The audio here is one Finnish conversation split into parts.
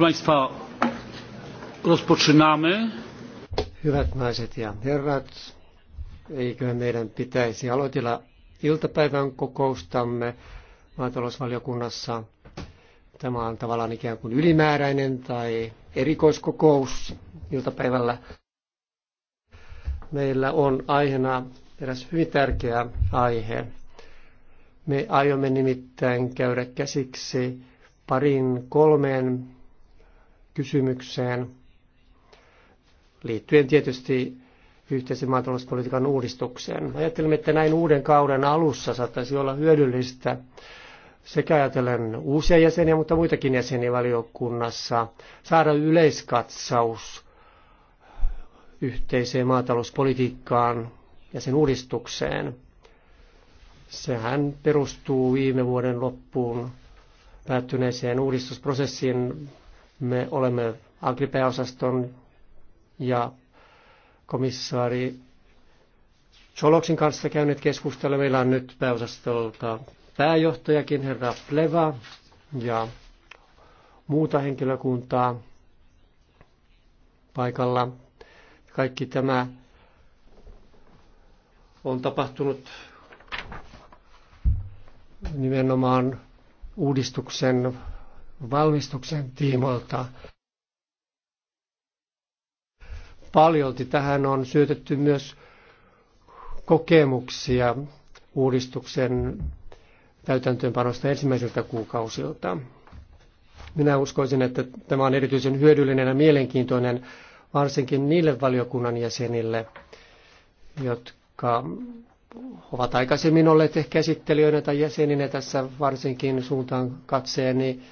Państwa, rozpoczynamy. Hyvät naiset ja herrat, eikö meidän pitäisi aloitella iltapäivän kokoustamme maatalousvaliokunnassa. Tämä on tavallaan ikään kuin ylimääräinen tai erikoiskokous iltapäivällä. Meillä on aiheena eräs hyvin tärkeä aihe. Me aiomme nimittäin käydä käsiksi parin kolmeen kysymykseen liittyen tietysti yhteisen maatalouspolitiikan uudistukseen. Ajattelimme, että näin uuden kauden alussa saattaisi olla hyödyllistä sekä ajatellen uusia jäseniä, mutta muitakin jäseniä valiokunnassa saada yleiskatsaus yhteiseen maatalouspolitiikkaan ja sen uudistukseen. Sehän perustuu viime vuoden loppuun päättyneeseen uudistusprosessiin me olemme Agripe-osaston ja komissaari Soloksin kanssa käyneet keskustelua. Meillä on nyt pääosastolta pääjohtajakin, herra Pleva, ja muuta henkilökuntaa paikalla. Kaikki tämä on tapahtunut nimenomaan uudistuksen valmistuksen tiimoilta. Paljolti tähän on syötetty myös kokemuksia uudistuksen täytäntöönpanosta ensimmäisiltä kuukausilta. Minä uskoisin, että tämä on erityisen hyödyllinen ja mielenkiintoinen varsinkin niille valiokunnan jäsenille, jotka ovat aikaisemmin olleet ehkä esittelijöinä tai jäseninä tässä varsinkin suuntaan katseeni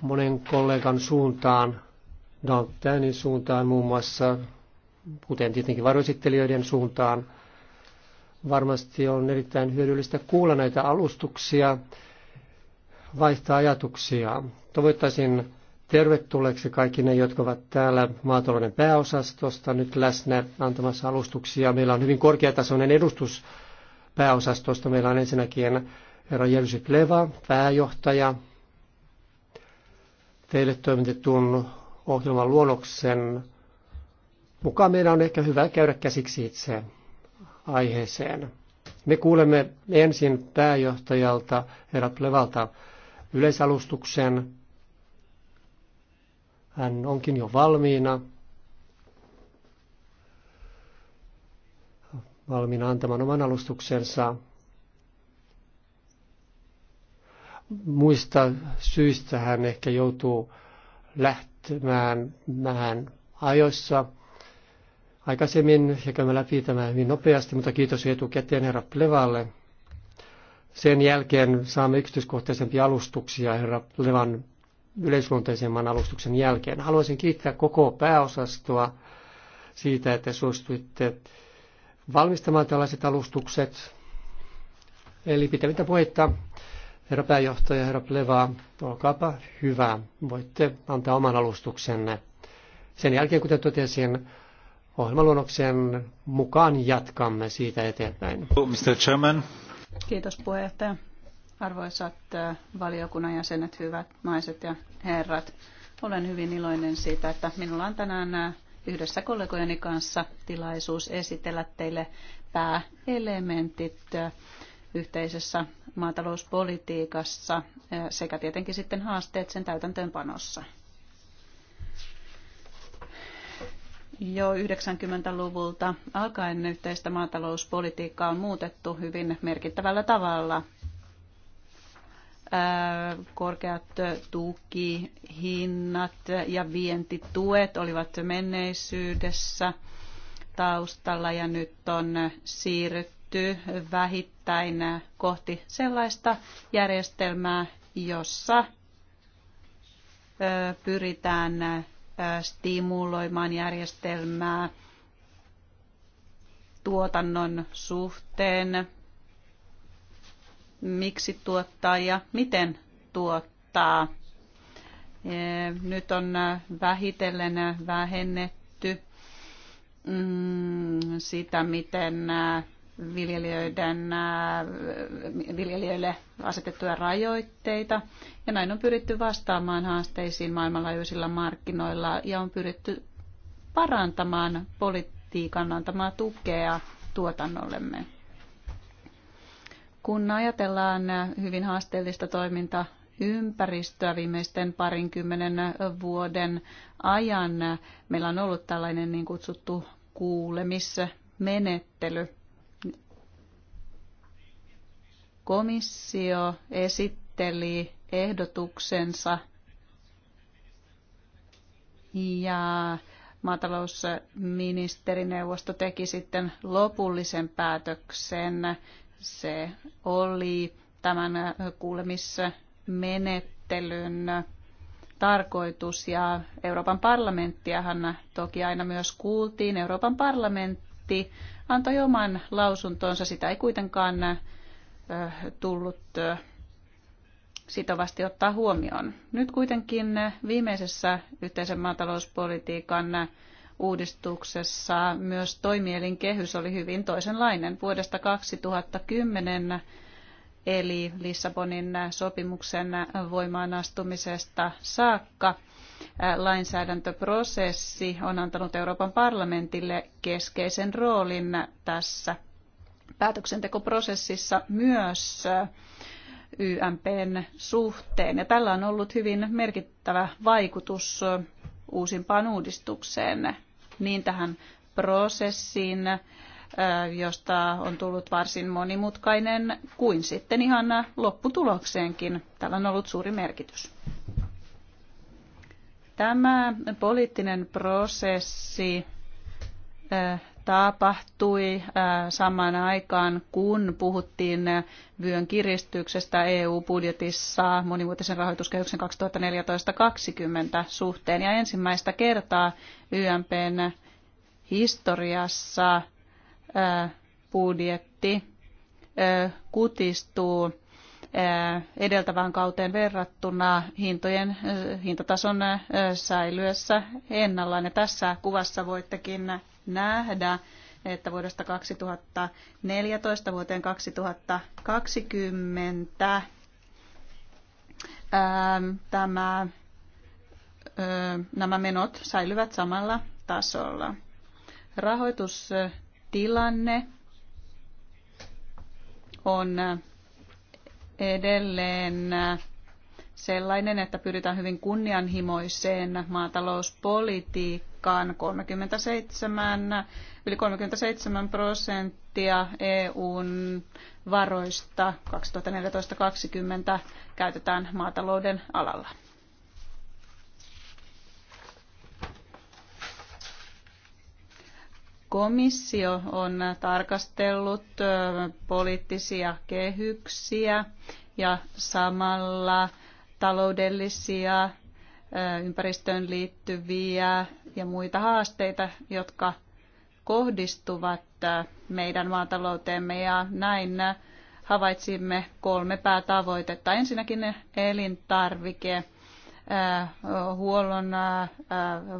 monen kollegan suuntaan, Daltanin suuntaan muun muassa, kuten tietenkin varoesittelijöiden suuntaan. Varmasti on erittäin hyödyllistä kuulla näitä alustuksia, vaihtaa ajatuksia. Toivottaisin tervetulleeksi kaikki ne, jotka ovat täällä maatalouden pääosastosta nyt läsnä antamassa alustuksia. Meillä on hyvin korkeatasoinen edustus pääosastosta. Meillä on ensinnäkin herra Jelsi Kleva, pääjohtaja, teille toimitetun ohjelman luonnoksen mukaan meidän on ehkä hyvä käydä käsiksi itse aiheeseen. Me kuulemme ensin pääjohtajalta, herra Plevalta, yleisalustuksen. Hän onkin jo valmiina. Valmiina antamaan oman alustuksensa. Muista syistä hän ehkä joutuu lähtemään vähän ajoissa aikaisemmin ja käymään läpi tämän hyvin nopeasti, mutta kiitos etukäteen herra Plevalle. Sen jälkeen saamme yksityiskohtaisempia alustuksia herra Plevan yleisluonteisemman alustuksen jälkeen. Haluaisin kiittää koko pääosastoa siitä, että suostuitte valmistamaan tällaiset alustukset. Eli pitävintä puhetta Herra pääjohtaja, herra Pleva, olkaapa hyvä. Voitte antaa oman alustuksenne. Sen jälkeen, kuten totesin, ohjelmaluonnoksen mukaan jatkamme siitä eteenpäin. Mr. Chairman. Kiitos puheenjohtaja. Arvoisat äh, valiokunnan jäsenet, hyvät naiset ja herrat. Olen hyvin iloinen siitä, että minulla on tänään äh, yhdessä kollegojeni kanssa tilaisuus esitellä teille pääelementit äh, yhteisessä maatalouspolitiikassa sekä tietenkin sitten haasteet sen täytäntöönpanossa. Jo 90-luvulta alkaen yhteistä maatalouspolitiikkaa on muutettu hyvin merkittävällä tavalla. Korkeat tukihinnat ja vientituet olivat menneisyydessä taustalla ja nyt on siirrytty siirtyy vähittäin kohti sellaista järjestelmää, jossa pyritään stimuloimaan järjestelmää tuotannon suhteen, miksi tuottaa ja miten tuottaa. Nyt on vähitellen vähennetty mm, sitä, miten viljelijöiden, viljelijöille asetettuja rajoitteita. Ja näin on pyritty vastaamaan haasteisiin maailmanlaajuisilla markkinoilla ja on pyritty parantamaan politiikan antamaa tukea tuotannollemme. Kun ajatellaan hyvin haasteellista toimintaa viimeisten parinkymmenen vuoden ajan, meillä on ollut tällainen niin kutsuttu kuulemismenettely, komissio esitteli ehdotuksensa ja maatalousministerineuvosto teki sitten lopullisen päätöksen. Se oli tämän kuulemismenettelyn tarkoitus ja Euroopan parlamenttiahan toki aina myös kuultiin. Euroopan parlamentti antoi oman lausuntonsa, sitä ei kuitenkaan tullut sitovasti ottaa huomioon. Nyt kuitenkin viimeisessä yhteisen maatalouspolitiikan uudistuksessa myös toimielin kehys oli hyvin toisenlainen. Vuodesta 2010 eli Lissabonin sopimuksen voimaan astumisesta saakka lainsäädäntöprosessi on antanut Euroopan parlamentille keskeisen roolin tässä päätöksentekoprosessissa myös eh, YMPn suhteen. Ja tällä on ollut hyvin merkittävä vaikutus eh, uusimpaan uudistukseen, niin tähän prosessiin, eh, josta on tullut varsin monimutkainen, kuin sitten ihan lopputulokseenkin. Tällä on ollut suuri merkitys. Tämä poliittinen prosessi tapahtui samaan aikaan, kun puhuttiin vyön kiristyksestä EU-budjetissa monivuotisen rahoituskehyksen 2014-2020 suhteen. Ja ensimmäistä kertaa YMPn historiassa budjetti kutistuu edeltävään kauteen verrattuna hintojen, hintatason säilyessä ennallaan. Ja tässä kuvassa voittekin nähdä, että vuodesta 2014 vuoteen 2020 ää, ähm, tämä, ää, äh, nämä menot säilyvät samalla tasolla. Rahoitustilanne on edelleen sellainen, että pyritään hyvin kunnianhimoiseen maatalouspolitiikkaan. 37, yli 37 prosenttia EUn varoista 2014-2020 käytetään maatalouden alalla. komissio on tarkastellut poliittisia kehyksiä ja samalla taloudellisia, ympäristöön liittyviä ja muita haasteita, jotka kohdistuvat meidän maatalouteemme ja näin havaitsimme kolme päätavoitetta. Ensinnäkin elintarvike, huollon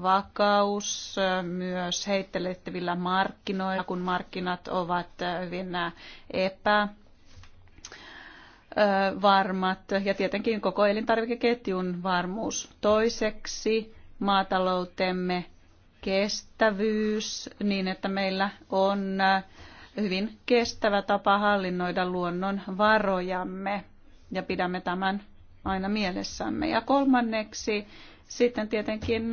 vakaus myös heittelettävillä markkinoilla, kun markkinat ovat hyvin epä varmat ja tietenkin koko elintarvikeketjun varmuus. Toiseksi maataloutemme kestävyys niin, että meillä on hyvin kestävä tapa hallinnoida luonnon varojamme ja pidämme tämän aina mielessämme. Ja kolmanneksi sitten tietenkin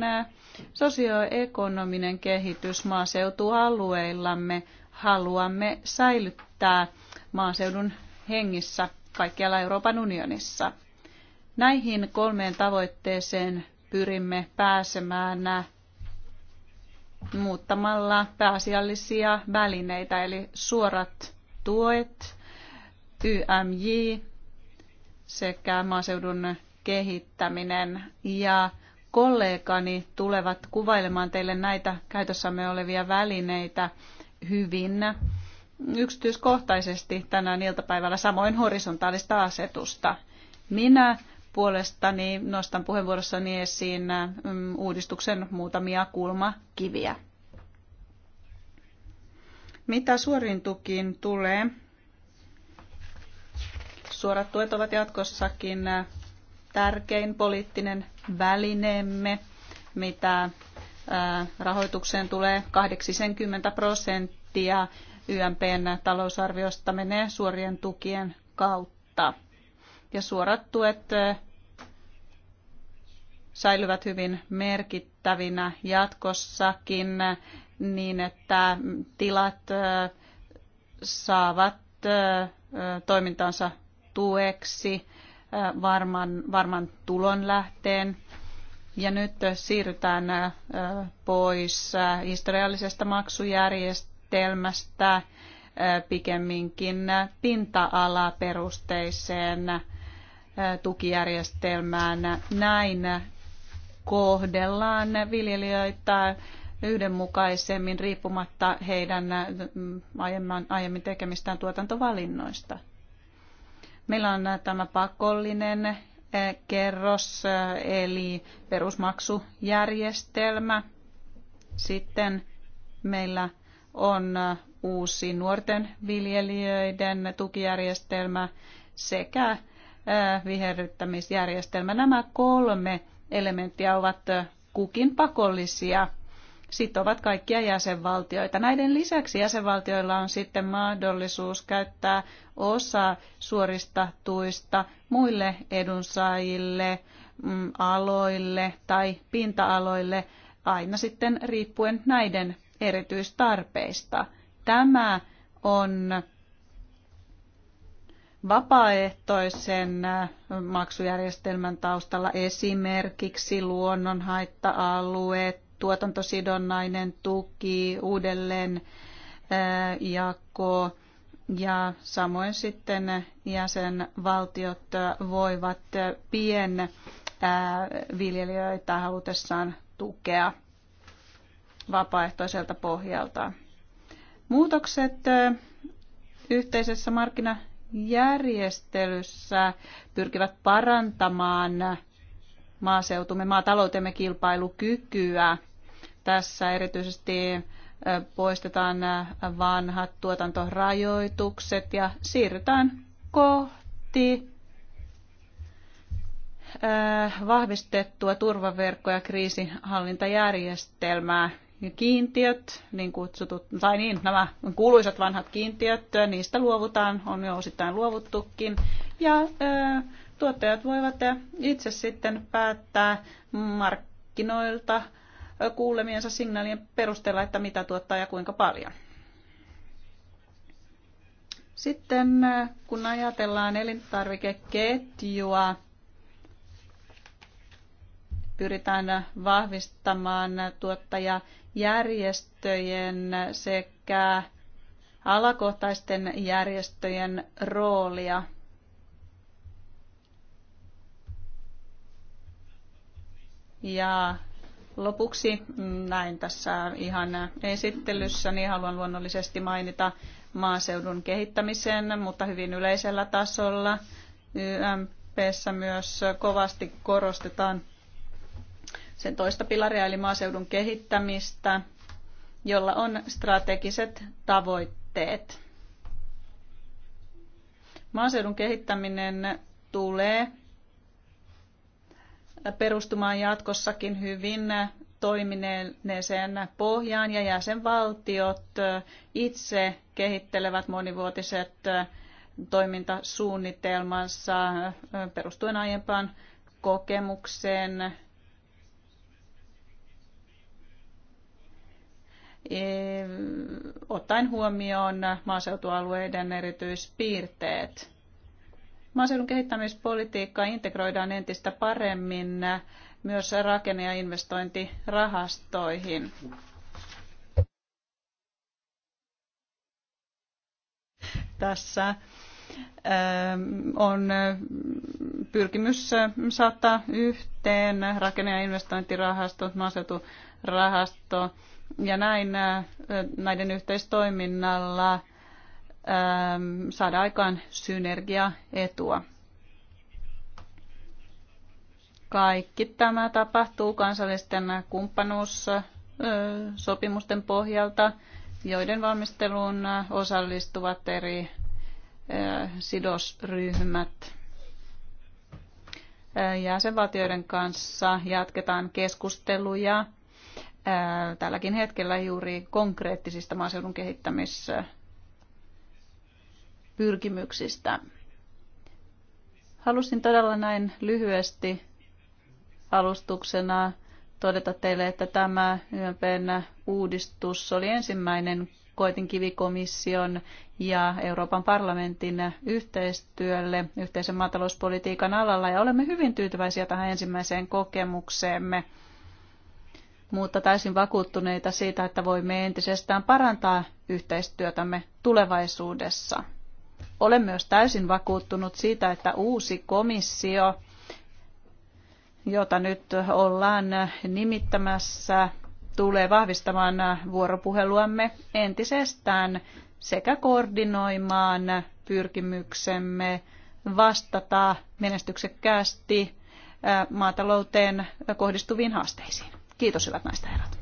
sosioekonominen kehitys maaseutualueillamme. Haluamme säilyttää maaseudun hengissä kaikkialla Euroopan unionissa. Näihin kolmeen tavoitteeseen pyrimme pääsemään muuttamalla pääasiallisia välineitä, eli suorat tuet, YMJ sekä maaseudun kehittäminen. Ja kollegani tulevat kuvailemaan teille näitä käytössämme olevia välineitä hyvin yksityiskohtaisesti tänään iltapäivällä samoin horisontaalista asetusta. Minä puolestani nostan puheenvuorossani esiin mm, uudistuksen muutamia kulmakiviä. Mitä suorin tukiin tulee, suorat tuet ovat jatkossakin tärkein poliittinen välineemme, mitä rahoitukseen tulee 80 prosenttia prosenttia YMPn talousarviosta menee suorien tukien kautta. Ja suorat tuet eh, säilyvät hyvin merkittävinä jatkossakin niin, että tilat eh, saavat eh, toimintansa tueksi varman, varman tulonlähteen. Ja nyt siirrytään pois historiallisesta maksujärjestelmästä järjestelmästä pikemminkin pinta-alaperusteiseen tukijärjestelmään. Näin kohdellaan viljelijöitä yhdenmukaisemmin riippumatta heidän aiemmin tekemistään tuotantovalinnoista. Meillä on tämä pakollinen kerros eli perusmaksujärjestelmä. Sitten meillä on äh, uusi nuorten viljelijöiden tukijärjestelmä sekä äh, viherryttämisjärjestelmä. Nämä kolme elementtiä ovat äh, kukin pakollisia sitovat kaikkia jäsenvaltioita. Näiden lisäksi jäsenvaltioilla on sitten mahdollisuus käyttää osa suorista tuista muille edunsaajille, mm, aloille tai pinta-aloille aina sitten riippuen näiden erityistarpeista. Tämä on vapaaehtoisen maksujärjestelmän taustalla esimerkiksi luonnonhaitta-alueet, tuotantosidonnainen tuki, uudelleen eh, jako ja samoin sitten jäsenvaltiot eh, voivat eh, pien viljelijöitä halutessaan tukea vapaaehtoiselta pohjalta. Muutokset yhteisessä markkinajärjestelyssä pyrkivät parantamaan maaseutumme, maataloutemme kilpailukykyä. Tässä erityisesti poistetaan vanhat tuotantorajoitukset ja siirrytään kohti vahvistettua turvaverkkoja kriisinhallintajärjestelmää kiintiöt, niin kutsutut, tai niin, nämä kuuluisat vanhat kiintiöt, niistä luovutaan, on jo osittain luovuttukin. Ja tuottajat voivat itse sitten päättää markkinoilta kuulemiensa signaalien perusteella, että mitä tuottaa ja kuinka paljon. Sitten kun ajatellaan elintarvikeketjua, pyritään vahvistamaan tuottaja järjestöjen sekä alakohtaisten järjestöjen roolia. Ja lopuksi mm, näin tässä ihan esittelyssä, niin haluan luonnollisesti mainita maaseudun kehittämisen, mutta hyvin yleisellä tasolla. YMPssä myös kovasti korostetaan sen toista pilaria eli maaseudun kehittämistä, jolla on strategiset tavoitteet. Maaseudun kehittäminen tulee perustumaan jatkossakin hyvin toimineeseen pohjaan ja jäsenvaltiot itse kehittelevät monivuotiset toimintasuunnitelmansa perustuen aiempaan kokemukseen ottaen huomioon maaseutualueiden erityispiirteet. Maaseudun kehittämispolitiikka integroidaan entistä paremmin myös rakenne- ja investointirahastoihin. Tässä on pyrkimys saattaa yhteen rakenne- ja investointirahastot, maaseutu rahasto. Ja näin äh, näiden yhteistoiminnalla ähm, saada aikaan synergiaetua. Kaikki tämä tapahtuu kansallisten kumppanuussopimusten pohjalta, joiden valmisteluun osallistuvat eri äh, sidosryhmät. Äh, jäsenvaltioiden kanssa jatketaan keskusteluja tälläkin hetkellä juuri konkreettisista maaseudun kehittämispyrkimyksistä. Halusin todella näin lyhyesti alustuksena todeta teille, että tämä YMPn uudistus oli ensimmäinen kivikomission ja Euroopan parlamentin yhteistyölle yhteisen maatalouspolitiikan alalla ja olemme hyvin tyytyväisiä tähän ensimmäiseen kokemukseemme mutta täysin vakuuttuneita siitä, että voimme entisestään parantaa yhteistyötämme tulevaisuudessa. Olen myös täysin vakuuttunut siitä, että uusi komissio, jota nyt ollaan nimittämässä, tulee vahvistamaan vuoropuheluamme entisestään sekä koordinoimaan pyrkimyksemme vastata menestyksekkäästi maatalouteen kohdistuviin haasteisiin. Kiitos hyvät naiset herrat.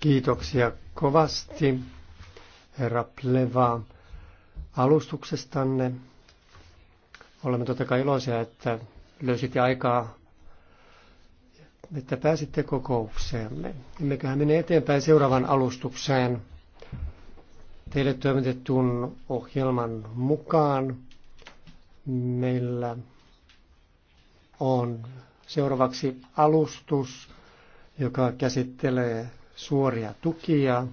Kiitoksia kovasti, herra Pleva, alustuksestanne. Olemme totta kai iloisia, että löysitte aikaa, että pääsitte kokoukseemme. Emmeköhän mene eteenpäin seuraavan alustukseen teille toimitettuun ohjelman mukaan. Meillä on seuraavaksi alustus, joka käsittelee suoria tukia.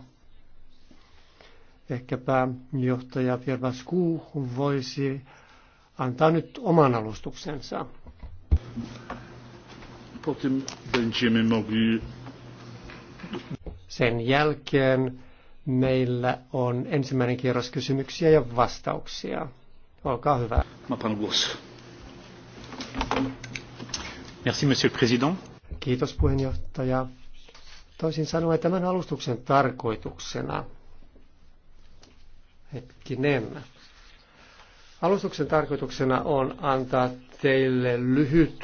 Ehkäpä johtaja Pierbasku voisi antaa nyt oman alustuksensa. Sen jälkeen meillä on ensimmäinen kierros kysymyksiä ja vastauksia. Olkaa hyvä. Mä Merci, monsieur le président. Kiitos puheenjohtaja. Toisin sanoen tämän alustuksen tarkoituksena, hetkinen, alustuksen tarkoituksena on antaa teille lyhyt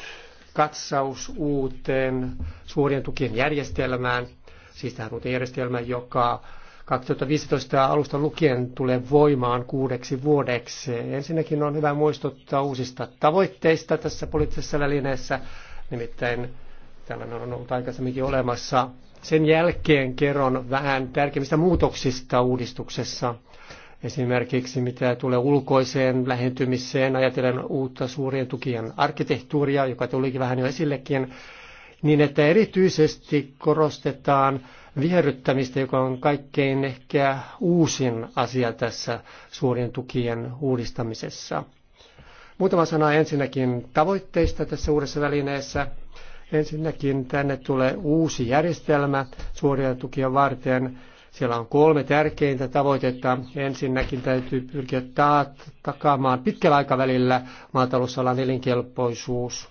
katsaus uuteen suorien tukien järjestelmään, siis tähän uuteen järjestelmään, joka 2015 alusta lukien tulee voimaan kuudeksi vuodeksi. Ensinnäkin on hyvä muistuttaa uusista tavoitteista tässä poliittisessa välineessä, nimittäin tällainen on ollut aikaisemminkin olemassa. Sen jälkeen kerron vähän tärkeimmistä muutoksista uudistuksessa. Esimerkiksi mitä tulee ulkoiseen lähentymiseen, ajatellen uutta suurien tukien arkkitehtuuria, joka tulikin vähän jo esillekin, niin että erityisesti korostetaan viherryttämistä, joka on kaikkein ehkä uusin asia tässä suorien tukien uudistamisessa. Muutama sana ensinnäkin tavoitteista tässä uudessa välineessä. Ensinnäkin tänne tulee uusi järjestelmä suoria tukia varten. Siellä on kolme tärkeintä tavoitetta. Ensinnäkin täytyy pyrkiä taat, takaamaan pitkällä aikavälillä maatalousalan elinkelpoisuus.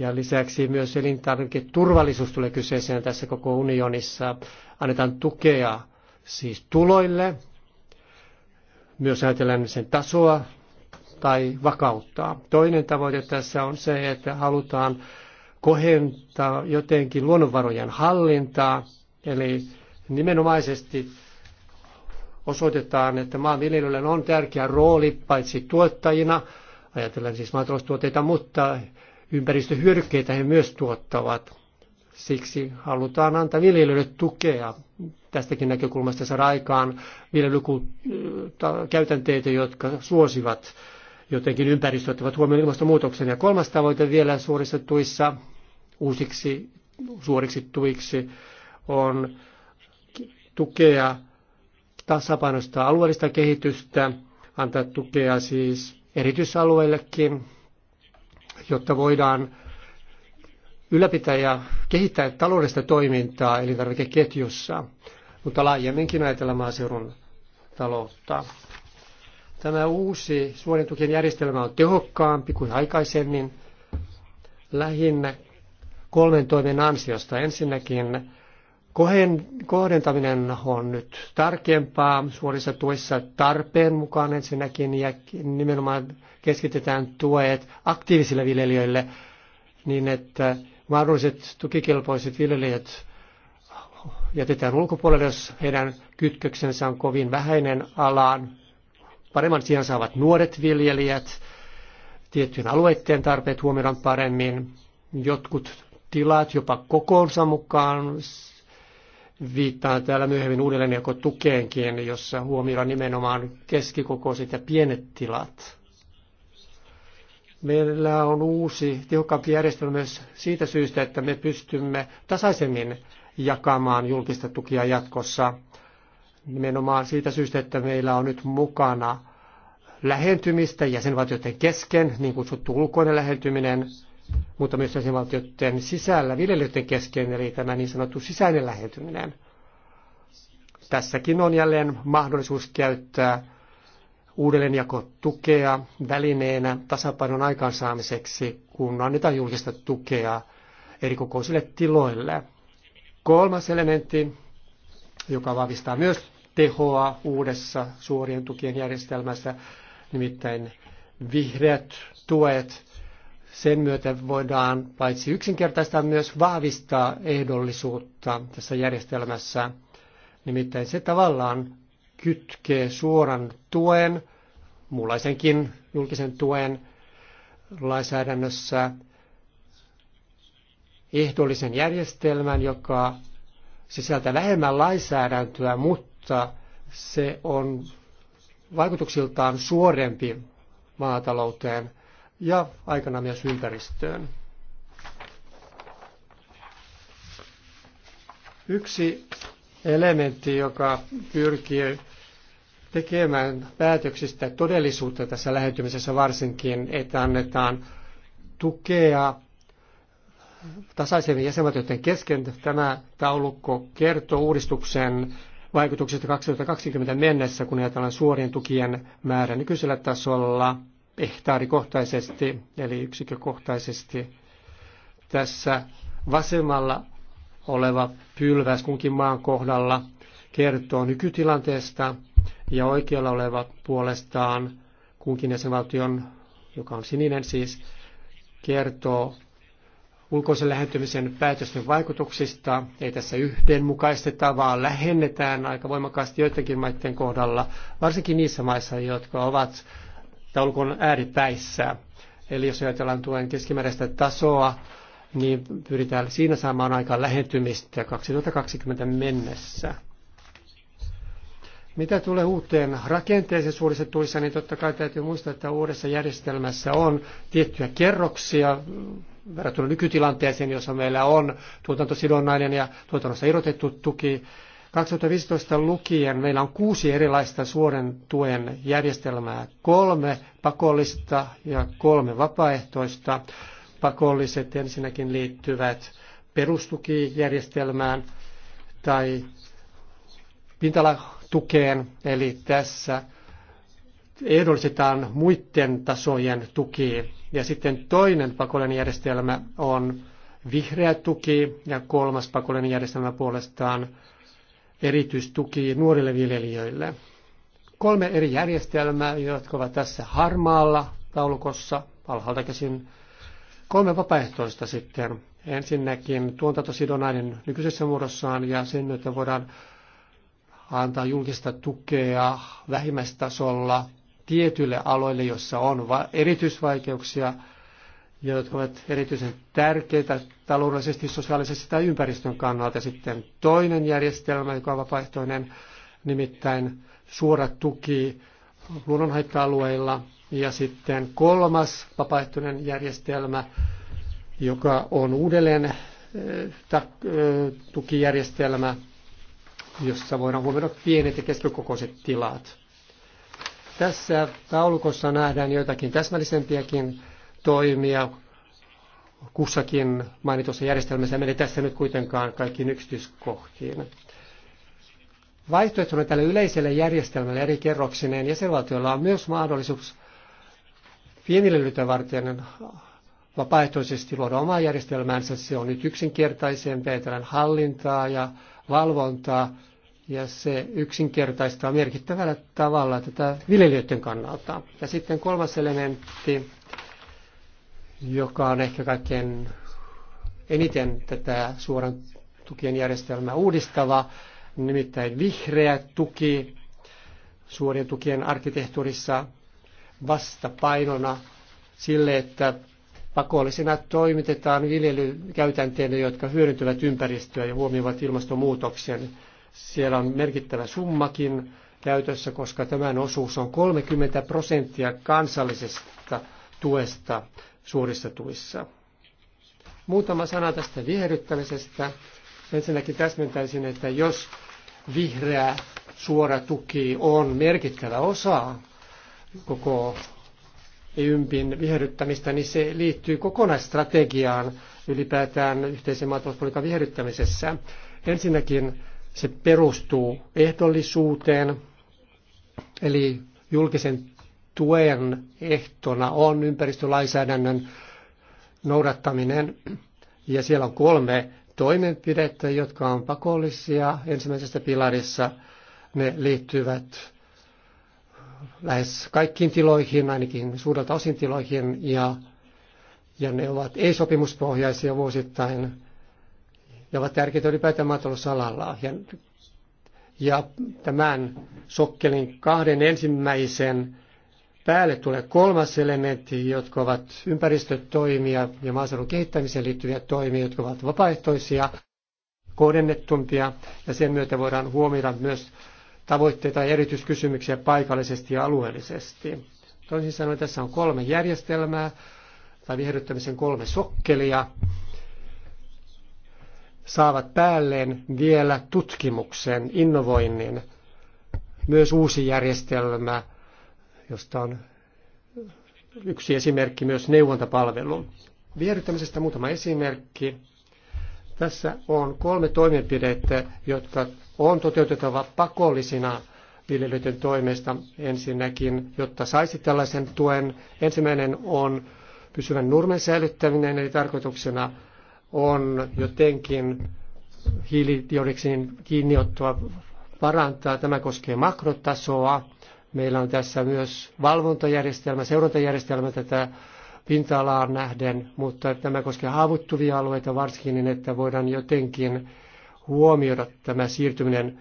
Ja lisäksi myös elintarviketurvallisuus tulee kyseeseen tässä koko unionissa. Annetaan tukea siis tuloille, myös ajatellen sen tasoa tai vakauttaa. Toinen tavoite tässä on se, että halutaan kohentaa jotenkin luonnonvarojen hallintaa, eli nimenomaisesti osoitetaan, että maanviljelijöillä on tärkeä rooli paitsi tuottajina, ajatellen siis maataloustuotteita, mutta ympäristöhyödykkeitä he myös tuottavat. Siksi halutaan antaa viljelijöille tukea tästäkin näkökulmasta saada aikaan viljelykäytänteitä, jotka suosivat jotenkin ympäristöä, ottavat huomioon ilmastonmuutoksen. Ja kolmas tavoite vielä suoristettuissa tuissa uusiksi suoriksi tuiksi on tukea tasapainosta alueellista kehitystä, antaa tukea siis erityisalueillekin, jotta voidaan ylläpitää ja kehittää taloudellista toimintaa elintarvikeketjussa, mutta laajemminkin ajatella maaseudun taloutta. Tämä uusi suojentukien järjestelmä on tehokkaampi kuin aikaisemmin, lähinnä kolmen toimen ansiosta. Ensinnäkin Kohen kohdentaminen on nyt tarkempaa suorissa tuissa tarpeen mukaan ensinnäkin ja nimenomaan keskitetään tuet aktiivisille viljelijöille niin, että mahdolliset tukikelpoiset viljelijät jätetään ulkopuolelle, jos heidän kytköksensä on kovin vähäinen alaan. Paremman sijaan saavat nuoret viljelijät, tiettyjen alueiden tarpeet huomioidaan paremmin. Jotkut tilat jopa kokoonsa mukaan Viittaan täällä myöhemmin uudelleen tukeenkin, jossa huomioidaan nimenomaan keskikokoiset ja pienet tilat. Meillä on uusi tehokkaampi järjestelmä myös siitä syystä, että me pystymme tasaisemmin jakamaan julkista tukia jatkossa. Nimenomaan siitä syystä, että meillä on nyt mukana lähentymistä jäsenvaltioiden kesken, niin kutsuttu ulkoinen lähentyminen – mutta myös jäsenvaltioiden sisällä viljelijöiden kesken, eli tämä niin sanottu sisäinen lähentyminen. Tässäkin on jälleen mahdollisuus käyttää uudelleenjakotukea välineenä tasapainon aikaansaamiseksi, kun annetaan julkista tukea erikokoisille tiloille. Kolmas elementti, joka vahvistaa myös tehoa uudessa suorien tukien järjestelmässä, nimittäin vihreät tuet – sen myötä voidaan paitsi yksinkertaistaa myös vahvistaa ehdollisuutta tässä järjestelmässä. Nimittäin se tavallaan kytkee suoran tuen, muunlaisenkin julkisen tuen lainsäädännössä ehdollisen järjestelmän, joka sisältää vähemmän lainsäädäntöä, mutta se on vaikutuksiltaan suorempi maatalouteen ja aikana myös ympäristöön. Yksi elementti, joka pyrkii tekemään päätöksistä todellisuutta tässä lähentymisessä varsinkin, että annetaan tukea tasaisemmin jäsenvaltioiden kesken. Tämä taulukko kertoo uudistuksen vaikutuksista 2020 mennessä, kun ajatellaan suorien tukien määrä nykyisellä tasolla – hehtaarikohtaisesti, eli yksikökohtaisesti. Tässä vasemmalla oleva pylväs kunkin maan kohdalla kertoo nykytilanteesta ja oikealla oleva puolestaan kunkin jäsenvaltion, joka on sininen siis, kertoo ulkoisen lähentymisen päätösten vaikutuksista. Ei tässä yhdenmukaisteta, vaan lähennetään aika voimakkaasti joidenkin maiden kohdalla, varsinkin niissä maissa, jotka ovat taulukon ääripäissä. Eli jos ajatellaan tuen keskimääräistä tasoa, niin pyritään siinä saamaan aikaan lähentymistä 2020 mennessä. Mitä tulee uuteen rakenteeseen suurissa tuissa, niin totta kai täytyy muistaa, että uudessa järjestelmässä on tiettyjä kerroksia verrattuna nykytilanteeseen, jossa meillä on tuotantosidonnainen ja tuotannossa irrotettu tuki, 2015 lukien meillä on kuusi erilaista suoren tuen järjestelmää, kolme pakollista ja kolme vapaaehtoista. Pakolliset ensinnäkin liittyvät perustukijärjestelmään tai pintalatukeen, eli tässä ehdollistetaan muiden tasojen tuki. Ja sitten toinen pakollinen järjestelmä on vihreä tuki ja kolmas pakollinen järjestelmä puolestaan erityistuki nuorille viljelijöille. Kolme eri järjestelmää, jotka ovat tässä harmaalla taulukossa alhaalta käsin. Kolme vapaaehtoista sitten. Ensinnäkin tuotantosidonnainen nykyisessä muodossaan ja sen, että voidaan antaa julkista tukea vähimmäistasolla tietyille aloille, joissa on erityisvaikeuksia – jotka ovat erityisen tärkeitä taloudellisesti, sosiaalisesti tai ympäristön kannalta. ja Sitten toinen järjestelmä, joka on vapaaehtoinen, nimittäin suora tuki luonnonhaitta-alueilla. Ja sitten kolmas vapaaehtoinen järjestelmä, joka on uudelleen eh, eh, tukijärjestelmä, jossa voidaan huomioida pienet ja keskikokoiset tilat. Tässä taulukossa nähdään joitakin täsmällisempiäkin toimia kussakin mainitussa järjestelmässä. Meni tässä nyt kuitenkaan kaikkiin yksityiskohtiin. Vaihtoehtona tälle yleiselle järjestelmälle eri kerroksineen jäsenvaltioilla on myös mahdollisuus pienille varten vapaaehtoisesti luoda omaa järjestelmäänsä. Se on nyt yksinkertaisempi, tällainen hallintaa ja valvontaa, ja se yksinkertaistaa merkittävällä tavalla tätä viljelijöiden kannalta. Ja sitten kolmas elementti joka on ehkä kaikkein eniten tätä suoran tukien järjestelmää uudistava, nimittäin vihreä tuki suorien tukien arkkitehtuurissa vastapainona sille, että pakollisena toimitetaan viljelykäytänteitä, jotka hyödyntävät ympäristöä ja huomioivat ilmastonmuutoksen. Siellä on merkittävä summakin käytössä, koska tämän osuus on 30 prosenttia kansallisesta tuesta suurissa tuissa. Muutama sana tästä viherryttämisestä. Ensinnäkin täsmentäisin, että jos vihreä suora tuki on merkittävä osa koko ympin e viherryttämistä, niin se liittyy kokonaisstrategiaan ylipäätään yhteisen maatalouspolitiikan viherryttämisessä. Ensinnäkin se perustuu ehdollisuuteen, eli julkisen tuen ehtona on ympäristölainsäädännön noudattaminen. Ja siellä on kolme toimenpidettä, jotka on pakollisia ensimmäisessä pilarissa. Ne liittyvät lähes kaikkiin tiloihin, ainakin suurelta osin tiloihin, ja, ja ne ovat ei-sopimuspohjaisia vuosittain ja ovat tärkeitä ylipäätään maatalousalalla. Ja, ja tämän sokkelin kahden ensimmäisen päälle tulee kolmas elementti, jotka ovat ympäristötoimia ja maaseudun kehittämiseen liittyviä toimia, jotka ovat vapaaehtoisia, kohdennettumpia ja sen myötä voidaan huomioida myös tavoitteita ja erityiskysymyksiä paikallisesti ja alueellisesti. Toisin sanoen tässä on kolme järjestelmää tai viherryttämisen kolme sokkelia saavat päälleen vielä tutkimuksen, innovoinnin, myös uusi järjestelmä, josta on yksi esimerkki myös neuvontapalvelu. Vierittämisestä muutama esimerkki. Tässä on kolme toimenpidettä, jotka on toteutettava pakollisina viljelijöiden toimesta ensinnäkin, jotta saisi tällaisen tuen. Ensimmäinen on pysyvän nurmen säilyttäminen, eli tarkoituksena on jotenkin hiilidioksidin kiinniottoa parantaa. Tämä koskee makrotasoa Meillä on tässä myös valvontajärjestelmä, seurantajärjestelmä tätä pinta alaa nähden, mutta tämä koskee haavuttuvia alueita varsinkin, niin että voidaan jotenkin huomioida tämä siirtyminen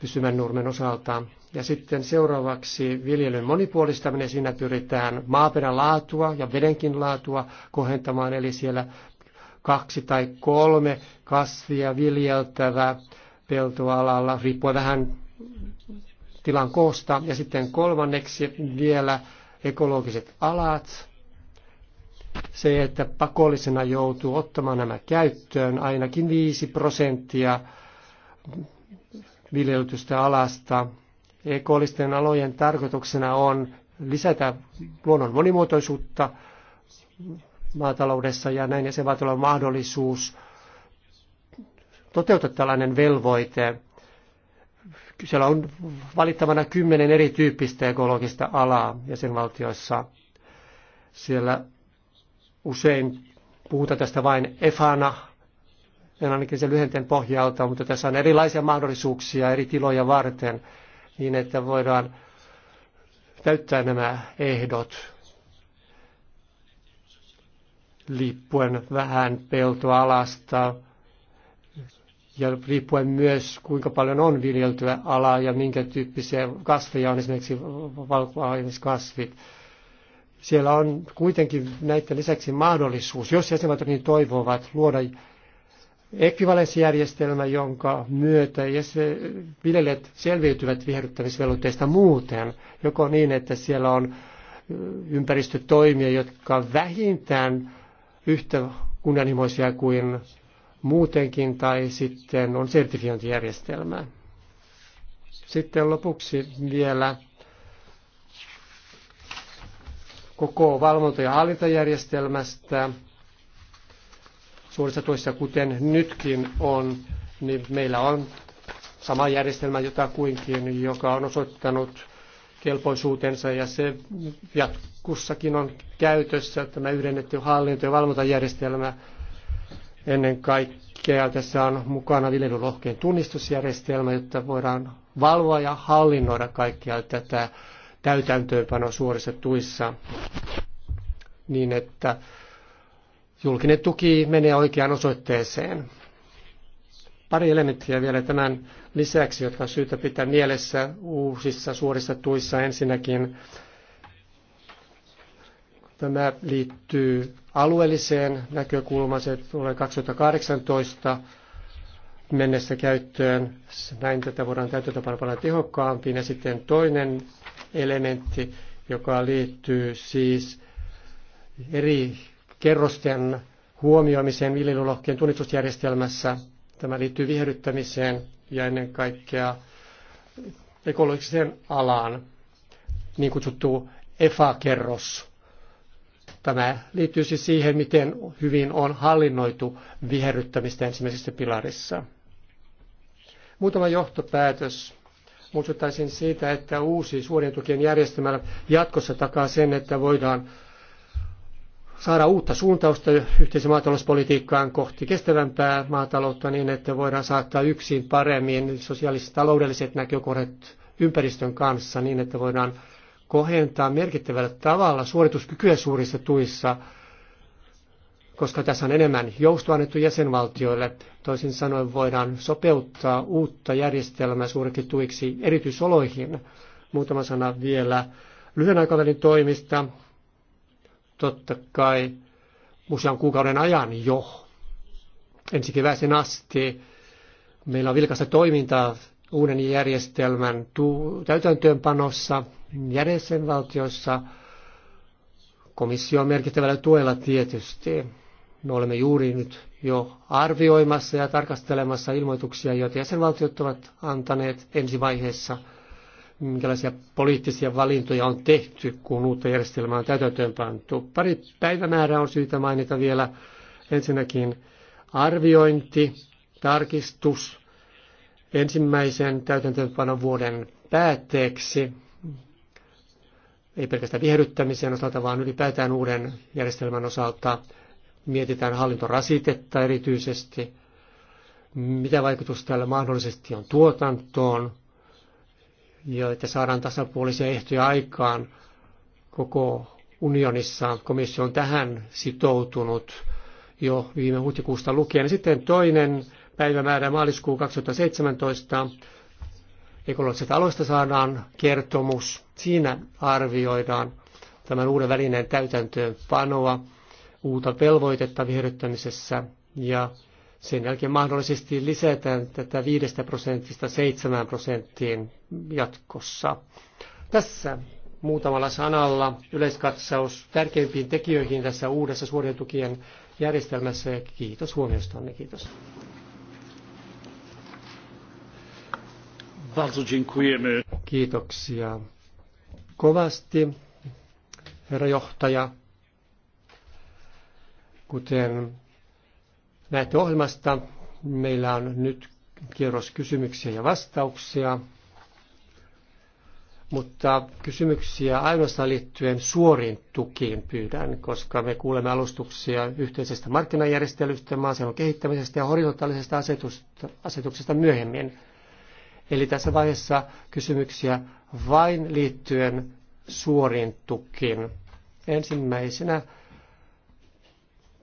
pysymän nurmen osalta. Ja sitten seuraavaksi viljelyn monipuolistaminen. Siinä pyritään maaperän laatua ja vedenkin laatua kohentamaan, eli siellä kaksi tai kolme kasvia viljeltävä peltoalalla, riippuen vähän tilan koosta. Ja sitten kolmanneksi vielä ekologiset alat. Se, että pakollisena joutuu ottamaan nämä käyttöön ainakin 5 prosenttia viljelytystä alasta. Ekolisten alojen tarkoituksena on lisätä luonnon monimuotoisuutta maataloudessa ja näin ja vaatii olla mahdollisuus toteuttaa tällainen velvoite siellä on valittavana kymmenen erityyppistä ekologista alaa jäsenvaltioissa. Siellä usein puhutaan tästä vain EFANA, en ainakin sen lyhenteen pohjalta, mutta tässä on erilaisia mahdollisuuksia eri tiloja varten, niin että voidaan täyttää nämä ehdot liippuen vähän peltoalasta, ja riippuen myös kuinka paljon on viljeltyä alaa ja minkä tyyppisiä kasveja on esimerkiksi valkuaiskasvit. Siellä on kuitenkin näiden lisäksi mahdollisuus, jos jäsenvaltiot niin toivovat, luoda ekvivalenssijärjestelmä, jonka myötä viljelijät selviytyvät viherryttämisvelvoitteista muuten, joko niin, että siellä on ympäristötoimia, jotka vähintään yhtä kunnianhimoisia kuin muutenkin tai sitten on sertifiointijärjestelmää. Sitten lopuksi vielä koko valvonta- ja hallintajärjestelmästä. Suurissa tuissa, kuten nytkin on, niin meillä on sama järjestelmä jotakuinkin, joka on osoittanut kelpoisuutensa ja se jatkussakin on käytössä tämä yhdennetty hallinto- ja valvontajärjestelmä Ennen kaikkea tässä on mukana viljelylohkeen tunnistusjärjestelmä, jotta voidaan valvoa ja hallinnoida kaikkia tätä täytäntöönpano suorissa tuissa niin, että julkinen tuki menee oikeaan osoitteeseen. Pari elementtiä vielä tämän lisäksi, jotka on syytä pitää mielessä uusissa suorissa tuissa. Ensinnäkin Tämä liittyy alueelliseen näkökulmaan, se tulee 2018 mennessä käyttöön. Näin tätä voidaan täytäntöpanna paljon tehokkaampiin. Ja sitten toinen elementti, joka liittyy siis eri kerrosten huomioimiseen viljelylohkien tunnistusjärjestelmässä. Tämä liittyy viherryttämiseen ja ennen kaikkea ekologiseen alaan, niin kutsuttu EFA-kerros. Tämä liittyy siis siihen, miten hyvin on hallinnoitu viherryttämistä ensimmäisessä pilarissa. Muutama johtopäätös. Muistuttaisin siitä, että uusi suorien tukien järjestelmä jatkossa takaa sen, että voidaan saada uutta suuntausta yhteisen maatalouspolitiikkaan kohti kestävämpää maataloutta niin, että voidaan saattaa yksin paremmin sosiaaliset taloudelliset näkökohdat ympäristön kanssa niin, että voidaan kohentaa merkittävällä tavalla suorituskykyä suurissa tuissa, koska tässä on enemmän joustoa annettu jäsenvaltioille. Toisin sanoen voidaan sopeuttaa uutta järjestelmää suuriksi tuiksi erityisoloihin. Muutama sana vielä lyhyen aikavälin toimista. Totta kai usean kuukauden ajan jo ensi kevääseen asti. Meillä on vilkasta toimintaa uuden järjestelmän täytäntöönpanossa jäsenvaltioissa komissio on merkittävällä tuella tietysti. Me olemme juuri nyt jo arvioimassa ja tarkastelemassa ilmoituksia, joita jäsenvaltiot ovat antaneet ensi vaiheessa, minkälaisia poliittisia valintoja on tehty, kun uutta järjestelmää on täytäntöönpantu. Pari päivämäärää on syytä mainita vielä. Ensinnäkin arviointi, tarkistus ensimmäisen täytäntöönpanon vuoden päätteeksi, ei pelkästään viherryttämisen osalta, vaan ylipäätään uuden järjestelmän osalta mietitään hallintorasitetta erityisesti, mitä vaikutus tällä mahdollisesti on tuotantoon, ja että saadaan tasapuolisia ehtoja aikaan koko unionissa. Komissio on tähän sitoutunut jo viime huhtikuusta lukien. Ja sitten toinen päivämäärä maaliskuu 2017. Ekologiset aloista saadaan kertomus. Siinä arvioidaan tämän uuden välineen täytäntöönpanoa, uutta velvoitetta viherryttämisessä ja sen jälkeen mahdollisesti lisätään tätä 5 prosentista 7 prosenttiin jatkossa. Tässä muutamalla sanalla yleiskatsaus tärkeimpiin tekijöihin tässä uudessa tukien järjestelmässä. Kiitos huomiostanne. Kiitos. Bardzo dziękujemy. Kiitoksia kovasti, herra johtaja. Kuten näette ohjelmasta, meillä on nyt kierros kysymyksiä ja vastauksia, mutta kysymyksiä ainoastaan liittyen suoriin tukiin pyydän, koska me kuulemme alustuksia yhteisestä markkinajärjestelystä, maaseudun kehittämisestä ja horisontaalisesta asetuksesta myöhemmin. Eli tässä vaiheessa kysymyksiä vain liittyen suoriin tukiin. Ensimmäisenä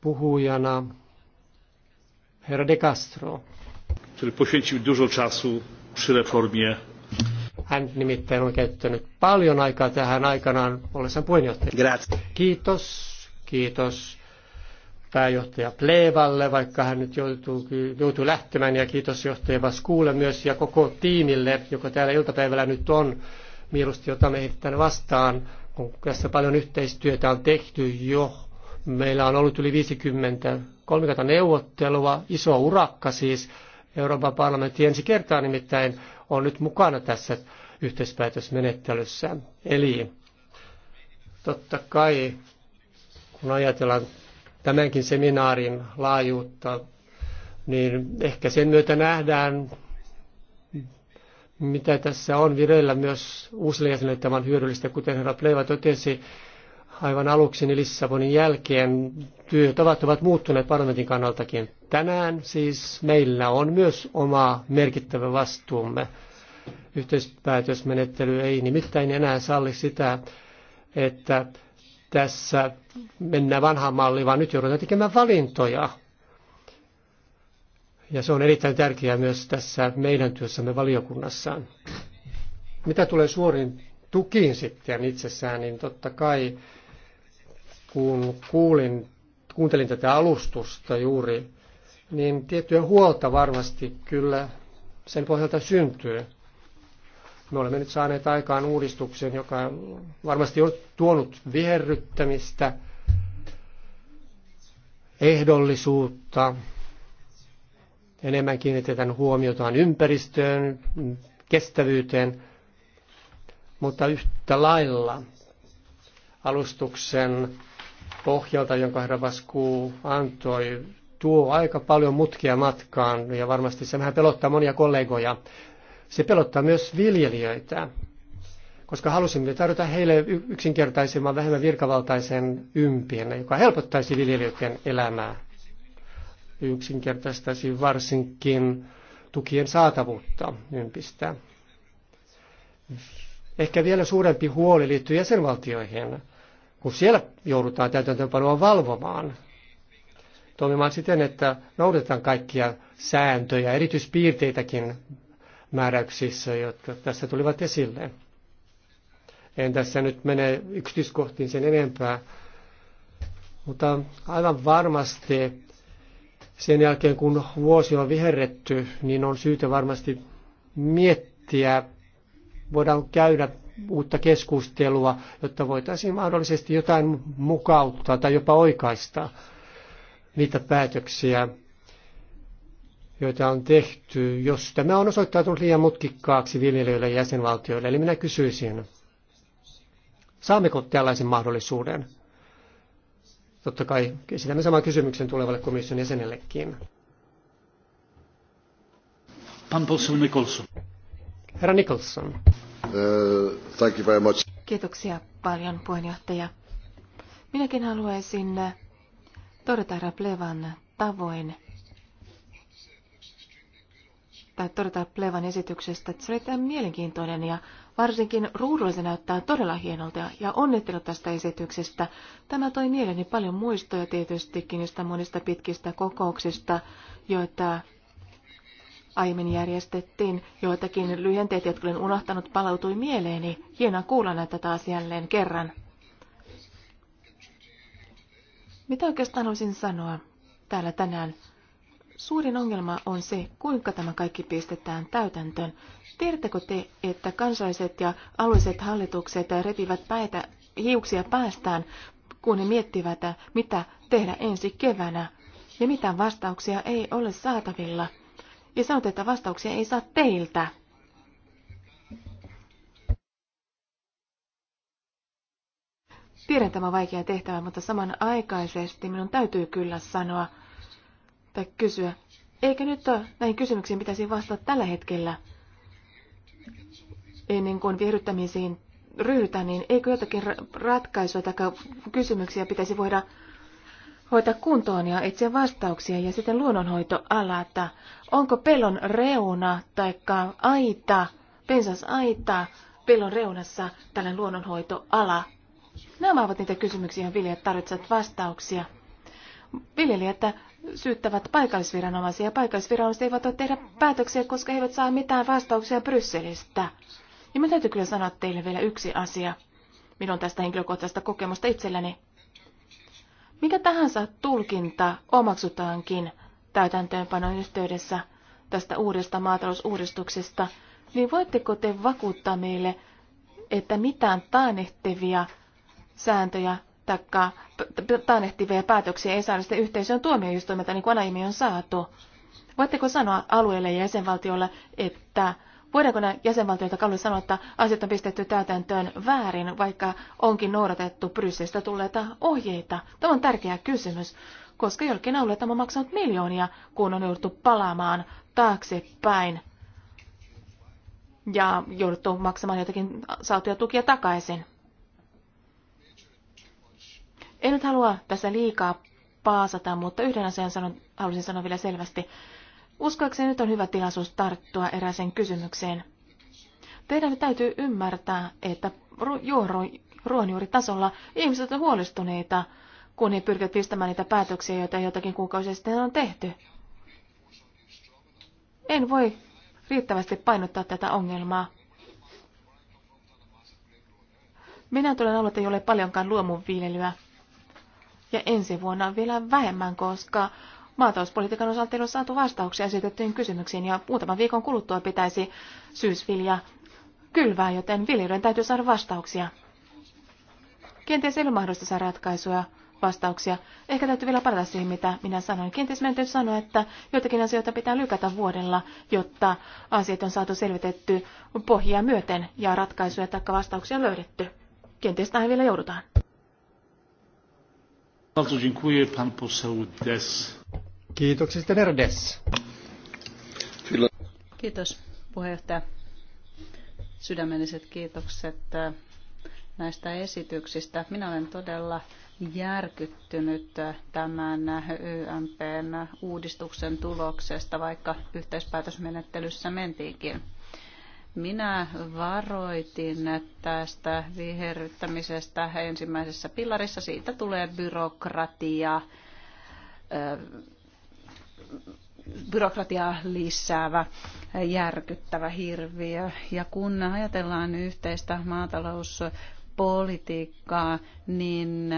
puhujana herra De Castro. poświęcił dużo czasu przy reformie. Hän nimittäin on käyttänyt paljon aikaa tähän aikanaan ollessaan puheenjohtaja. Grazie. Kiitos, kiitos pääjohtaja Plevalle, vaikka hän nyt joutuu, joutuu lähtemään, ja kiitos johtaja Baskuulle myös ja koko tiimille, joka täällä iltapäivällä nyt on. Mieluusti otamme me tänne vastaan, kun tässä paljon yhteistyötä on tehty jo. Meillä on ollut yli 50 kolmikata neuvottelua, iso urakka siis. Euroopan parlamentti ensi kertaa nimittäin on nyt mukana tässä yhteispäätösmenettelyssä. Eli totta kai, kun ajatellaan tämänkin seminaarin laajuutta, niin ehkä sen myötä nähdään, mitä tässä on vireillä myös uusille jäsenille tämän hyödyllistä, kuten herra Pleiva totesi aivan aluksi niin Lissabonin jälkeen. Työtavat ovat muuttuneet parlamentin kannaltakin. Tänään siis meillä on myös oma merkittävä vastuumme. Yhteispäätösmenettely ei nimittäin enää salli sitä, että tässä mennään vanhaan malliin, vaan nyt joudutaan tekemään valintoja. Ja se on erittäin tärkeää myös tässä meidän työssämme valiokunnassaan. Mitä tulee suorin tukiin sitten itsessään, niin totta kai kun kuulin, kuuntelin tätä alustusta juuri, niin tiettyä huolta varmasti kyllä sen pohjalta syntyy. Me olemme nyt saaneet aikaan uudistuksen, joka varmasti on tuonut viherryttämistä, ehdollisuutta, enemmän kiinnitetään huomiotaan ympäristöön, kestävyyteen, mutta yhtä lailla alustuksen pohjalta, jonka herra Vaskuu antoi, tuo aika paljon mutkia matkaan ja varmasti se vähän pelottaa monia kollegoja. Se pelottaa myös viljelijöitä, koska halusimme tarjota heille yksinkertaisemman, vähemmän virkavaltaisen ympien, joka helpottaisi viljelijöiden elämää. Yksinkertaistaisi varsinkin tukien saatavuutta ympistä. Ehkä vielä suurempi huoli liittyy jäsenvaltioihin, kun siellä joudutaan täytäntöönpanoa valvomaan, toimimaan siten, että noudatetaan kaikkia sääntöjä, erityispiirteitäkin määräyksissä, jotka tässä tulivat esille. En tässä nyt mene yksityiskohtiin sen enempää, mutta aivan varmasti sen jälkeen, kun vuosi on viherretty, niin on syytä varmasti miettiä, voidaan käydä uutta keskustelua, jotta voitaisiin mahdollisesti jotain mukauttaa tai jopa oikaista niitä päätöksiä, joita on tehty, jos tämä on osoittautunut liian mutkikkaaksi viljelijöille ja jäsenvaltioille. Eli minä kysyisin, saammeko tällaisen mahdollisuuden? Totta kai esitämme saman kysymyksen tulevalle komission jäsenellekin. Pan Nicholson. Herra Nicholson. Uh, thank you very much. Kiitoksia paljon puheenjohtaja. Minäkin haluaisin todeta Raplevan tavoin, tai todeta Plevan esityksestä, että se oli tämän mielenkiintoinen ja varsinkin ruudulla se näyttää todella hienolta ja onnittelut tästä esityksestä. Tämä toi mieleeni paljon muistoja tietystikin niistä monista pitkistä kokouksista, joita aiemmin järjestettiin. Joitakin lyhenteitä, jotka olin unohtanut, palautui mieleeni. Hienoa kuulla näitä taas jälleen kerran. Mitä oikeastaan olisin sanoa täällä tänään? Suurin ongelma on se, kuinka tämä kaikki pistetään täytäntöön. Tiedättekö te, että kansalliset ja alueelliset hallitukset repivät päitä, hiuksia päästään, kun ne miettivät, mitä tehdä ensi keväänä, ja mitään vastauksia ei ole saatavilla. Ja sanot, että vastauksia ei saa teiltä. Tiedän tämä vaikea tehtävä, mutta samanaikaisesti minun täytyy kyllä sanoa, tai kysyä. Eikä nyt näihin kysymyksiin pitäisi vastata tällä hetkellä, ennen kuin viehdyttämisiin ryhdytään, niin eikö jotakin ratkaisua tai kysymyksiä pitäisi voida hoitaa kuntoon ja etsiä vastauksia ja sitten että Onko pelon reuna tai aita, pensas aita pelon reunassa tällainen luonnonhoitoala? Nämä ovat niitä kysymyksiä, joihin viljat tarvitsevat vastauksia viljelijät syyttävät paikallisviranomaisia paikallisviranomaiset eivät voi tehdä päätöksiä, koska he eivät saa mitään vastauksia Brysselistä. Ja minä täytyy kyllä sanoa teille vielä yksi asia. Minun tästä henkilökohtaisesta kokemusta itselläni. Mikä tahansa tulkinta omaksutaankin täytäntöönpanon yhteydessä tästä uudesta maatalousuudistuksesta, niin voitteko te vakuuttaa meille, että mitään taanehtevia sääntöjä taikka taannehtivia päätöksiä ei saada niin sitä yhteisön tuomioistuimelta, niin kuin aiemmin on saatu. Voitteko sanoa alueelle ja jäsenvaltiolle, että voidaanko nämä jäsenvaltioita kaluja sanoa, että asiat on pistetty täytäntöön väärin, vaikka onkin noudatettu Brysselistä tulleita ohjeita? Tämä on tärkeä kysymys, koska jollekin alueelle tämä on maksanut miljoonia, kun on jouduttu palaamaan taaksepäin ja jouduttu maksamaan jotakin saatuja tukia takaisin. En nyt halua tässä liikaa paasata, mutta yhden asian sanon, halusin sanoa vielä selvästi. Uskoakseni nyt on hyvä tilaisuus tarttua erääseen kysymykseen. Teidän täytyy ymmärtää, että ruohonjuuritasolla ihmiset ovat huolestuneita, kun he pyrkivät pistämään niitä päätöksiä, joita jotakin kuukausia sitten on tehty. En voi riittävästi painottaa tätä ongelmaa. Minä tulen alueelta, jolle paljonkaan luomuviljelyä ja ensi vuonna vielä vähemmän, koska maatalouspolitiikan osalta ei ole saatu vastauksia esitettyihin kysymyksiin ja muutaman viikon kuluttua pitäisi syysvilja kylvää, joten viljelijöiden täytyy saada vastauksia. Kenties ei ole mahdollista saada ratkaisuja vastauksia. Ehkä täytyy vielä palata siihen, mitä minä sanoin. Kenties meidän täytyy sanoa, että joitakin asioita pitää lykätä vuodella, jotta asiat on saatu selvitetty pohjia myöten ja ratkaisuja tai vastauksia löydetty. Kenties tähän vielä joudutaan. Bardzo dziękuję pan poseł Des. Des. Kiitos puheenjohtaja. Sydämelliset kiitokset äh, näistä esityksistä. Minä olen todella järkyttynyt äh, tämän äh, YMPn uudistuksen tuloksesta, vaikka yhteispäätösmenettelyssä mentiinkin. Minä varoitin tästä viherryttämisestä ensimmäisessä pilarissa. Siitä tulee byrokratia, byrokratia lisäävä, järkyttävä hirviö. Ja kun ajatellaan yhteistä maatalouspolitiikkaa, niin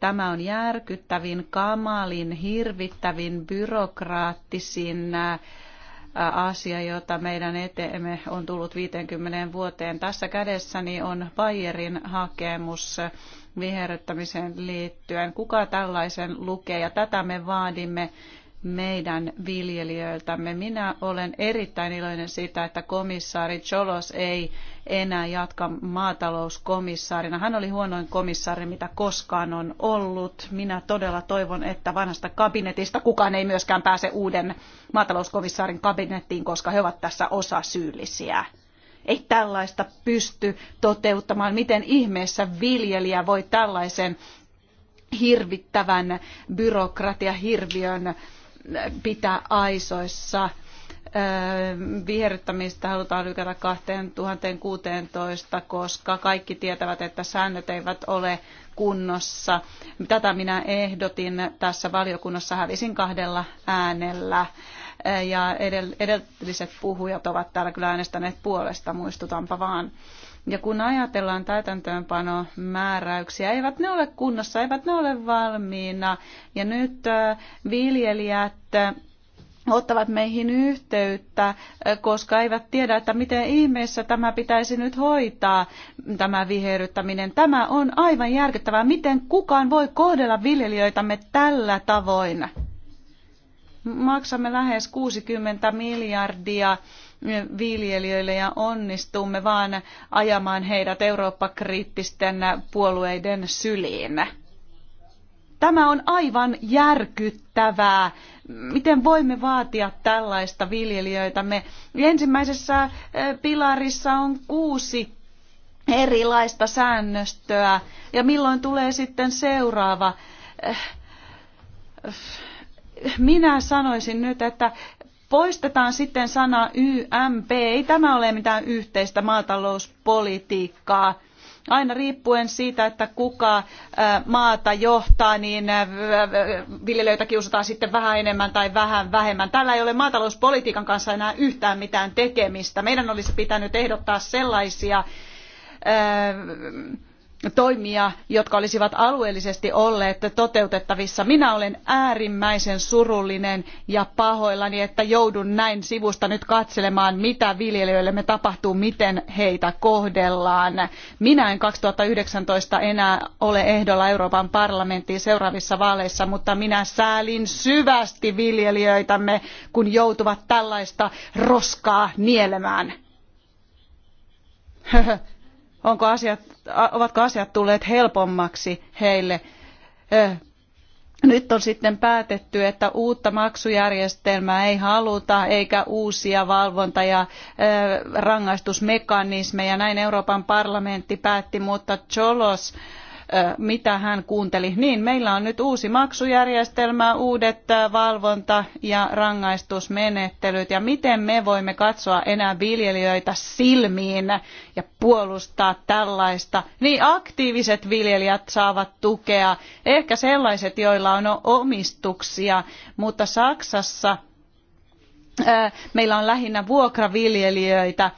tämä on järkyttävin, kamalin, hirvittävin, byrokraattisin asia, jota meidän eteemme on tullut 50 vuoteen. Tässä kädessäni on Bayerin hakemus viherryttämiseen liittyen. Kuka tällaisen lukee? Ja tätä me vaadimme meidän viljelijöiltämme. Minä olen erittäin iloinen siitä, että komissaari Cholos ei enää jatka maatalouskomissaarina. Hän oli huonoin komissaari, mitä koskaan on ollut. Minä todella toivon, että vanhasta kabinetista kukaan ei myöskään pääse uuden maatalouskomissaarin kabinettiin, koska he ovat tässä osa syyllisiä. Ei tällaista pysty toteuttamaan. Miten ihmeessä viljelijä voi tällaisen hirvittävän byrokratiahirviön hirviön pitää aisoissa. Viherryttämistä halutaan lykätä 2016, koska kaikki tietävät, että säännöt eivät ole kunnossa. Tätä minä ehdotin tässä valiokunnassa, hävisin kahdella äänellä. Ja edelliset puhujat ovat täällä kyllä äänestäneet puolesta, muistutanpa vaan. Ja kun ajatellaan täytäntöönpanomääräyksiä, eivät ne ole kunnossa, eivät ne ole valmiina. Ja nyt viljelijät ottavat meihin yhteyttä, koska eivät tiedä, että miten ihmeessä tämä pitäisi nyt hoitaa, tämä viheryttäminen. Tämä on aivan järkyttävää. Miten kukaan voi kohdella viljelijöitämme tällä tavoin? Maksamme lähes 60 miljardia viljelijöille ja onnistumme vaan ajamaan heidät Eurooppa-kriittisten puolueiden syliin. Tämä on aivan järkyttävää. Miten voimme vaatia tällaista viljelijöitämme? Ensimmäisessä eh, pilarissa on kuusi erilaista säännöstöä ja milloin tulee sitten seuraava eh, minä sanoisin nyt, että poistetaan sitten sana YMP. Ei tämä ole mitään yhteistä maatalouspolitiikkaa. Aina riippuen siitä, että kuka maata johtaa, niin viljelijöitä kiusataan sitten vähän enemmän tai vähän vähemmän. Tällä ei ole maatalouspolitiikan kanssa enää yhtään mitään tekemistä. Meidän olisi pitänyt ehdottaa sellaisia toimia, jotka olisivat alueellisesti olleet toteutettavissa. Minä olen äärimmäisen surullinen ja pahoillani, että joudun näin sivusta nyt katselemaan, mitä viljelijöillemme tapahtuu, miten heitä kohdellaan. Minä en 2019 enää ole ehdolla Euroopan parlamenttiin seuraavissa vaaleissa, mutta minä säälin syvästi viljelijöitämme, kun joutuvat tällaista roskaa nielemään. Onko asiat, ovatko asiat tulleet helpommaksi heille? Nyt on sitten päätetty, että uutta maksujärjestelmää ei haluta, eikä uusia valvonta- ja rangaistusmekanismeja. Näin Euroopan parlamentti päätti, mutta Cholos mitä hän kuunteli. Niin, meillä on nyt uusi maksujärjestelmä, uudet valvonta- ja rangaistusmenettelyt ja miten me voimme katsoa enää viljelijöitä silmiin ja puolustaa tällaista. Niin aktiiviset viljelijät saavat tukea, ehkä sellaiset, joilla on omistuksia, mutta Saksassa meillä on lähinnä vuokraviljelijöitä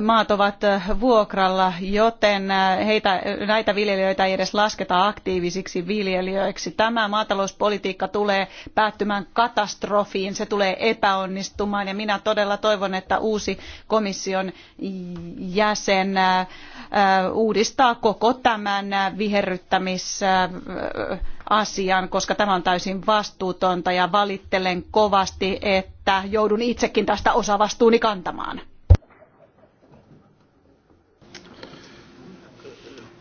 maat ovat vuokralla, joten heitä, näitä viljelijöitä ei edes lasketa aktiivisiksi viljelijöiksi. Tämä maatalouspolitiikka tulee päättymään katastrofiin, se tulee epäonnistumaan ja minä todella toivon, että uusi komission jäsen uudistaa koko tämän viherryttämisasian, koska tämä on täysin vastuutonta ja valittelen kovasti, että joudun itsekin tästä osavastuuni kantamaan.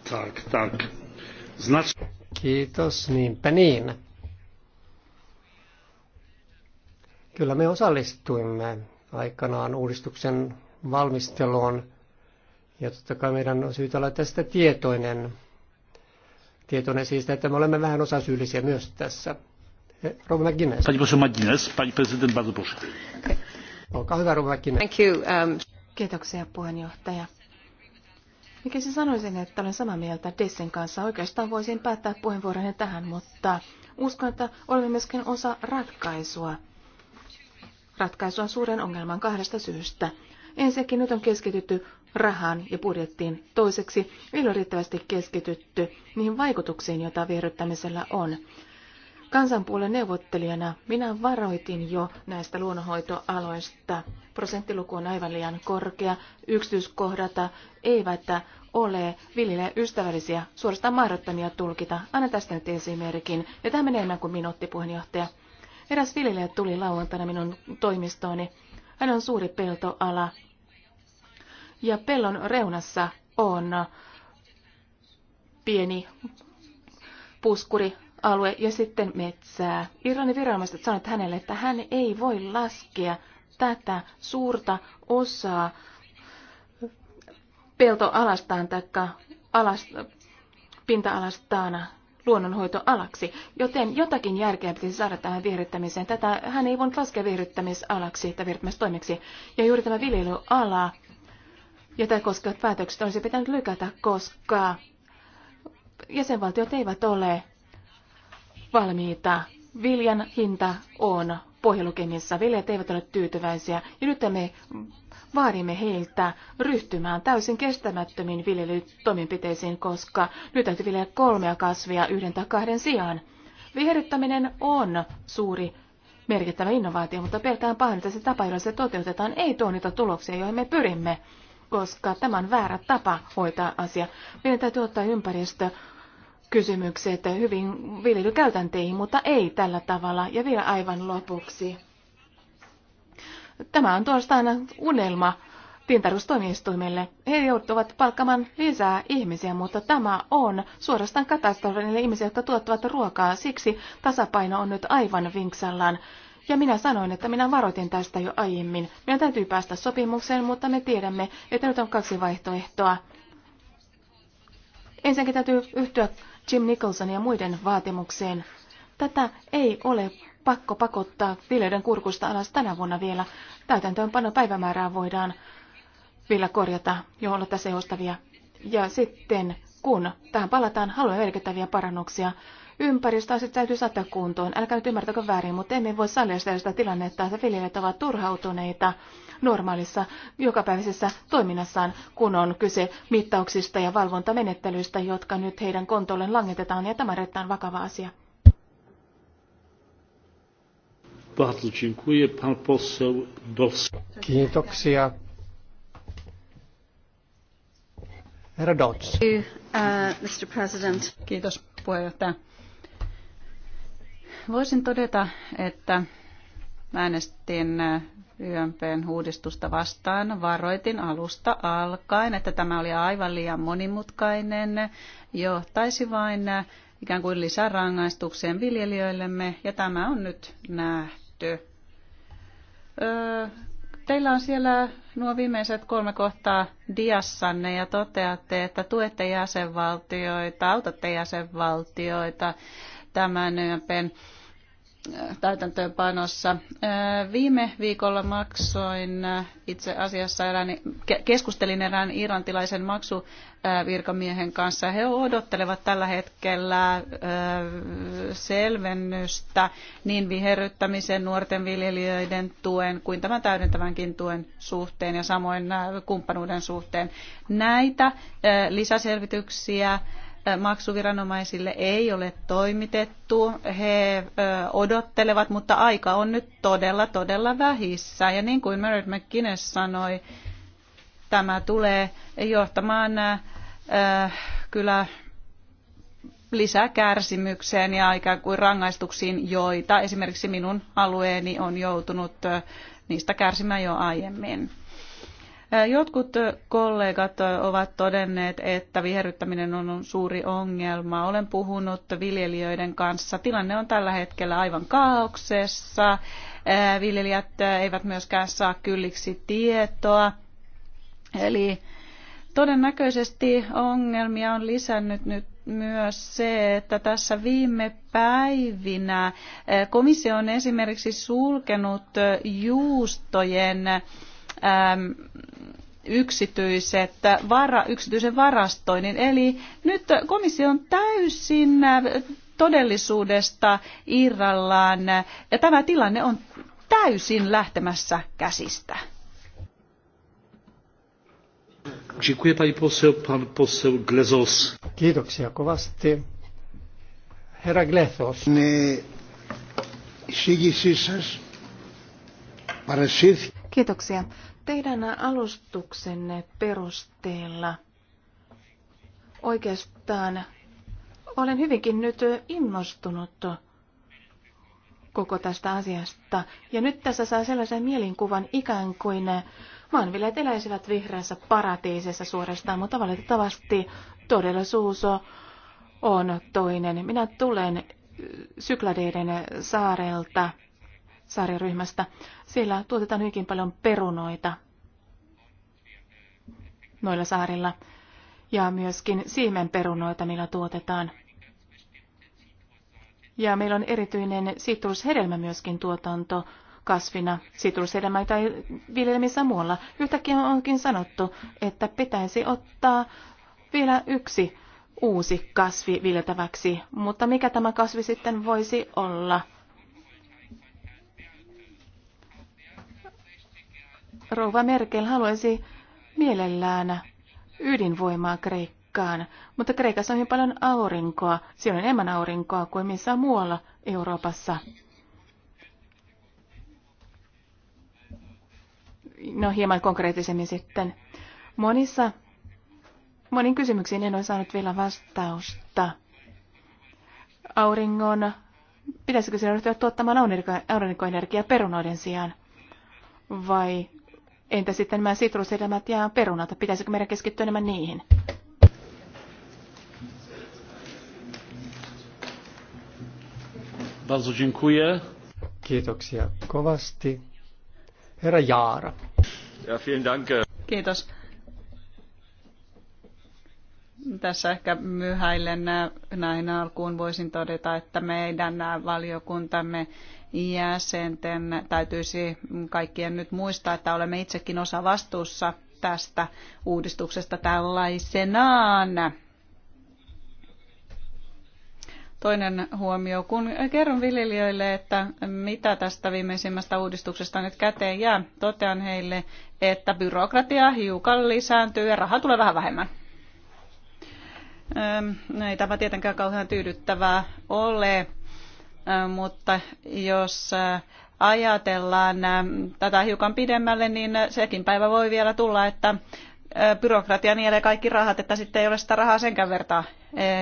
Tak, tak. Znacz... Kiitos, niinpä niin. Kyllä me osallistuimme aikanaan uudistuksen valmisteluun ja totta kai meidän on syytä olla tästä tietoinen. Tietoinen siitä, että me olemme vähän osasyyllisiä myös tässä. Eh, Rouva McGuinness. Pani poseł McGuinness, pani prezydent, bardzo proszę. Olkaa hyvä, Rouva McGuinness. Thank you. Um... Kiitoksia puheenjohtaja. Mikä se sanoisin, että olen samaa mieltä Dessen kanssa. Oikeastaan voisin päättää puheenvuoroni tähän, mutta uskon, että olemme myöskin osa ratkaisua. Ratkaisua suuren ongelman kahdesta syystä. Ensinnäkin nyt on keskitytty rahaan ja budjettiin. Toiseksi ei ole riittävästi keskitytty niihin vaikutuksiin, joita vierryttämisellä on. Kansanpuolen neuvottelijana minä varoitin jo näistä luonnonhoitoaloista. Prosenttiluku on aivan liian korkea, yksityiskohdata eivät ole viljelijä ystävällisiä, suorastaan mahdottomia tulkita. Anna tästä nyt esimerkin, ja tämä menee enemmän kuin minuutti, puheenjohtaja. Eräs viljelijä tuli lauantaina minun toimistooni. Hän on suuri peltoala, ja pellon reunassa on pieni puskuri, alue ja sitten metsää. Irlannin viranomaiset sanoivat hänelle, että hän ei voi laskea tätä suurta osaa peltoalastaan tai alast, pinta-alastaan luonnonhoitoalaksi, joten jotakin järkeä pitäisi saada tähän viherryttämiseen. Tätä hän ei voinut laskea viherryttämisalaksi tai viherryttämistoimeksi. Ja juuri tämä viljelyala ja tämä koskevat päätökset olisi pitänyt lykätä, koska jäsenvaltiot eivät ole valmiita. Viljan hinta on pohjalukemissa. Viljat eivät ole tyytyväisiä ja nyt me vaadimme heiltä ryhtymään täysin kestämättömiin viljelytoimenpiteisiin, koska nyt täytyy viljellä kolmea kasvia yhden tai kahden sijaan. Viherryttäminen on suuri merkittävä innovaatio, mutta pelkään pahoin, että se tapa, jolla se toteutetaan, ei tuo niitä tuloksia, joihin me pyrimme, koska tämä on väärä tapa hoitaa asia. Meidän täytyy ottaa ympäristö kysymykset hyvin viljelykäytänteihin, mutta ei tällä tavalla. Ja vielä aivan lopuksi. Tämä on tuostaan unelma tintarustoimistoimille. He joutuvat palkkamaan lisää ihmisiä, mutta tämä on suorastaan katastrofi niille ihmisille, jotka tuottavat ruokaa. Siksi tasapaino on nyt aivan vinksallaan. Ja minä sanoin, että minä varoitin tästä jo aiemmin. Meidän täytyy päästä sopimukseen, mutta me tiedämme, että nyt on kaksi vaihtoehtoa. Ensinnäkin täytyy yhtyä Jim Nicholson ja muiden vaatimukseen. Tätä ei ole pakko pakottaa viljelijöiden kurkusta alas tänä vuonna vielä. Täytäntöönpano päivämäärää voidaan vielä korjata, johon olla tässä joustavia. Ja sitten kun tähän palataan, haluamme merkittäviä parannuksia. sitten täytyy saattaa kuntoon. Älkää nyt ymmärtäkö väärin, mutta emme voi sallia sitä tilannetta, että viljelijät ovat turhautuneita normaalissa jokapäiväisessä toiminnassaan, kun on kyse mittauksista ja valvontamenettelyistä, jotka nyt heidän kontolleen langetetaan, ja tämä on erittäin vakava asia. Kiitoksia. Herra Dodds. Uh, Mr. President. Kiitos puheenjohtaja. Voisin todeta, että äänestin uh, YMPn uudistusta vastaan. Varoitin alusta alkaen, että tämä oli aivan liian monimutkainen, johtaisi vain ikään kuin lisärangaistukseen viljelijöillemme, ja tämä on nyt nähty. Öö, teillä on siellä nuo viimeiset kolme kohtaa diassanne ja toteatte, että tuette jäsenvaltioita, autatte jäsenvaltioita tämän YMPn täytäntöönpanossa. Viime viikolla maksoin itse asiassa erään, keskustelin erään irantilaisen maksuvirkamiehen kanssa. He odottelevat tällä hetkellä selvennystä niin viherryttämisen, nuorten viljelijöiden tuen kuin tämän täydentävänkin tuen suhteen ja samoin kumppanuuden suhteen. Näitä lisäselvityksiä maksuviranomaisille ei ole toimitettu. He odottelevat, mutta aika on nyt todella, todella vähissä. Ja niin kuin Merritt McGuinness sanoi, tämä tulee johtamaan kyllä lisäkärsimykseen ja ikään kuin rangaistuksiin, joita esimerkiksi minun alueeni on joutunut niistä kärsimään jo aiemmin. Jotkut kollegat ovat todenneet, että viherryttäminen on suuri ongelma. Olen puhunut viljelijöiden kanssa. Tilanne on tällä hetkellä aivan kaauksessa. Viljelijät eivät myöskään saa kylliksi tietoa. Eli todennäköisesti ongelmia on lisännyt nyt myös se, että tässä viime päivinä komissio on esimerkiksi sulkenut juustojen yksityiset, vara, yksityisen varastoinnin. Eli nyt komissio on täysin todellisuudesta irrallaan ja tämä tilanne on täysin lähtemässä käsistä. Kiitoksia kovasti. Herra Glethos. Ne εισήγησή σας παρασύρθηκε Kiitoksia. Teidän alustuksenne perusteella oikeastaan olen hyvinkin nyt innostunut koko tästä asiasta. Ja nyt tässä saa sellaisen mielinkuvan ikään kuin maanviljat eläisivät vihreässä paratiisessa suorastaan, mutta valitettavasti todellisuus on toinen. Minä tulen Sykladeiden saarelta saariryhmästä. Siellä tuotetaan hyvinkin paljon perunoita noilla saarilla ja myöskin siemenperunoita, millä tuotetaan. Ja meillä on erityinen sitrushedelmä myöskin tuotanto kasvina, sitrushedelmä tai missä muualla. Yhtäkkiä onkin sanottu, että pitäisi ottaa vielä yksi uusi kasvi viljeltäväksi, mutta mikä tämä kasvi sitten voisi olla? Rouva Merkel haluaisi mielellään ydinvoimaa Kreikkaan, mutta Kreikassa on hyvin paljon aurinkoa. Siellä on enemmän aurinkoa kuin missään muualla Euroopassa. No hieman konkreettisemmin sitten. Monissa, monin kysymyksiin en ole saanut vielä vastausta. Auringon, pitäisikö sinä ryhtyä tuottamaan aurinkoenergiaa perunoiden sijaan? Vai Entä sitten nämä sitrusedelmät ja perunat? Pitäisikö meidän keskittyä enemmän niihin? Bardzo dziękuję. Kiitoksia kovasti. Herra Jaara. Ja, vielen dank. Kiitos. Tässä ehkä myhäillen äh, näin alkuun voisin todeta, että meidän äh, valiokuntamme jäsenten täytyisi kaikkien nyt muistaa, että olemme itsekin osa vastuussa tästä uudistuksesta tällaisenaan. Toinen huomio, kun kerron viljelijöille, että mitä tästä viimeisimmästä uudistuksesta nyt käteen jää, totean heille, että byrokratia hiukan lisääntyy ja raha tulee vähän vähemmän. Ei tämä tietenkään kauhean tyydyttävää ole mutta jos ajatellaan tätä hiukan pidemmälle, niin sekin päivä voi vielä tulla, että byrokratia nielee kaikki rahat, että sitten ei ole sitä rahaa senkään vertaa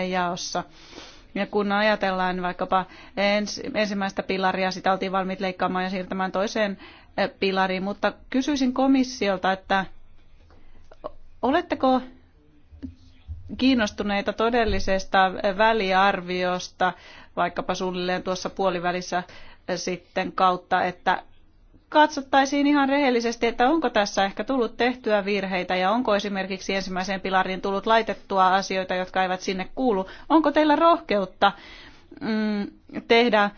jaossa. Ja kun ajatellaan vaikkapa ensimmäistä pilaria, sitä oltiin valmiit leikkaamaan ja siirtämään toiseen pilariin, mutta kysyisin komissiolta, että oletteko kiinnostuneita todellisesta väliarviosta vaikkapa suunnilleen tuossa puolivälissä sitten kautta, että katsottaisiin ihan rehellisesti, että onko tässä ehkä tullut tehtyä virheitä ja onko esimerkiksi ensimmäiseen pilariin tullut laitettua asioita, jotka eivät sinne kuulu. Onko teillä rohkeutta mm, tehdä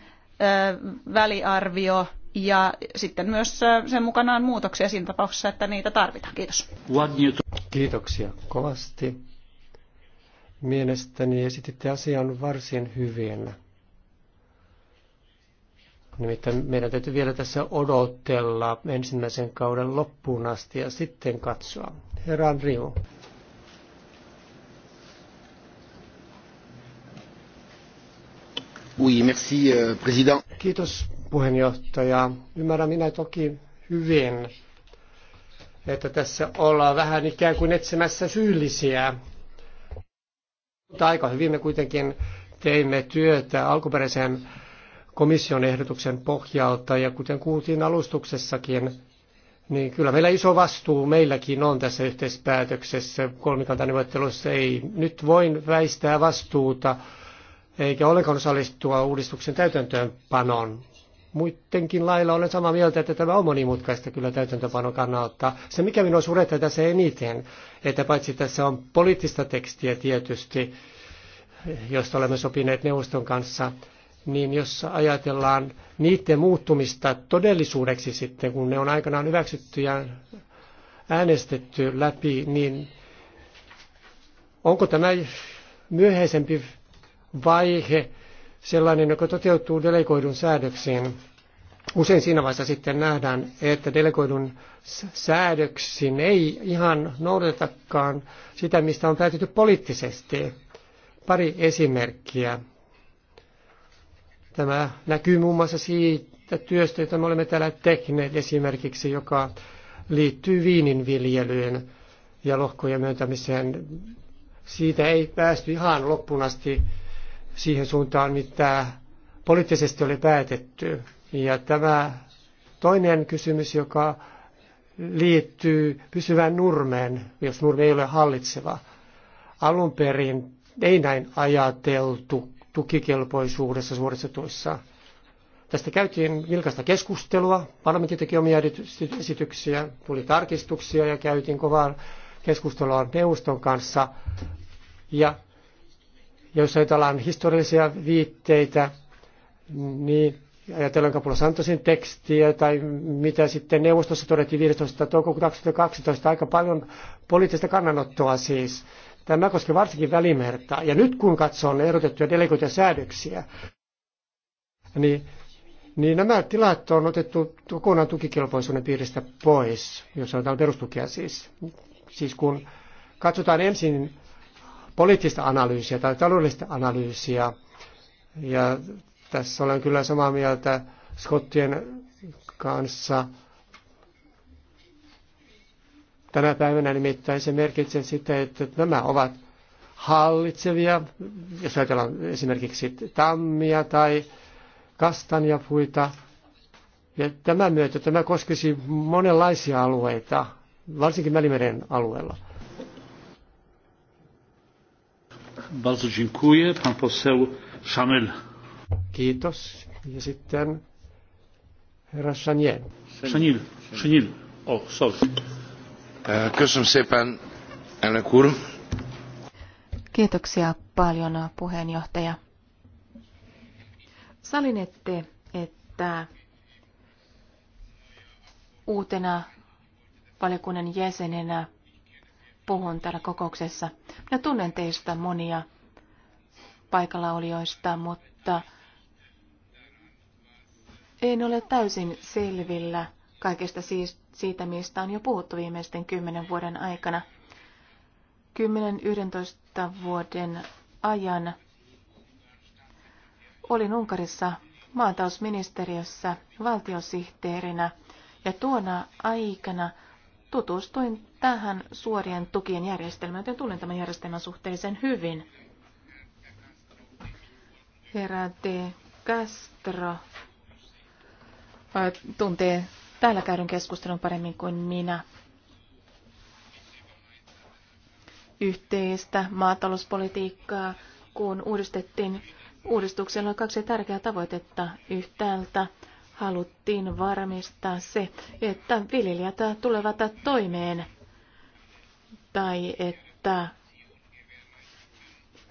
väliarvio ja sitten myös sen mukanaan muutoksia siinä tapauksessa, että niitä tarvitaan. Kiitos. Kiitoksia kovasti. Mielestäni esititte asian varsin hyvin. Nimittäin meidän täytyy vielä tässä odotella ensimmäisen kauden loppuun asti ja sitten katsoa. Herra Andriu. Oui, merci, euh, président. Kiitos puheenjohtaja. Ymmärrän minä toki hyvin, että tässä ollaan vähän ikään kuin etsimässä syyllisiä. Mutta aika hyvin me kuitenkin teimme työtä alkuperäisen komission ehdotuksen pohjalta ja kuten kuultiin alustuksessakin, niin kyllä meillä iso vastuu meilläkin on tässä yhteispäätöksessä kolmikantaneuvottelussa. Ei nyt voin väistää vastuuta eikä ollenkaan osallistua uudistuksen täytäntöönpanoon. Muittenkin lailla olen samaa mieltä, että tämä on monimutkaista kyllä täytäntöpanon kannalta. Se mikä minua surettaa tässä eniten, että paitsi tässä on poliittista tekstiä tietysti, josta olemme sopineet neuvoston kanssa, niin jos ajatellaan niiden muuttumista todellisuudeksi sitten, kun ne on aikanaan hyväksytty ja äänestetty läpi, niin onko tämä myöhäisempi vaihe sellainen, joka toteutuu delegoidun säädöksiin? Usein siinä vaiheessa sitten nähdään, että delegoidun säädöksin ei ihan noudatakaan sitä, mistä on päätetty poliittisesti. Pari esimerkkiä Tämä näkyy muun muassa siitä työstä, jota me olemme täällä tehneet esimerkiksi, joka liittyy viininviljelyyn ja lohkojen myöntämiseen. Siitä ei päästy ihan loppuun asti siihen suuntaan, mitä poliittisesti oli päätetty. Ja tämä toinen kysymys, joka liittyy pysyvään nurmeen, jos nurmi ei ole hallitseva. Alun perin ei näin ajateltu tukikelpoisuudessa suoristetuissa. Tästä käytiin vilkaista keskustelua, parlamentti teki omia esityksiä, tuli tarkistuksia ja käytiin kovaa keskustelua neuvoston kanssa. Ja jos ajatellaan historiallisia viitteitä, niin ajatellaan Kapula Santosin tekstiä tai mitä sitten neuvostossa todettiin 15. toukokuuta 2012, aika paljon poliittista kannanottoa siis. Tämä koskee varsinkin välimerta. Ja nyt kun katsoo erotettuja delegoituja säädöksiä, niin, niin nämä tilat on otettu kokonaan tukikelpoisuuden piiristä pois, jos sanotaan perustukia siis. Siis kun katsotaan ensin poliittista analyysiä tai taloudellista analyysiä, ja tässä olen kyllä samaa mieltä Scottien kanssa, Tänä päivänä nimittäin se merkitsee sitä, että nämä ovat hallitsevia, jos ajatellaan esimerkiksi tammia tai kastanjapuita. Ja tämän myötä tämä koskisi monenlaisia alueita, varsinkin Välimeren alueella. Bardzo dziękuję. Pan poseł Chamel. Kiitos. Ja sitten herra Chanier. Chanil. Chanil. Oh, sorry. Kiitoksia paljon puheenjohtaja. Salinette, että uutena valiokunnan jäsenenä puhun täällä kokouksessa. Minä tunnen teistä monia paikallaolijoista, mutta en ole täysin selvillä kaikesta siis siitä, mistä on jo puhuttu viimeisten kymmenen vuoden aikana. 10-11 vuoden ajan olin Unkarissa maatausministeriössä valtiosihteerinä ja tuona aikana tutustuin tähän suorien tukien järjestelmään, joten tulin tämän järjestelmän suhteellisen hyvin. Herra de Castro tuntee täällä käydyn keskustelun paremmin kuin minä. Yhteistä maatalouspolitiikkaa, kun uudistettiin uudistuksella on kaksi tärkeää tavoitetta. Yhtäältä haluttiin varmistaa se, että viljelijät tulevat toimeen tai että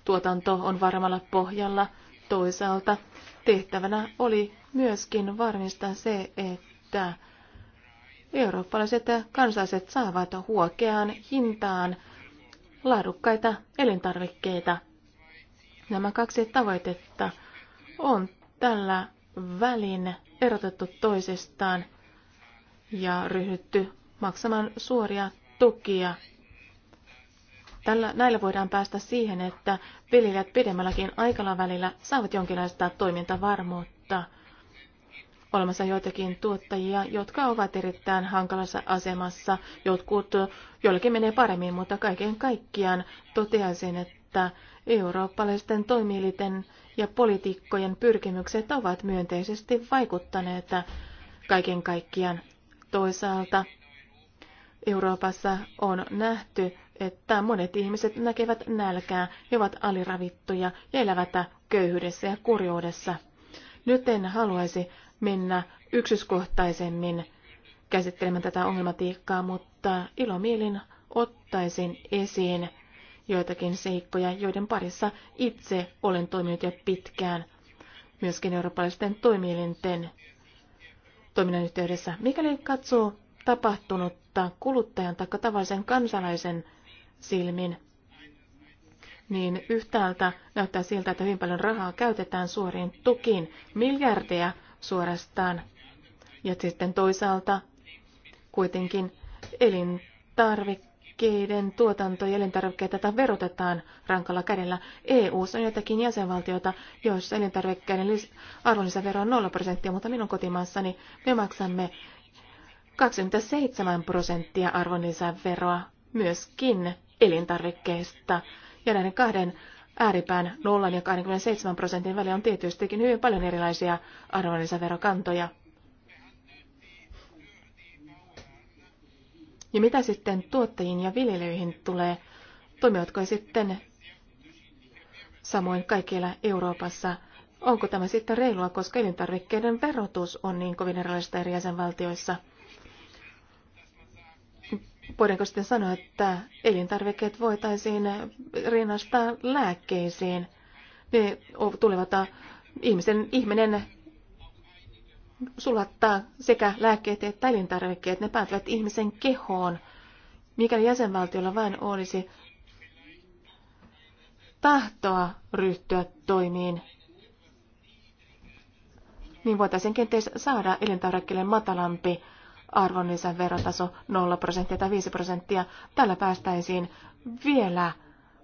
tuotanto on varmalla pohjalla. Toisaalta tehtävänä oli myöskin varmistaa se, että eurooppalaiset kansalaiset saavat huokeaan hintaan laadukkaita elintarvikkeita. Nämä kaksi tavoitetta on tällä välin erotettu toisistaan ja ryhdytty maksamaan suoria tukia. Tällä, näillä voidaan päästä siihen, että viljelijät pidemmälläkin aikalavälillä saavat jonkinlaista toimintavarmuutta – olemassa joitakin tuottajia, jotka ovat erittäin hankalassa asemassa. Jotkut, joillekin menee paremmin, mutta kaiken kaikkiaan toteaisin, että eurooppalaisten toimielinten ja poliitikkojen pyrkimykset ovat myönteisesti vaikuttaneet kaiken kaikkiaan. Toisaalta Euroopassa on nähty, että monet ihmiset näkevät nälkää, he ovat aliravittuja ja elävät köyhyydessä ja kurjuudessa. Nyt en haluaisi mennä yksityiskohtaisemmin käsittelemään tätä ongelmatiikkaa, mutta ilomielin ottaisin esiin joitakin seikkoja, joiden parissa itse olen toiminut jo pitkään, myöskin eurooppalaisten toimielinten toiminnan yhteydessä. Mikäli katsoo tapahtunutta kuluttajan tai tavallisen kansalaisen silmin, niin yhtäältä näyttää siltä, että hyvin paljon rahaa käytetään suoriin tukiin, miljardeja suorastaan. Ja sitten toisaalta kuitenkin elintarvikkeiden tuotanto ja elintarvikkeita verotetaan rankalla kädellä. EU on jotakin jäsenvaltiota, joissa elintarvikkeiden arvonlisävero on 0 prosenttia, mutta minun kotimaassani me maksamme 27 prosenttia arvonlisäveroa myöskin elintarvikkeista. Ja näiden kahden Ääripään 0 ja 27 prosentin välillä on tietystikin hyvin paljon erilaisia arvonlisäverokantoja. Ja mitä sitten tuottajiin ja viljelyihin tulee, toimivatko sitten samoin kaikkialla Euroopassa? Onko tämä sitten reilua, koska elintarvikkeiden verotus on niin kovin erilaista eri jäsenvaltioissa? voidaanko sitten sanoa, että elintarvikkeet voitaisiin rinnastaa lääkkeisiin. Ne tulevat äh, ihmisen, ihminen sulattaa sekä lääkkeet että elintarvikkeet. Ne päätyvät ihmisen kehoon. Mikäli jäsenvaltiolla vain olisi tahtoa ryhtyä toimiin, niin voitaisiin kenties saada elintarvikkeelle matalampi arvonlisän verotaso 0 prosenttia tai 5 prosenttia. Tällä päästäisiin vielä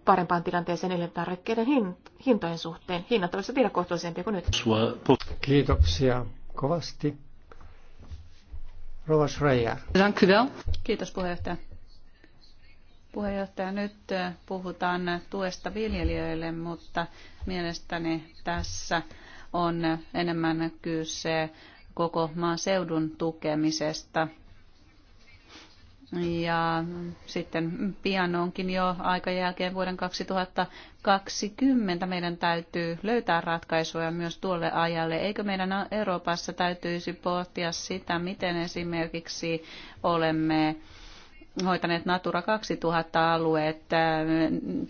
parempaan tilanteeseen elintarvikkeiden hintojen suhteen. Hinnat olisivat vielä kohtuullisempia kuin nyt. Kiitoksia kovasti. Rova Schreier. Kiitos puheenjohtaja. Puheenjohtaja, nyt äh, puhutaan tuesta viljelijöille, mutta mielestäni tässä on enemmän kyse koko maan seudun tukemisesta. Ja sitten pian onkin jo aika jälkeen vuoden 2020 meidän täytyy löytää ratkaisuja myös tuolle ajalle. Eikö meidän Euroopassa täytyisi pohtia sitä, miten esimerkiksi olemme hoitaneet Natura 2000-alueet, äh,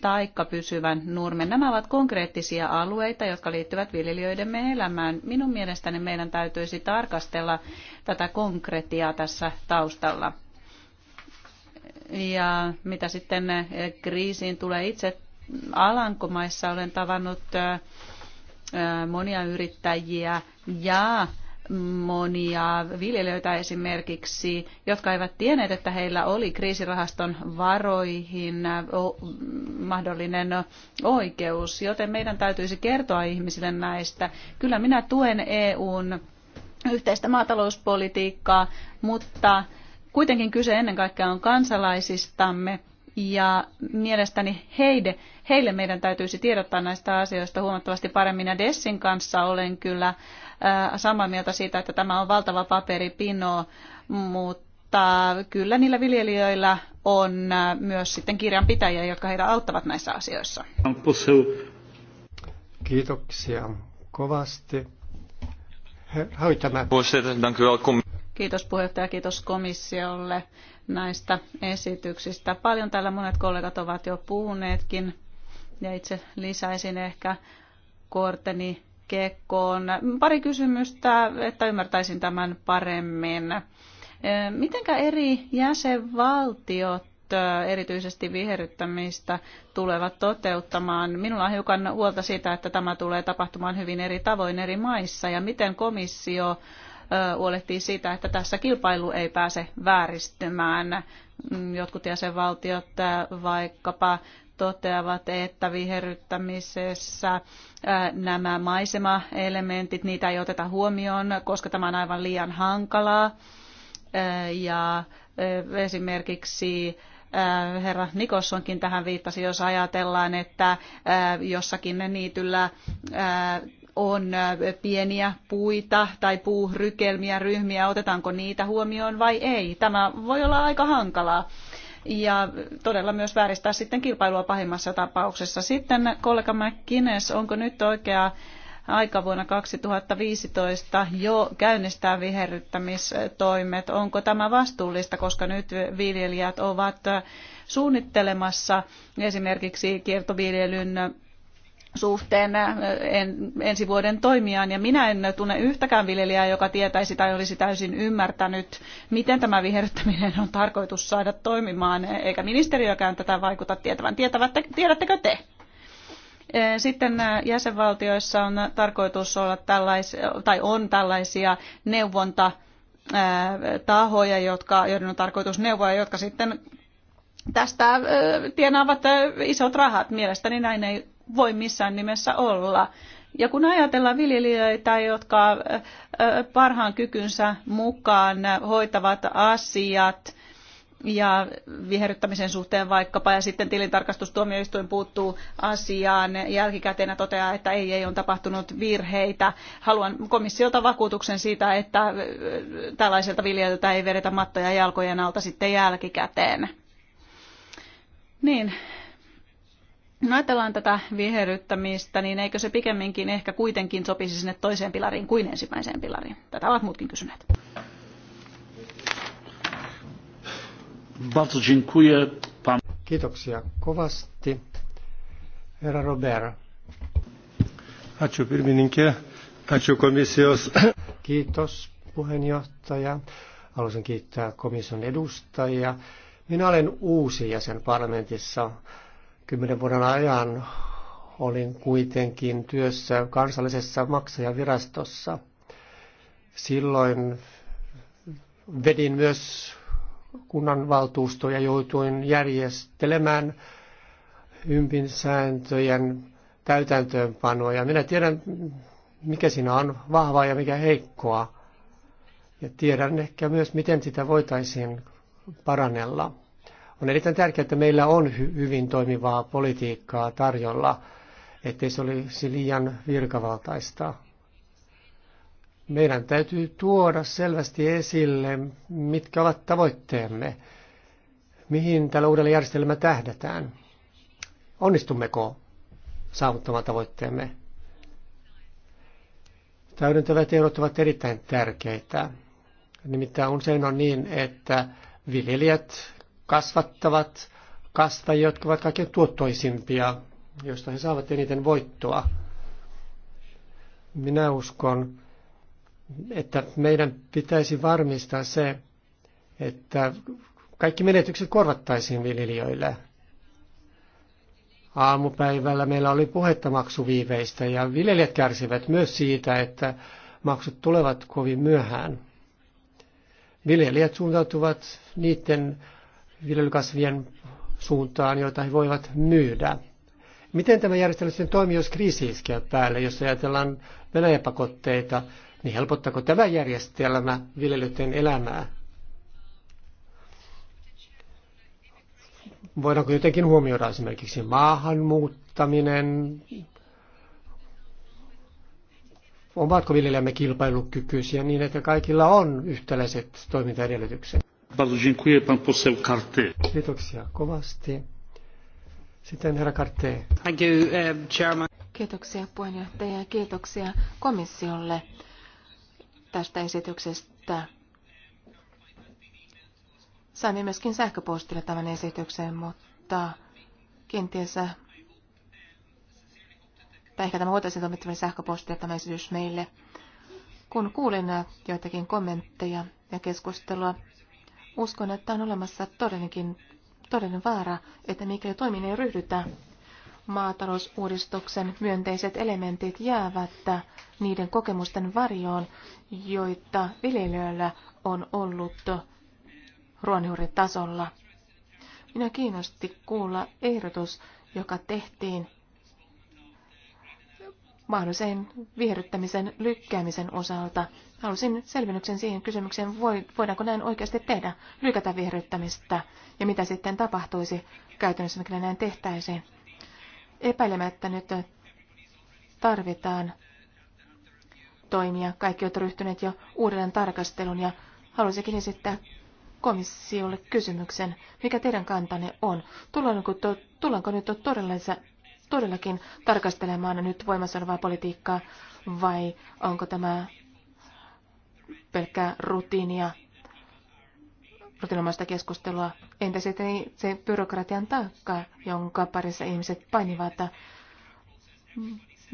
taikka pysyvän nurmen. Nämä ovat konkreettisia alueita, jotka liittyvät viljelijöidemme elämään. Minun mielestäni meidän täytyisi tarkastella tätä konkretiaa tässä taustalla. Ja mitä sitten äh, kriisiin tulee itse Alankomaissa olen tavannut äh, monia yrittäjiä ja monia viljelijöitä esimerkiksi, jotka eivät tienneet, että heillä oli kriisirahaston varoihin mahdollinen oikeus, joten meidän täytyisi kertoa ihmisille näistä. Kyllä minä tuen EUn yhteistä maatalouspolitiikkaa, mutta kuitenkin kyse ennen kaikkea on kansalaisistamme – ja mielestäni heide, heille meidän täytyisi tiedottaa näistä asioista huomattavasti paremmin. Ja Dessin kanssa olen kyllä äh, samaa mieltä siitä, että tämä on valtava paperipino, mutta kyllä niillä viljelijöillä on äh, myös sitten kirjanpitäjiä, jotka heitä auttavat näissä asioissa. Kiitoksia kovasti. Hoitamme. Kiitos puheenjohtaja, kiitos komissiolle näistä esityksistä. Paljon täällä monet kollegat ovat jo puhuneetkin ja itse lisäisin ehkä korteni kekkoon. Pari kysymystä, että ymmärtäisin tämän paremmin. Mitenkä eri jäsenvaltiot erityisesti viherryttämistä tulevat toteuttamaan. Minulla on hiukan huolta siitä, että tämä tulee tapahtumaan hyvin eri tavoin eri maissa ja miten komissio huolehtii siitä, että tässä kilpailu ei pääse vääristymään. Jotkut jäsenvaltiot vaikkapa toteavat, että viherryttämisessä nämä maisemaelementit, niitä ei oteta huomioon, koska tämä on aivan liian hankalaa. Ja esimerkiksi herra Nikossonkin tähän viittasi, jos ajatellaan, että jossakin niityllä on pieniä puita tai puurykelmiä, ryhmiä, otetaanko niitä huomioon vai ei. Tämä voi olla aika hankalaa ja todella myös vääristää sitten kilpailua pahimmassa tapauksessa. Sitten kollega McKinnes, onko nyt oikea aika vuonna 2015 jo käynnistää viherryttämistoimet. Onko tämä vastuullista, koska nyt viljelijät ovat suunnittelemassa esimerkiksi kiertoviljelyn suhteen äh, en, ensi vuoden toimiaan. Ja minä en tunne yhtäkään viljelijää, joka tietäisi tai olisi täysin ymmärtänyt, miten tämä viherryttäminen on tarkoitus saada toimimaan, eikä ministeriökään tätä vaikuta tietävän. tietävät tiedättekö te? Äh, sitten äh, jäsenvaltioissa on tarkoitus olla tällaisia, tai on tällaisia neuvonta tahoja, jotka, joiden on tarkoitus neuvoa, jotka sitten tästä tienaavat isot rahat. Mielestäni näin ei voi missään nimessä olla. Ja kun ajatellaan viljelijöitä, jotka parhaan kykynsä mukaan hoitavat asiat ja viherryttämisen suhteen vaikkapa, ja sitten tilintarkastustuomioistuin puuttuu asiaan jälkikäteenä toteaa, että ei, ei on tapahtunut virheitä. Haluan komissiolta vakuutuksen siitä, että tällaiselta viljelijöiltä ei vedetä mattoja jalkojen alta sitten jälkikäteen. Niin, No ajatellaan tätä viheryttämistä, niin eikö se pikemminkin ehkä kuitenkin sopisi sinne toiseen pilariin kuin ensimmäiseen pilariin? Tätä ovat muutkin kysyneet. Kiitoksia kovasti. Herra Robert. Kiitos puheenjohtaja. Haluaisin kiittää komission edustajia. Minä olen uusi jäsen parlamentissa. Kymmenen vuoden ajan olin kuitenkin työssä kansallisessa maksajavirastossa. Silloin vedin myös kunnanvaltuustoja, joutuin järjestelemään ympin sääntöjen täytäntöönpanoa. Ja minä tiedän, mikä siinä on vahvaa ja mikä heikkoa. Ja tiedän ehkä myös, miten sitä voitaisiin parannella. On erittäin tärkeää, että meillä on hy- hyvin toimivaa politiikkaa tarjolla, ettei se olisi liian virkavaltaista. Meidän täytyy tuoda selvästi esille, mitkä ovat tavoitteemme, mihin tällä uudella järjestelmällä tähdätään. Onnistummeko saavuttamaan tavoitteemme? Täydentävät ehdot ovat erittäin tärkeitä. Nimittäin usein on niin, että viljelijät kasvattavat kastajia, jotka ovat kaikkein tuottoisimpia, joista he saavat eniten voittoa. Minä uskon, että meidän pitäisi varmistaa se, että kaikki menetykset korvattaisiin viljelijöille. Aamupäivällä meillä oli puhetta maksuviiveistä ja viljelijät kärsivät myös siitä, että maksut tulevat kovin myöhään. Viljelijät suuntautuvat niiden viljelykasvien suuntaan, joita he voivat myydä. Miten tämä järjestelmä sitten toimii, jos kriisi iskee päälle, jos ajatellaan Venäjäpakotteita, niin helpottako tämä järjestelmä viljelijöiden elämää? Voidaanko jotenkin huomioida esimerkiksi maahanmuuttaminen? Ovatko viljelijämme kilpailukykyisiä niin, että kaikilla on yhtäläiset toimintaedellytykset? Bardzo dziękuję pan poseł Kiitoksia kovasti. Sitten herra Kartte. Thank you, uh, chairman. Kiitoksia puheenjohtaja ja kiitoksia komissiolle tästä esityksestä. Saimme myöskin sähköpostilla tämän esityksen, mutta kenties eh, tai ehkä tämä voitaisiin toimittaminen sähköpostia tämä esitys meille. Kun kuulin eh, joitakin kommentteja ja keskustelua, Uskon, että on olemassa todellinenkin todellinen vaara, että mikäli toimineen ei ryhdytä, maatalousuudistuksen myönteiset elementit jäävät niiden kokemusten varjoon, joita viljelijöillä on ollut ruonjuuritasolla. Minä kiinnosti kuulla ehdotus, joka tehtiin mahdollisen viherryttämisen lykkäämisen osalta. Halusin selvennyksen siihen kysymykseen, voidaanko näin oikeasti tehdä, lykätä viherryttämistä ja mitä sitten tapahtuisi käytännössä, mikä näin tehtäisiin. Epäilemättä nyt tarvitaan toimia. Kaikki ovat ryhtyneet jo uudelleen tarkastelun ja haluaisinkin esittää komissiolle kysymyksen, mikä teidän kantanne on. Tullaanko, to, tullaanko nyt todellisessa todellakin tarkastelemaan nyt voimassa olevaa politiikkaa vai onko tämä pelkkää rutiinia, rutiinomaista keskustelua. Entä sitten se byrokratian taakka, jonka parissa ihmiset painivat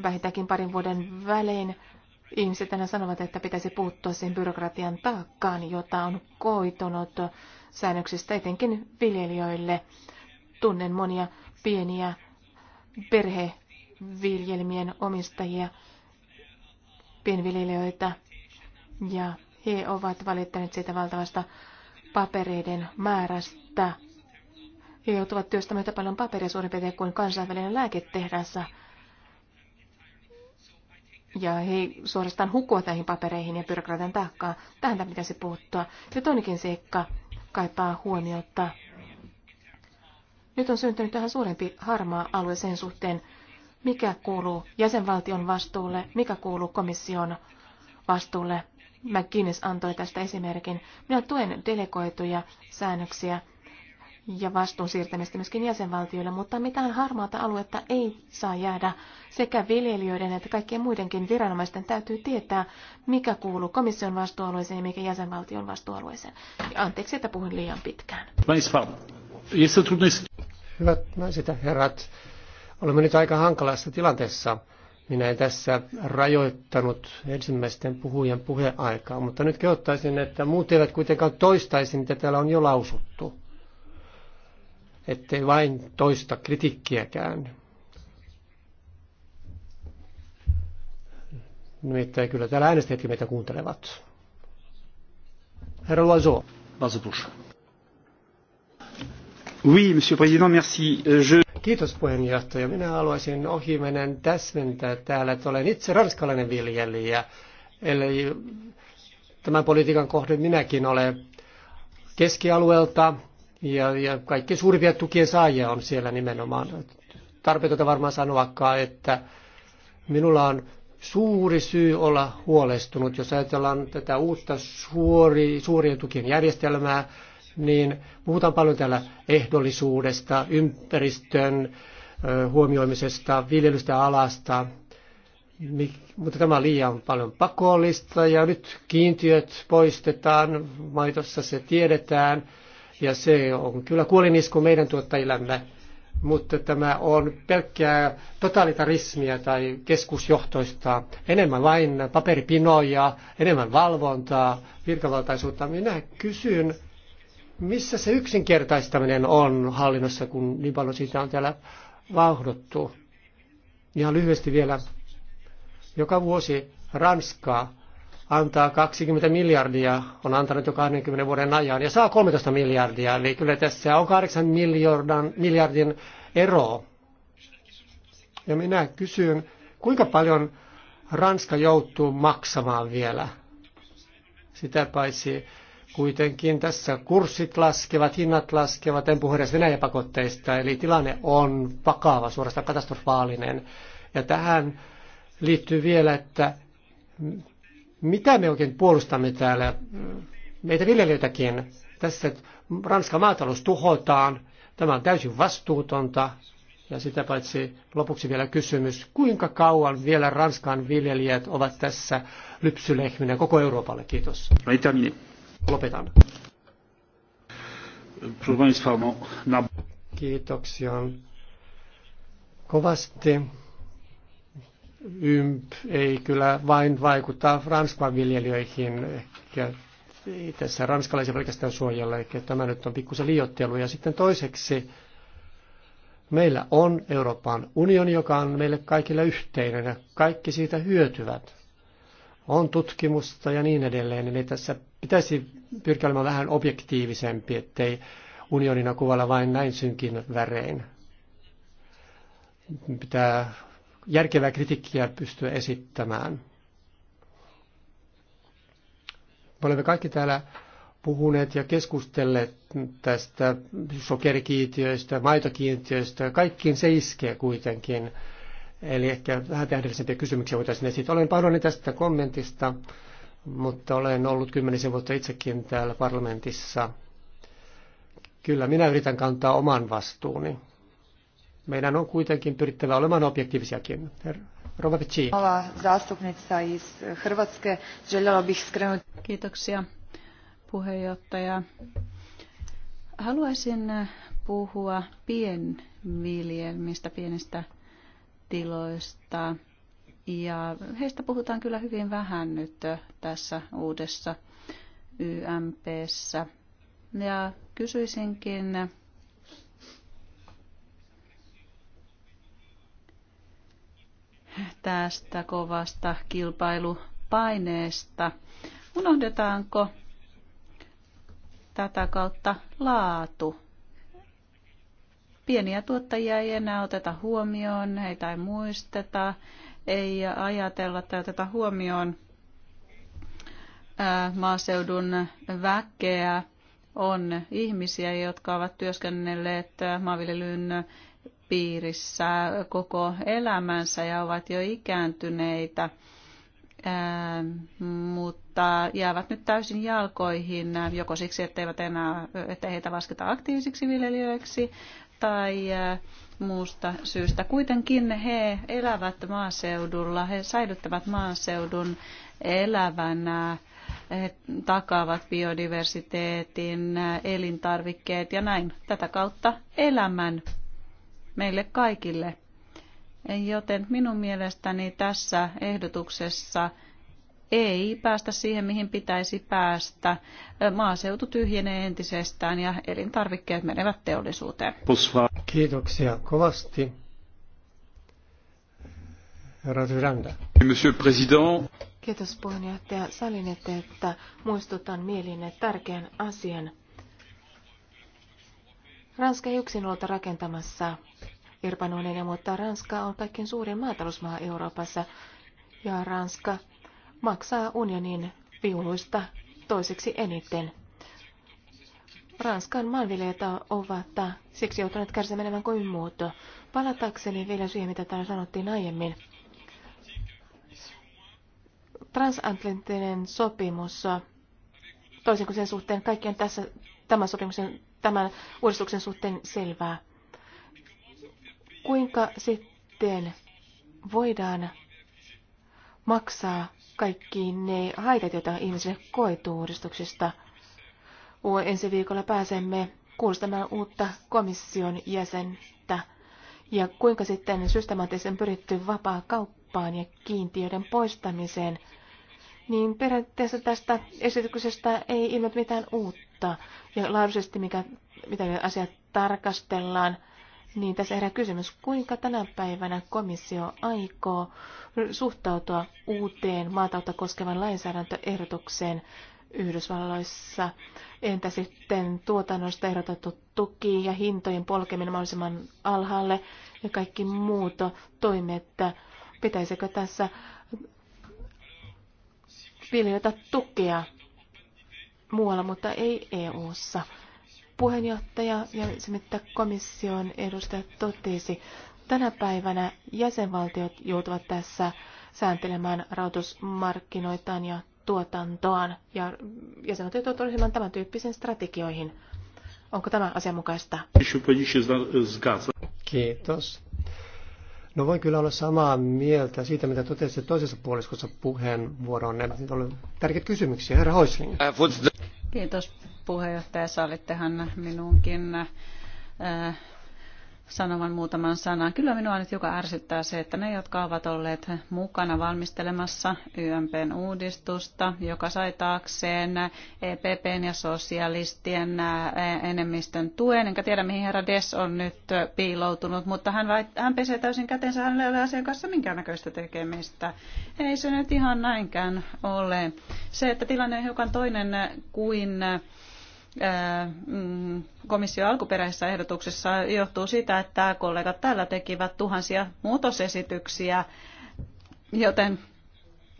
vähintäänkin parin vuoden välein ihmiset aina sanovat, että pitäisi puuttua sen byrokratian taakkaan, jota on koitunut säännöksistä etenkin viljelijöille. Tunnen monia pieniä perheviljelmien omistajia, pienviljelijöitä, ja he ovat valittaneet siitä valtavasta papereiden määrästä. He joutuvat työstämään yhtä paljon paperia suurin piirtein kuin kansainvälinen lääketehdassa. Ja he suorastaan hukkuvat näihin papereihin ja byrokratian taakkaan. Tähän pitäisi puuttua. Ja toinenkin seikka kaipaa huomiota. Nyt on syntynyt tähän suurempi harmaa alue sen suhteen, mikä kuuluu jäsenvaltion vastuulle, mikä kuuluu komission vastuulle. McGuinness antoi tästä esimerkin. Minä tuen delegoituja säännöksiä ja vastuun siirtämistä myöskin jäsenvaltioille, mutta mitään harmaata aluetta ei saa jäädä. Sekä viljelijöiden että kaikkien muidenkin viranomaisten täytyy tietää, mikä kuuluu komission vastuualueeseen ja mikä jäsenvaltion vastuualueeseen. anteeksi, että puhuin liian pitkään. Hyvät naiset ja herrat, olemme nyt aika hankalassa tilanteessa. Minä en tässä rajoittanut ensimmäisten puhujen puheaikaa, mutta nyt kehottaisin, että muut eivät kuitenkaan toistaisi, mitä täällä on jo lausuttu. Ettei vain toista kritiikkiäkään. Nimittäin kyllä täällä äänestäjätkin meitä kuuntelevat. Herra Loiso. Vasutus. Oui, monsieur président, merci. Euh, je... Kiitos puheenjohtaja. Minä haluaisin ohimenen täsmentää täällä, että olen itse ranskalainen viljelijä. Eli tämän politiikan kohde minäkin olen keskialueelta ja, ja kaikki suurimpia tukien saajia on siellä nimenomaan. Tarpeetonta varmaan sanoakaan, että minulla on suuri syy olla huolestunut, jos ajatellaan tätä uutta suori, suurien tukien järjestelmää, niin puhutaan paljon täällä ehdollisuudesta, ympäristön huomioimisesta, viljelystä alasta, mutta tämä on liian paljon pakollista ja nyt kiintiöt poistetaan, maitossa se tiedetään ja se on kyllä kuolinisku meidän tuottajillamme, mutta tämä on pelkkää totalitarismia tai keskusjohtoista, enemmän vain paperipinoja, enemmän valvontaa, virkavaltaisuutta. Minä kysyn, missä se yksinkertaistaminen on hallinnossa, kun niin paljon siitä on täällä vauhdottu? Ihan lyhyesti vielä. Joka vuosi Ranskaa antaa 20 miljardia, on antanut jo 20 vuoden ajan, ja saa 13 miljardia. Eli kyllä tässä on 8 miljardin, miljardin ero. Ja minä kysyn, kuinka paljon Ranska joutuu maksamaan vielä? Sitä paitsi Kuitenkin tässä kurssit laskevat, hinnat laskevat, en puhu edes Venäjäpakotteista, eli tilanne on vakava, suorastaan katastrofaalinen. Ja tähän liittyy vielä, että mitä me oikein puolustamme täällä, meitä viljelijöitäkin. Tässä Ranskan maatalous tuhotaan, tämä on täysin vastuutonta, ja sitä paitsi lopuksi vielä kysymys, kuinka kauan vielä Ranskan viljelijät ovat tässä lypsylehminä koko Euroopalle? Kiitos. Vai no, Lopetan. No, Kiitoksia kovasti. Ymp ei kyllä vain vaikuta Ranskan viljelijöihin, ehkä ei tässä ranskalaisia pelkästään suojella, ehkä tämä nyt on pikkusen liiottelu. Ja sitten toiseksi, meillä on Euroopan unioni, joka on meille kaikille yhteinen ja kaikki siitä hyötyvät. On tutkimusta ja niin edelleen, eli tässä pitäisi pyrkiä olemaan vähän objektiivisempi, ettei unionina kuvalla vain näin synkin värein. Pitää järkevää kritiikkiä pystyä esittämään. Me olemme kaikki täällä puhuneet ja keskustelleet tästä sokerikiintiöistä, maitokiintiöistä. Kaikkiin se iskee kuitenkin. Eli ehkä vähän tähdellisempiä kysymyksiä voitaisiin esittää. Olen pahoillani tästä kommentista mutta olen ollut kymmenisen vuotta itsekin täällä parlamentissa. Kyllä minä yritän kantaa oman vastuuni. Meidän on kuitenkin pyrittävä olemaan objektiivisiakin. Rova Pici. Kiitoksia puheenjohtaja. Haluaisin eh, puhua pienviljelmistä, pienistä tiloista. Ja heistä puhutaan kyllä hyvin vähän nyt tässä uudessa YMPssä. Ja kysyisinkin, tästä kovasta kilpailupaineesta. Unohdetaanko tätä kautta laatu? Pieniä tuottajia ei enää oteta huomioon, heitä ei muisteta ei ajatella tai oteta huomioon maaseudun väkeä, on ihmisiä, jotka ovat työskennelleet maanviljelyn piirissä koko elämänsä ja ovat jo ikääntyneitä, mutta jäävät nyt täysin jalkoihin joko siksi, että eivät enää, että heitä lasketa aktiivisiksi viljelijöiksi tai muusta syystä. Kuitenkin he elävät maaseudulla, he säilyttävät maaseudun elävänä, he takaavat biodiversiteetin, elintarvikkeet ja näin tätä kautta elämän meille kaikille. Joten minun mielestäni tässä ehdotuksessa ei päästä siihen, mihin pitäisi päästä. Maaseutu tyhjenee entisestään ja elintarvikkeet menevät teollisuuteen. Kiitoksia kovasti. Monsieur President. Kiitos puheenjohtaja. Salin, että, muistutan mielinne tärkeän asian. Ranska ei yksin olta rakentamassa Irpanoinen, mutta Ranska on kaikkein suurin maatalousmaa Euroopassa ja Ranska maksaa unionin viuluista toiseksi eniten. Ranskan maanviljelijät ovat siksi joutuneet kärsimään enemmän kuin muut. Palatakseni vielä siihen, mitä täällä sanottiin aiemmin. Transatlanttinen sopimus, toisin kuin sen suhteen, kaikkien tässä tämän sopimuksen, tämän uudistuksen suhteen selvää. Kuinka sitten voidaan maksaa kaikki ne haitat, joita ihmisille koituu uudistuksista. Ensi viikolla pääsemme kuulostamaan uutta komission jäsentä ja kuinka sitten systemaattisen pyritty vapaa kauppaan ja kiintiöiden poistamiseen, niin periaatteessa tästä esityksestä ei ilmet mitään uutta. Ja laadullisesti, mikä, mitä asiat tarkastellaan, niin, tässä herää kysymys, kuinka tänä päivänä komissio aikoo suhtautua uuteen maatautta koskevan lainsäädäntöehdotukseen Yhdysvalloissa? Entä sitten tuotannosta ehdotettu tuki ja hintojen polkeminen mahdollisimman alhaalle ja kaikki muut toimet? Pitäisikö tässä viljota tukea muualla, mutta ei EU-ssa? puheenjohtaja ja se, mitä komission edustaja totesi. Tänä päivänä jäsenvaltiot joutuvat tässä sääntelemään rahoitusmarkkinoitaan ja tuotantoaan ja jäsenvaltiot joutuvat ryhmään tämän tyyppisiin strategioihin. Onko tämä asianmukaista? Kiitos. No voin kyllä olla samaa mieltä siitä, mitä totesit toisessa puoliskossa Ne olivat tärkeitä kysymyksiä. Herra Hoisling. Kiitos puheenjohtaja. Sallittehan minunkin äh, sanovan muutaman sanan. Kyllä minua nyt joka ärsyttää se, että ne, jotka ovat olleet mukana valmistelemassa YMPn uudistusta, joka sai taakseen EPPn ja sosialistien enemmistön tuen, enkä tiedä mihin herra Des on nyt piiloutunut, mutta hän, väit, hän pesee täysin kätensä, hänelle ole asian kanssa minkäännäköistä tekemistä. Ei se nyt ihan näinkään ole. Se, että tilanne on hiukan toinen kuin Mm, komission alkuperäisessä ehdotuksessa johtuu siitä, että kollegat täällä tekivät tuhansia muutosesityksiä, joten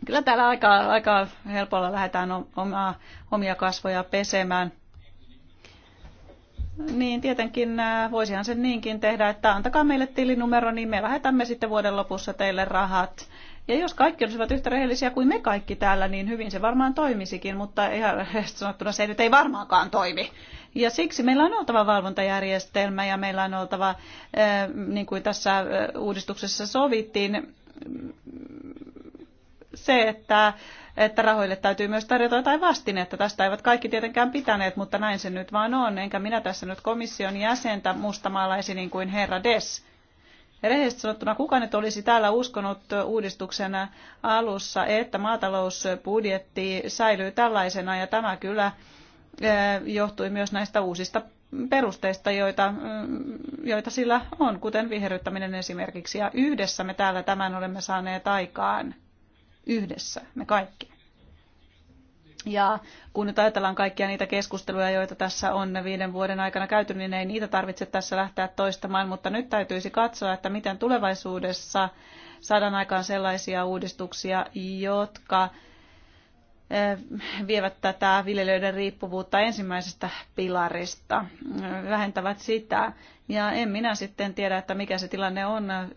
kyllä täällä aika, aika helpolla lähdetään omaa, omia kasvoja pesemään. Niin, tietenkin voisihan sen niinkin tehdä, että antakaa meille tilinumero, niin me lähetämme sitten vuoden lopussa teille rahat. Ja jos kaikki olisivat yhtä rehellisiä kuin me kaikki täällä, niin hyvin se varmaan toimisikin, mutta ihan sanottuna se nyt ei varmaankaan toimi. Ja siksi meillä on oltava valvontajärjestelmä ja meillä on oltava, eh, niin kuin tässä eh, uudistuksessa sovittiin, se, että, että rahoille täytyy myös tarjota jotain vastinetta. Tästä eivät kaikki tietenkään pitäneet, mutta näin se nyt vaan on. Enkä minä tässä nyt komission jäsentä mustamaalaisi niin kuin herra Des. Rehellisesti sanottuna kukaan nyt olisi täällä uskonut uudistuksen alussa, että maatalousbudjetti säilyy tällaisena ja tämä kyllä eh, johtui myös näistä uusista perusteista, joita, mm, joita sillä on, kuten viherryttäminen esimerkiksi. Ja yhdessä me täällä tämän olemme saaneet aikaan. Yhdessä, me kaikki. Ja kun nyt ajatellaan kaikkia niitä keskusteluja, joita tässä on viiden vuoden aikana käyty, niin ei niitä tarvitse tässä lähteä toistamaan, mutta nyt täytyisi katsoa, että miten tulevaisuudessa saadaan aikaan sellaisia uudistuksia, jotka eh, vievät tätä viljelijöiden riippuvuutta ensimmäisestä pilarista, eh, vähentävät sitä. Ja en minä sitten tiedä, että mikä se tilanne on. Eh,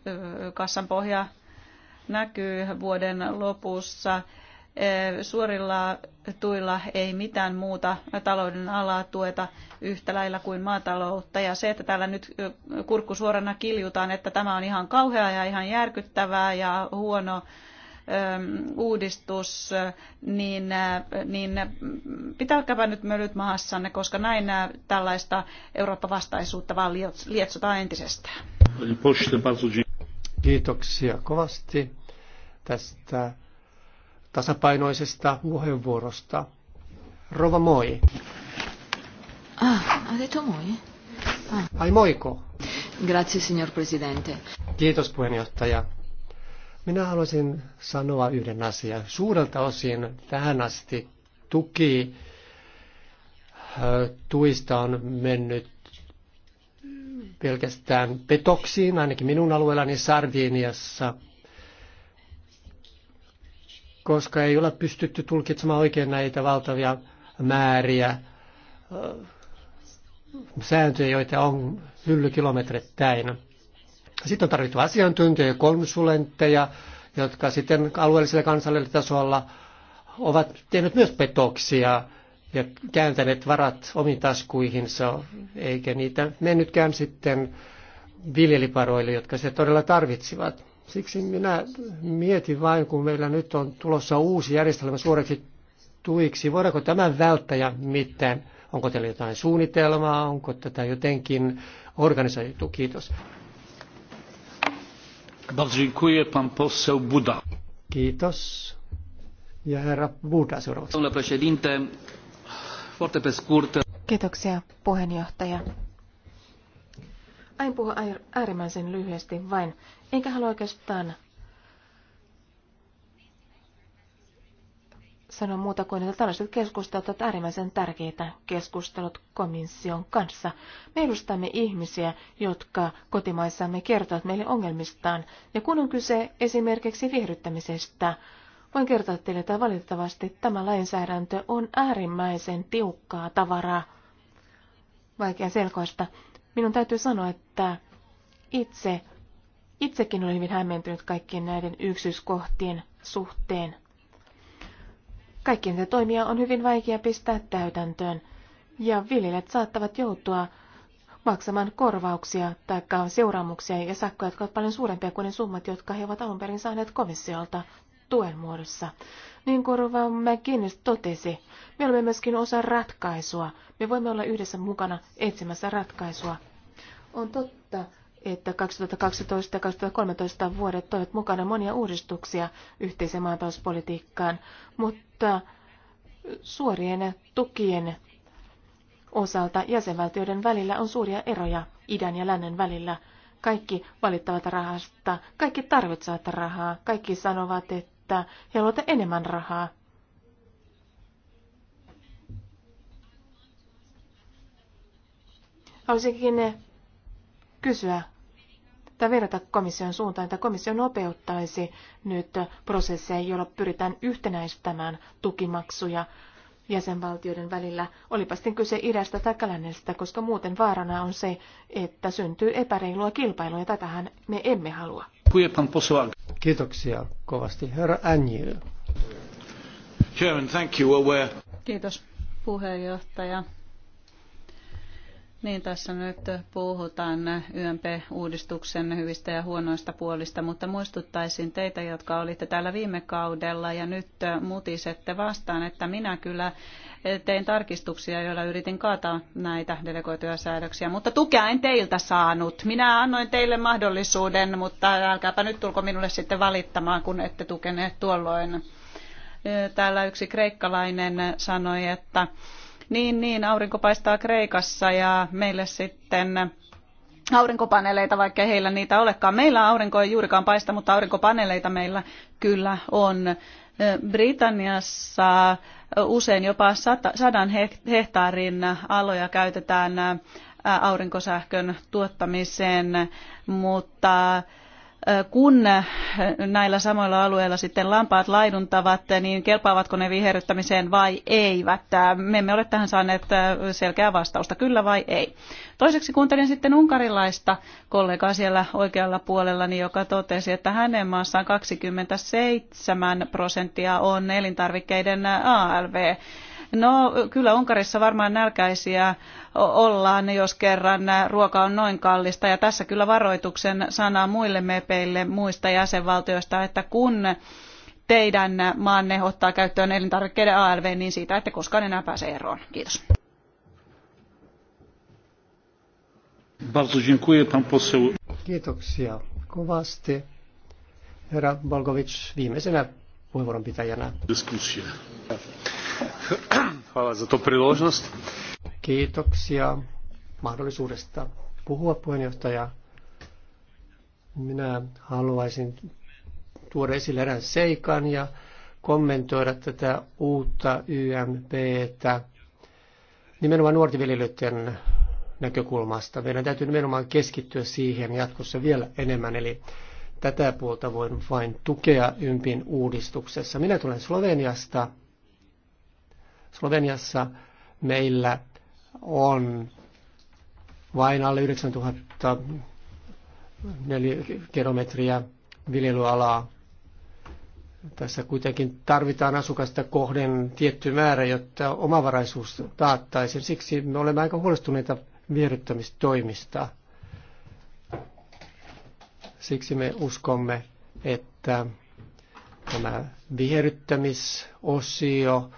kassan pohja näkyy vuoden lopussa. Suorilla tuilla ei mitään muuta talouden alaa tueta yhtä lailla kuin maataloutta. Ja se, että täällä nyt kurkku suorana kiljutaan, että tämä on ihan kauhea ja ihan järkyttävää ja huono uudistus, niin, niin pitäkääpä nyt mölyt maassanne, koska näin tällaista Eurooppa-vastaisuutta vaan lietsotaan entisestään. Kiitoksia kovasti tästä tasapainoisesta puheenvuorosta. Rova moi. Ah, ha detto moi? Ah. Ai moiko. Grazie, signor Presidente. Kiitos, puheenjohtaja. Minä haluaisin sanoa yhden asian. Suurelta osin tähän asti tuki tuista on mennyt pelkästään petoksiin, ainakin minun alueellani Sardiniassa – koska ei ole pystytty tulkitsemaan oikein näitä valtavia määriä sääntöjä, joita on hyllykilometrettäin. Sitten on tarvittu asiantuntijoja, konsulentteja, jotka sitten alueellisella kansallisella tasolla ovat tehneet myös petoksia ja kääntäneet varat omiin taskuihinsa, eikä niitä mennytkään sitten viljeliparoille, jotka se todella tarvitsivat. Siksi minä mietin vain, kun meillä nyt on tulossa uusi järjestelmä suoreksi tuiksi, voidaanko tämän välttää mitään? miten? Onko teillä jotain suunnitelmaa, onko tätä jotenkin organisoitu? Kiitos. Kiitos. Ja herra Buda seuraavaksi. Kiitoksia, puheenjohtaja. Aion puhua äärimmäisen lyhyesti vain. Enkä halua oikeastaan sanoa muuta kuin, että tällaiset keskustelut ovat äärimmäisen tärkeitä keskustelut komission kanssa. Me edustamme ihmisiä, jotka kotimaissamme kertovat meille ongelmistaan. Ja kun on kyse esimerkiksi viihdyttämisestä, voin kertoa teille, että valitettavasti tämä lainsäädäntö on äärimmäisen tiukkaa tavaraa. Vaikea selkoista. Minun täytyy sanoa, että itse Itsekin olin hyvin hämmentynyt kaikkien näiden yksityiskohtien suhteen. Kaikkien näitä toimia on hyvin vaikea pistää täytäntöön, ja viljelijät saattavat joutua maksamaan korvauksia tai seuraamuksia ja sakkoja, jotka ovat paljon suurempia kuin ne summat, jotka he ovat alun perin saaneet komissiolta tuen muodossa. Niin kuin Van McGinnis totesi, me olemme myöskin osa ratkaisua. Me voimme olla yhdessä mukana etsimässä ratkaisua. On totta, että 2012 ja 2013 vuodet toivat mukana monia uudistuksia yhteiseen maatalouspolitiikkaan, mutta suorien tukien osalta jäsenvaltioiden välillä on suuria eroja idän ja lännen välillä. Kaikki valittavat rahasta, kaikki tarvitsevat rahaa, kaikki sanovat, että he haluavat enemmän rahaa. Haluaisinkin kysyä tai verrata komission suuntaan, että komissio nopeuttaisi nyt prosesseja, joilla pyritään yhtenäistämään tukimaksuja jäsenvaltioiden välillä, olipa sitten kyse idästä tai lännestä, koska muuten vaarana on se, että syntyy epäreilua kilpailua, ja tätähän me emme halua. Kiitoksia kovasti. Herra Anjil. Chairman, thank you. Kiitos puheenjohtaja. Niin tässä nyt puhutaan YMP-uudistuksen hyvistä ja huonoista puolista, mutta muistuttaisin teitä, jotka olitte täällä viime kaudella ja nyt mutisette vastaan, että minä kyllä tein tarkistuksia, joilla yritin kaataa näitä delegoituja säädöksiä, mutta tukea en teiltä saanut. Minä annoin teille mahdollisuuden, mutta älkääpä nyt tulko minulle sitten valittamaan, kun ette tukeneet tuolloin. Täällä yksi kreikkalainen sanoi, että niin, niin, aurinko paistaa Kreikassa ja meille sitten aurinkopaneeleita, vaikka heillä niitä olekaan. Meillä aurinko ei juurikaan paista, mutta aurinkopaneeleita meillä kyllä on. Britanniassa usein jopa sadan hehtaarin aloja käytetään aurinkosähkön tuottamiseen, mutta kun näillä samoilla alueilla sitten lampaat laiduntavat, niin kelpaavatko ne viherryttämiseen vai eivät? Me emme ole tähän saaneet selkeää vastausta, kyllä vai ei. Toiseksi kuuntelin sitten unkarilaista kollegaa siellä oikealla puolella, niin joka totesi, että hänen maassaan 27 prosenttia on elintarvikkeiden ALV No kyllä Unkarissa varmaan nälkäisiä ollaan, jos kerran ruoka on noin kallista. Ja tässä kyllä varoituksen sanaa muille mepeille muista jäsenvaltioista, että kun teidän maanne ottaa käyttöön elintarvikkeiden ALV, niin siitä ette koskaan enää pääse eroon. Kiitos. Kiitoksia kovasti. Herra Balkovic, viimeisenä puheenvuoron pitäjänä. Diskussio. Hvala za to priložnost. Kiitoksia mahdollisuudesta puhua puheenjohtaja. Minä haluaisin tuoda esille erään seikan ja kommentoida tätä uutta YMPtä nimenomaan nuorten viljelijöiden näkökulmasta. Meidän täytyy nimenomaan keskittyä siihen jatkossa vielä enemmän, eli tätä puolta voin vain tukea ympin uudistuksessa. Minä tulen Sloveniasta, Sloveniassa meillä on vain alle 9000 kilometriä viljelyalaa. Tässä kuitenkin tarvitaan asukasta kohden tietty määrä, jotta omavaraisuus taattaisiin. Siksi me olemme aika huolestuneita vieryttämistoimista. Siksi me uskomme, että tämä viherryttämisosio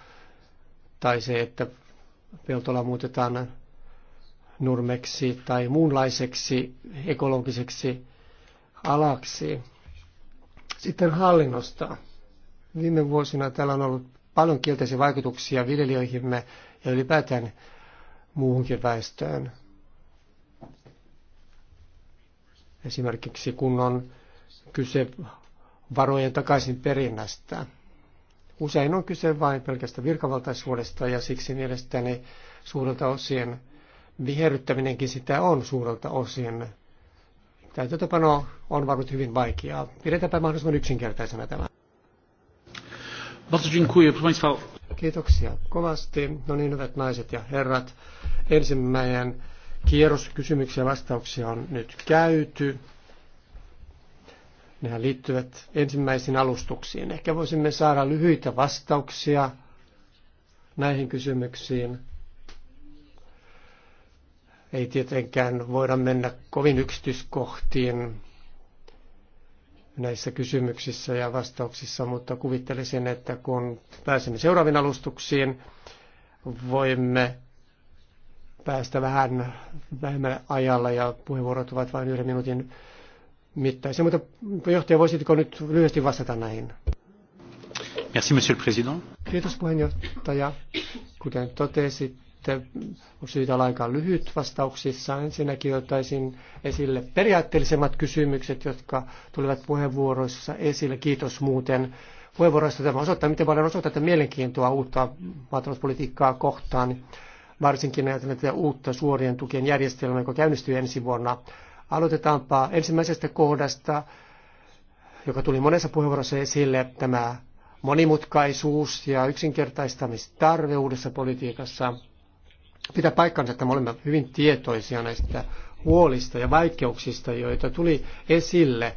tai se, että peltola muutetaan nurmeksi tai muunlaiseksi ekologiseksi alaksi. Sitten hallinnosta. Viime vuosina täällä on ollut paljon kielteisiä vaikutuksia viljelijöihimme ja ylipäätään muuhunkin väestöön. Esimerkiksi kun on kyse varojen takaisin perinnästä. Usein on kyse vain pelkästä virkavaltaisuudesta ja siksi mielestäni suurelta osien viherryttäminenkin sitä on suurelta osin. Täytäntöpano on varmasti hyvin vaikeaa. Pidetäänpä mahdollisimman yksinkertaisena tämä. Kiitoksia kovasti. No niin, hyvät naiset ja herrat. Ensimmäinen kierros kysymyksiä ja vastauksia on nyt käyty. Nämä liittyvät ensimmäisiin alustuksiin. Ehkä voisimme saada lyhyitä vastauksia näihin kysymyksiin. Ei tietenkään voida mennä kovin yksityiskohtiin näissä kysymyksissä ja vastauksissa, mutta kuvittelisin, että kun pääsemme seuraaviin alustuksiin, voimme päästä vähän vähemmällä ajalla ja puheenvuorot ovat vain yhden minuutin mittaisia. Mutta johtaja, voisitko nyt lyhyesti vastata näihin? Merci, monsieur le président. Kiitos puheenjohtaja. Kuten totesitte, on syytä olla aika lyhyt vastauksissa. Ensinnäkin ottaisin esille periaatteellisemmat kysymykset, jotka tulivat puheenvuoroissa esille. Kiitos muuten puheenvuoroista. Tämä osoittaa, miten paljon osoittaa mielenkiintoa uutta maatalouspolitiikkaa kohtaan varsinkin ajatellen tätä uutta suorien tukien järjestelmää, joka käynnistyy ensi vuonna. Aloitetaanpa ensimmäisestä kohdasta, joka tuli monessa puheenvuorossa esille, tämä monimutkaisuus ja yksinkertaistamistarve uudessa politiikassa. Pitää paikkansa, että me olemme hyvin tietoisia näistä huolista ja vaikeuksista, joita tuli esille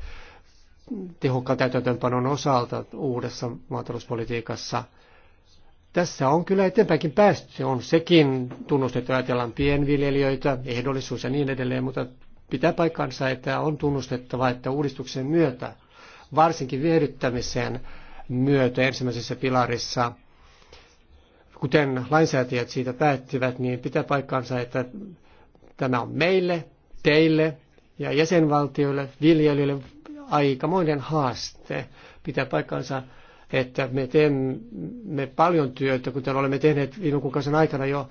tehokkaan täytäntöönpanon osalta uudessa maatalouspolitiikassa. Tässä on kyllä eteenpäinkin päästy. Se on sekin tunnustettu, ajatellaan pienviljelijöitä, ehdollisuus ja niin edelleen, mutta Pitää paikkansa, että on tunnustettava, että uudistuksen myötä, varsinkin viehdyttämisen myötä ensimmäisessä pilarissa, kuten lainsäätäjät siitä päättivät, niin pitää paikkansa, että tämä on meille, teille ja jäsenvaltioille, viljelijöille aikamoinen haaste. Pitää paikkansa, että me teemme paljon työtä, kuten olemme tehneet viime kuukausien aikana jo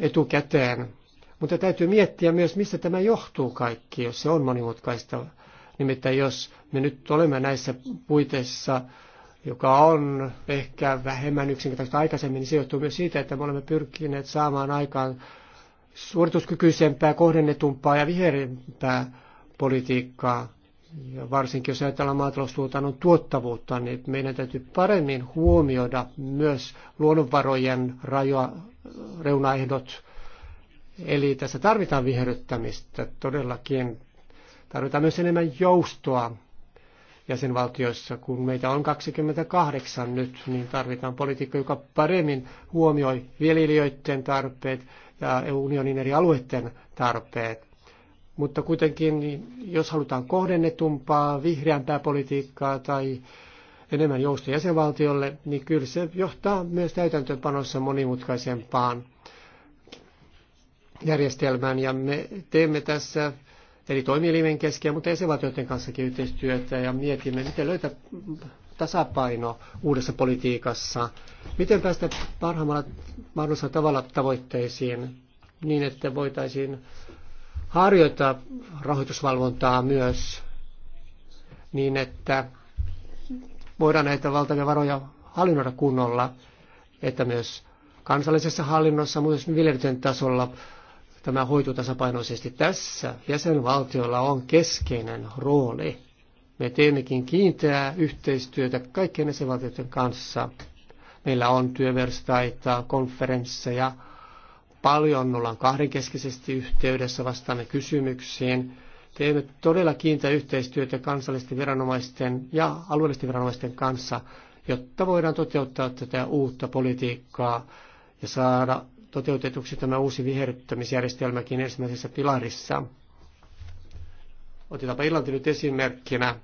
etukäteen mutta täytyy miettiä myös, mistä tämä johtuu kaikki, jos se on monimutkaista. Nimittäin jos me nyt olemme näissä puiteissa, joka on ehkä vähemmän yksinkertaista aikaisemmin, niin se johtuu myös siitä, että me olemme pyrkineet saamaan aikaan suorituskykyisempää, kohdennetumpaa ja viherempää politiikkaa. Ja varsinkin jos ajatellaan maataloustuotannon tuottavuutta, niin meidän täytyy paremmin huomioida myös luonnonvarojen rajoa, reunaehdot Eli tässä tarvitaan viherryttämistä todellakin. Tarvitaan myös enemmän joustoa jäsenvaltioissa. Kun meitä on 28 nyt, niin tarvitaan politiikka, joka paremmin huomioi viljelijöiden tarpeet ja unionin eri alueiden tarpeet. Mutta kuitenkin, niin jos halutaan kohdennetumpaa, vihreämpää politiikkaa tai enemmän joustoa jäsenvaltiolle, niin kyllä se johtaa myös täytäntöönpanossa monimutkaisempaan järjestelmän ja me teemme tässä eri toimielimen kesken, mutta jäsenvaltioiden kanssakin yhteistyötä ja mietimme, miten löytää tasapaino uudessa politiikassa, miten päästä parhaimmalla mahdollisella tavalla tavoitteisiin niin, että voitaisiin harjoittaa rahoitusvalvontaa myös niin, että voidaan näitä valtavia varoja hallinnoida kunnolla, että myös kansallisessa hallinnossa, myös viljelijöiden tasolla tämä hoituu tasapainoisesti. Tässä jäsenvaltiolla on keskeinen rooli. Me teemmekin kiinteää yhteistyötä kaikkien jäsenvaltioiden kanssa. Meillä on työverstaita, konferensseja, paljon ollaan kahdenkeskisesti yhteydessä, vastaamme kysymyksiin. Teemme todella kiinteää yhteistyötä kansallisten viranomaisten ja alueellisten viranomaisten kanssa, jotta voidaan toteuttaa tätä uutta politiikkaa ja saada toteutetuksi tämä uusi viherryttämisjärjestelmäkin ensimmäisessä pilarissa. Otetaanpa Irlanti nyt esimerkkinä,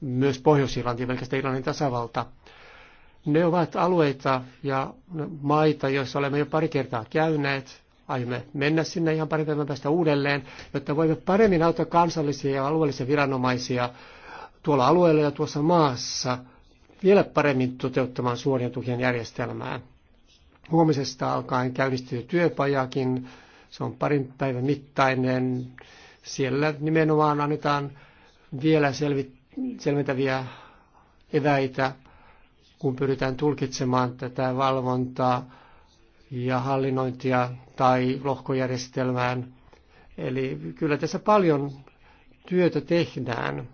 myös Pohjois-Irlanti, pelkästään Irlannin tasavalta. Ne ovat alueita ja maita, joissa olemme jo pari kertaa käyneet. Aiomme mennä sinne ihan pari päivän päästä uudelleen, jotta voimme paremmin auttaa kansallisia ja alueellisia viranomaisia tuolla alueella ja tuossa maassa vielä paremmin toteuttamaan suorien tukien järjestelmää. Huomisesta alkaen käynnistyy työpajakin. Se on parin päivän mittainen. Siellä nimenomaan annetaan vielä selventäviä eväitä, kun pyritään tulkitsemaan tätä valvontaa ja hallinnointia tai lohkojärjestelmään. Eli kyllä tässä paljon työtä tehdään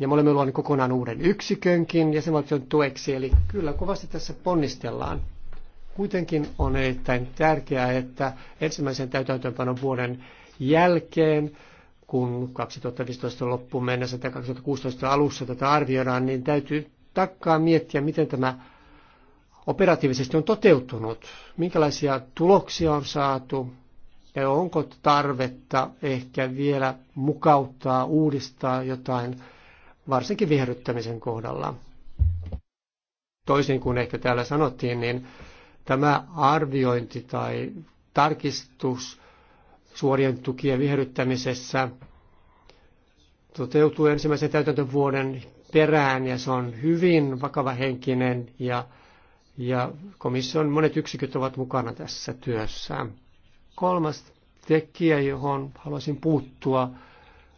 ja me olemme luoneet kokonaan uuden yksikönkin jäsenvaltion tueksi, eli kyllä kovasti tässä ponnistellaan. Kuitenkin on erittäin tärkeää, että ensimmäisen täytäntöönpanon vuoden jälkeen, kun 2015 loppuun mennessä tai 2016 alussa tätä arvioidaan, niin täytyy takkaa miettiä, miten tämä operatiivisesti on toteutunut, minkälaisia tuloksia on saatu ja onko tarvetta ehkä vielä mukauttaa, uudistaa jotain varsinkin viherryttämisen kohdalla. Toisin kuin ehkä täällä sanottiin, niin tämä arviointi tai tarkistus suorien tukien viherryttämisessä toteutuu ensimmäisen täytäntövuoden perään ja se on hyvin vakavahenkinen ja, ja komission monet yksiköt ovat mukana tässä työssä. Kolmas tekijä, johon haluaisin puuttua,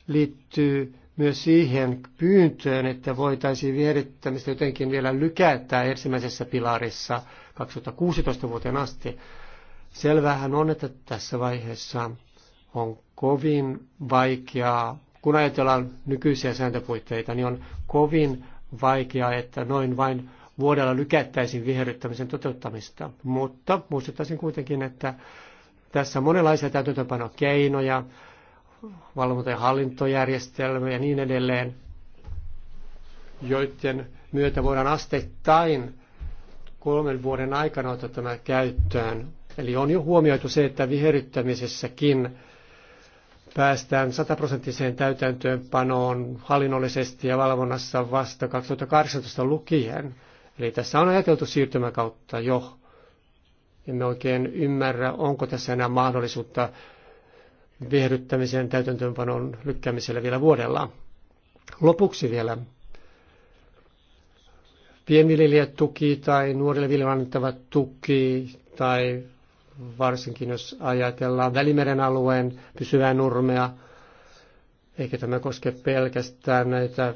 liittyy myös siihen pyyntöön, että voitaisiin vierittämistä jotenkin vielä lykätä ensimmäisessä pilarissa 2016 vuoteen asti. Selvähän on, että tässä vaiheessa on kovin vaikeaa, kun ajatellaan nykyisiä sääntöpuitteita, niin on kovin vaikeaa, että noin vain vuodella lykättäisiin viherryttämisen toteuttamista. Mutta muistuttaisin kuitenkin, että tässä on monenlaisia täytäntöönpanokeinoja, keinoja valvonta- ja hallintojärjestelmä ja niin edelleen, joiden myötä voidaan asteittain kolmen vuoden aikana ottaa tämä käyttöön. Eli on jo huomioitu se, että viheryttämisessäkin päästään sataprosenttiseen täytäntöönpanoon hallinnollisesti ja valvonnassa vasta 2018 lukien. Eli tässä on ajateltu siirtymäkautta jo. Emme oikein ymmärrä, onko tässä enää mahdollisuutta viehdyttämisen täytäntöönpanon lykkäämiselle vielä vuodella. Lopuksi vielä pienviljelijät tuki tai nuorille viljelijöille annettava tuki tai varsinkin jos ajatellaan Välimeren alueen pysyvää nurmea, eikä tämä koske pelkästään näitä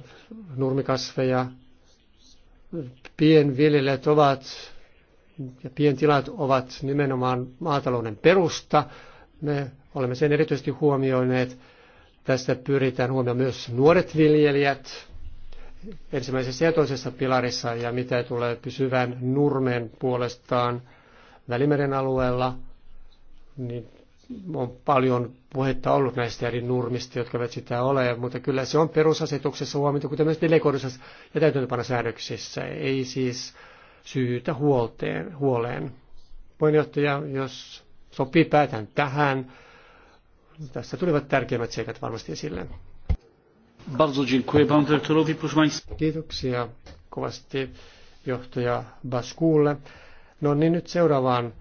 nurmikasveja. Pienviljelijät ovat ja pientilat ovat nimenomaan maatalouden perusta. Ne Olemme sen erityisesti huomioineet. Tässä pyritään huomioon myös nuoret viljelijät ensimmäisessä ja toisessa pilarissa ja mitä tulee pysyvän nurmen puolestaan Välimeren alueella, niin on paljon puhetta ollut näistä eri nurmista, jotka eivät sitä ole, mutta kyllä se on perusasetuksessa huomioitu, kuten myös delegoidussa ja täytäntöpanosäädöksissä, ei siis syytä huolteen, huoleen. Puheenjohtaja, jos sopii, päätän tähän. Tässä tulivat tärkeimmät seikat varmasti esille. Bardzo dziękuję panu dyrektorowi, proszę państwa. Kiitoksia kovasti johtaja Baskuulle. No niin, nyt seuraavaan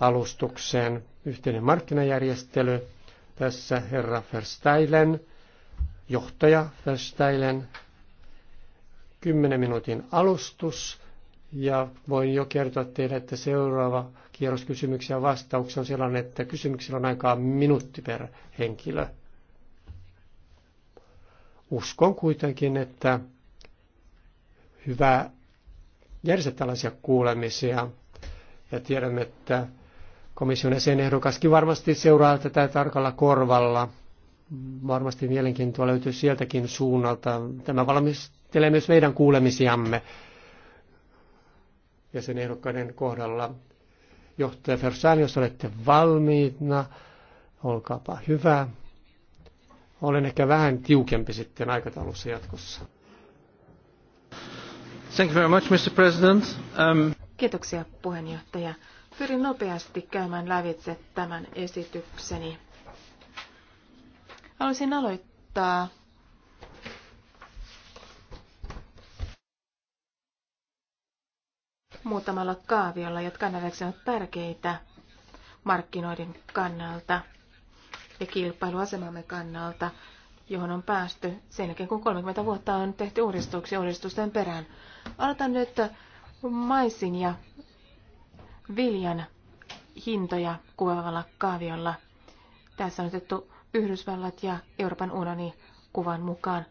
alustukseen yhteinen markkinajärjestely. Tässä herra Verstailen, johtaja Verstailen, 10 minuutin alustus. Ja voin jo kertoa teille, että seuraava kierros kysymyksiä ja vastauksia on sellainen, että kysymyksillä on aikaa minuutti per henkilö. Uskon kuitenkin, että hyvä järjestää tällaisia kuulemisia. Ja tiedämme, että komission jäsenehdokaskin varmasti seuraa tätä tarkalla korvalla. Varmasti mielenkiintoa löytyy sieltäkin suunnalta. Tämä valmistelee myös meidän kuulemisiamme jäsenehdokkaiden kohdalla johtaja Fersani, jos olette valmiina, olkaapa hyvä. Olen ehkä vähän tiukempi sitten aikataulussa jatkossa. Thank you very much, Mr. President. Um... Kiitoksia, puheenjohtaja. Pyrin nopeasti käymään lävitse tämän esitykseni. Haluaisin aloittaa muutamalla kaaviolla, jotka ovat tärkeitä markkinoiden kannalta ja kilpailuasemamme kannalta, johon on päästy sen jälkeen, kun 30 vuotta on tehty uudistuksia uudistusten perään. Aloitan nyt maisin ja viljan hintoja kuvaavalla kaaviolla. Tässä on otettu Yhdysvallat ja Euroopan unioni kuvan mukaan.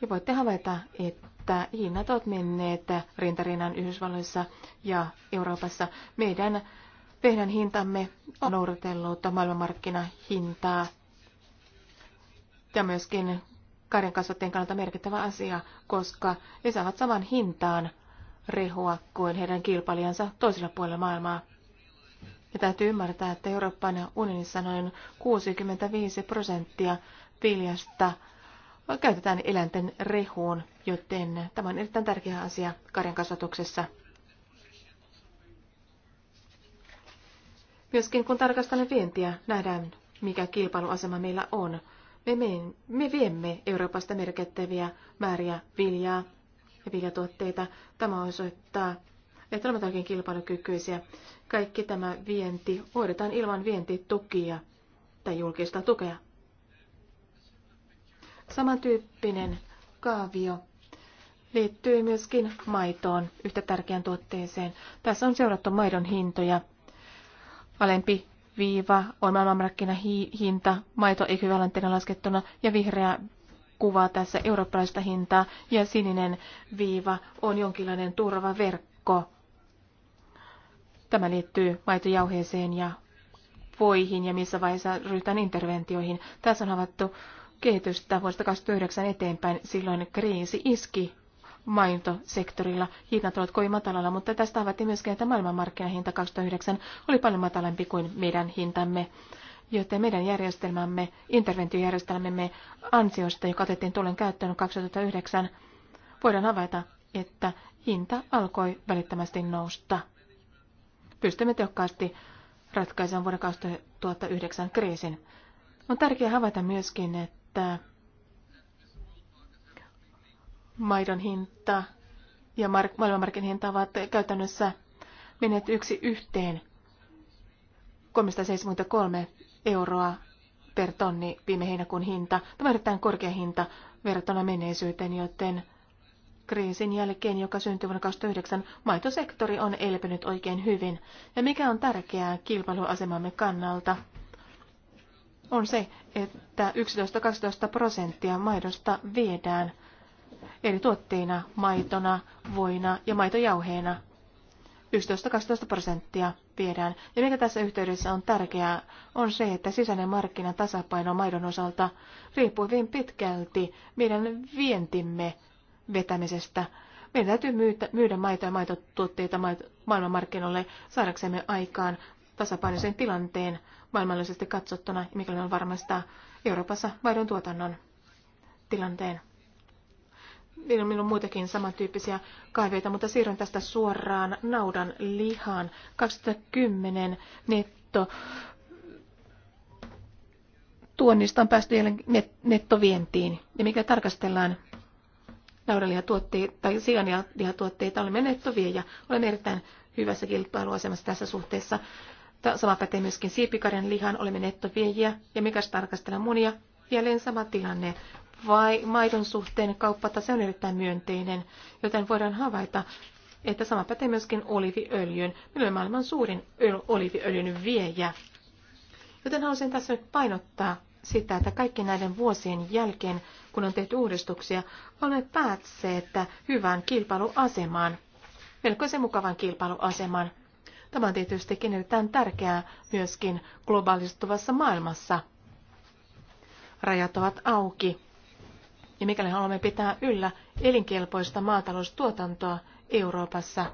Ja voitte havaita, että että hinnat ovat menneet rintarinnan Yhdysvalloissa ja Euroopassa. Meidän vehnän hintamme on noudatellut maailmanmarkkinahintaa ja myöskin karjan kasvattien kannalta merkittävä asia, koska he saavat saman hintaan rehua kuin heidän kilpailijansa toisella puolella maailmaa. Ja täytyy ymmärtää, että Euroopan unionissa noin 65 prosenttia viljasta käytetään eläinten rehuun, joten tämä on erittäin tärkeä asia karjan kasvatuksessa. Myöskin kun tarkastamme vientiä, nähdään, mikä kilpailuasema meillä on. Me, me, me viemme Euroopasta merkittäviä määriä viljaa ja viljatuotteita. Tämä osoittaa, että olemme oikein kilpailukykyisiä. Kaikki tämä vienti hoidetaan ilman vientitukia tai julkista tukea. Samantyyppinen kaavio liittyy myöskin maitoon, yhtä tärkeän tuotteeseen. Tässä on seurattu maidon hintoja. Alempi viiva on maailmanmarkkinahinta maitoekvivalenttina laskettuna ja vihreä kuvaa tässä eurooppalaista hintaa ja sininen viiva on jonkinlainen turvaverkko. Tämä liittyy maitojauheeseen ja voihin ja missä vaiheessa ryhtään interventioihin. Tässä on havaittu kehitystä vuodesta 2009 eteenpäin. Silloin kriisi iski maintosektorilla. Hinnat olivat kovin matalalla, mutta tästä havaittiin myöskin, että maailmanmarkkinahinta 2009 oli paljon matalampi kuin meidän hintamme. Joten meidän järjestelmämme, interventiojärjestelmämme ansiosta, joka otettiin tulen käyttöön 2009, voidaan havaita, että hinta alkoi välittömästi nousta. Pystymme tehokkaasti ratkaisemaan vuoden 2009 kriisin. On tärkeää havaita myöskin, että että maidon hinta ja mark- hinta ovat käytännössä menneet yksi yhteen 373 euroa per tonni viime heinäkuun hinta. Tämä on erittäin korkea hinta verrattuna menneisyyteen, joten kriisin jälkeen, joka syntyi vuonna 2009, maitosektori on elpynyt oikein hyvin. Ja mikä on tärkeää kilpailuasemamme kannalta – on se, että 11-12 prosenttia maidosta viedään eri tuotteina, maitona, voina ja maitojauheena. 11-12 prosenttia viedään. Ja mikä tässä yhteydessä on tärkeää, on se, että sisäinen markkinan tasapaino maidon osalta riippuu hyvin pitkälti meidän vientimme vetämisestä. Meidän täytyy myydä, myydä maito- ja maitotuotteita maailmanmarkkinoille saadaksemme aikaan tasapainoisen tilanteen maailmallisesti katsottuna, mikäli on varmistaa Euroopassa vaihdon tuotannon tilanteen. Minulla niin on muitakin samantyyppisiä kaiveita, mutta siirryn tästä suoraan naudan lihaan. 2010 netto tuonnista on päästy net, nettovientiin. Ja mikä tarkastellaan naudanlihatuotteita tai sianlihatuotteita, olemme nettoviejä. Olemme erittäin hyvässä kilpailuasemassa tässä suhteessa. Sama pätee myöskin siipikarjan lihan, olemme nettoviejiä ja mikäs tarkastella monia. Jälleen sama tilanne. Vai maidon suhteen kauppatase on erittäin myönteinen, joten voidaan havaita, että sama pätee myöskin oliiviöljyn. Me on maailman suurin oliiviöljyn viejä. Joten haluaisin tässä nyt painottaa sitä, että kaikki näiden vuosien jälkeen, kun on tehty uudistuksia, olemme päätseet hyvään kilpailuasemaan, melkoisen mukavan kilpailuasemaan. Tämä on tietystikin erittäin tärkeää myöskin globaalistuvassa maailmassa. Rajat ovat auki. Ja mikäli haluamme pitää yllä elinkelpoista maataloustuotantoa Euroopassa,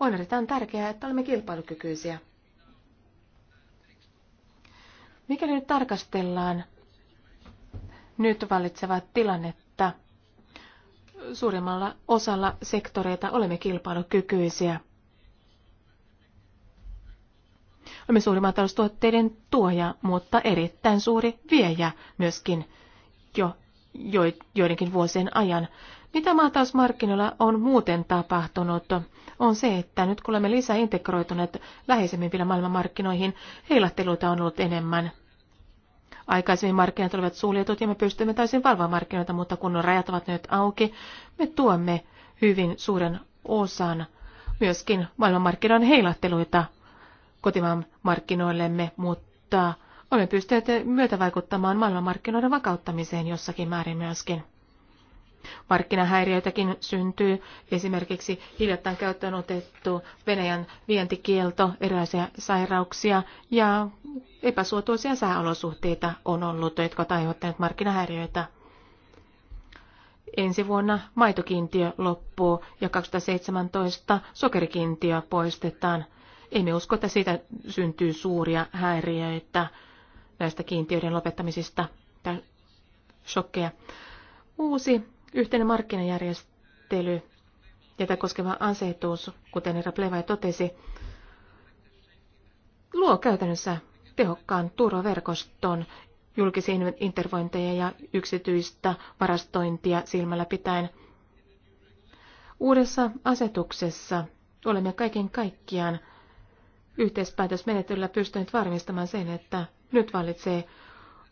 on erittäin tärkeää, että olemme kilpailukykyisiä. Mikäli nyt tarkastellaan nyt vallitsevaa tilannetta, suurimmalla osalla sektoreita olemme kilpailukykyisiä – Olemme suuri maataloustuotteiden tuoja, mutta erittäin suuri viejä myöskin jo joidenkin vuosien ajan. Mitä maatausmarkkinoilla on muuten tapahtunut, on se, että nyt kun olemme lisää integroituneet läheisemmin vielä maailmanmarkkinoihin, heilahteluita on ollut enemmän. Aikaisemmin markkinat olivat suljetut ja me pystymme täysin valvoa markkinoita, mutta kun rajat ovat nyt auki, me tuomme hyvin suuren osan myöskin maailmanmarkkinoiden heilahteluita kotimaan markkinoillemme, mutta olemme pystyneet myötävaikuttamaan maailmanmarkkinoiden vakauttamiseen jossakin määrin myöskin. Markkinahäiriöitäkin syntyy esimerkiksi hiljattain käyttöön otettu Venäjän vientikielto, erilaisia sairauksia ja epäsuotuisia sääolosuhteita on ollut, jotka ovat aiheuttaneet markkinahäiriöitä. Ensi vuonna maitokiintiö loppuu ja 2017 sokerikiintiö poistetaan – emme usko, että siitä syntyy suuria häiriöitä näistä kiintiöiden lopettamisista tai shokkeja. Uusi yhteinen markkinajärjestely, jota koskeva asetus, kuten herra Plevai totesi, luo käytännössä tehokkaan turvaverkoston julkisiin intervointeja ja yksityistä varastointia silmällä pitäen. Uudessa asetuksessa olemme kaiken kaikkiaan yhteispäätösmenettelyllä pystynyt varmistamaan sen, että nyt vallitsee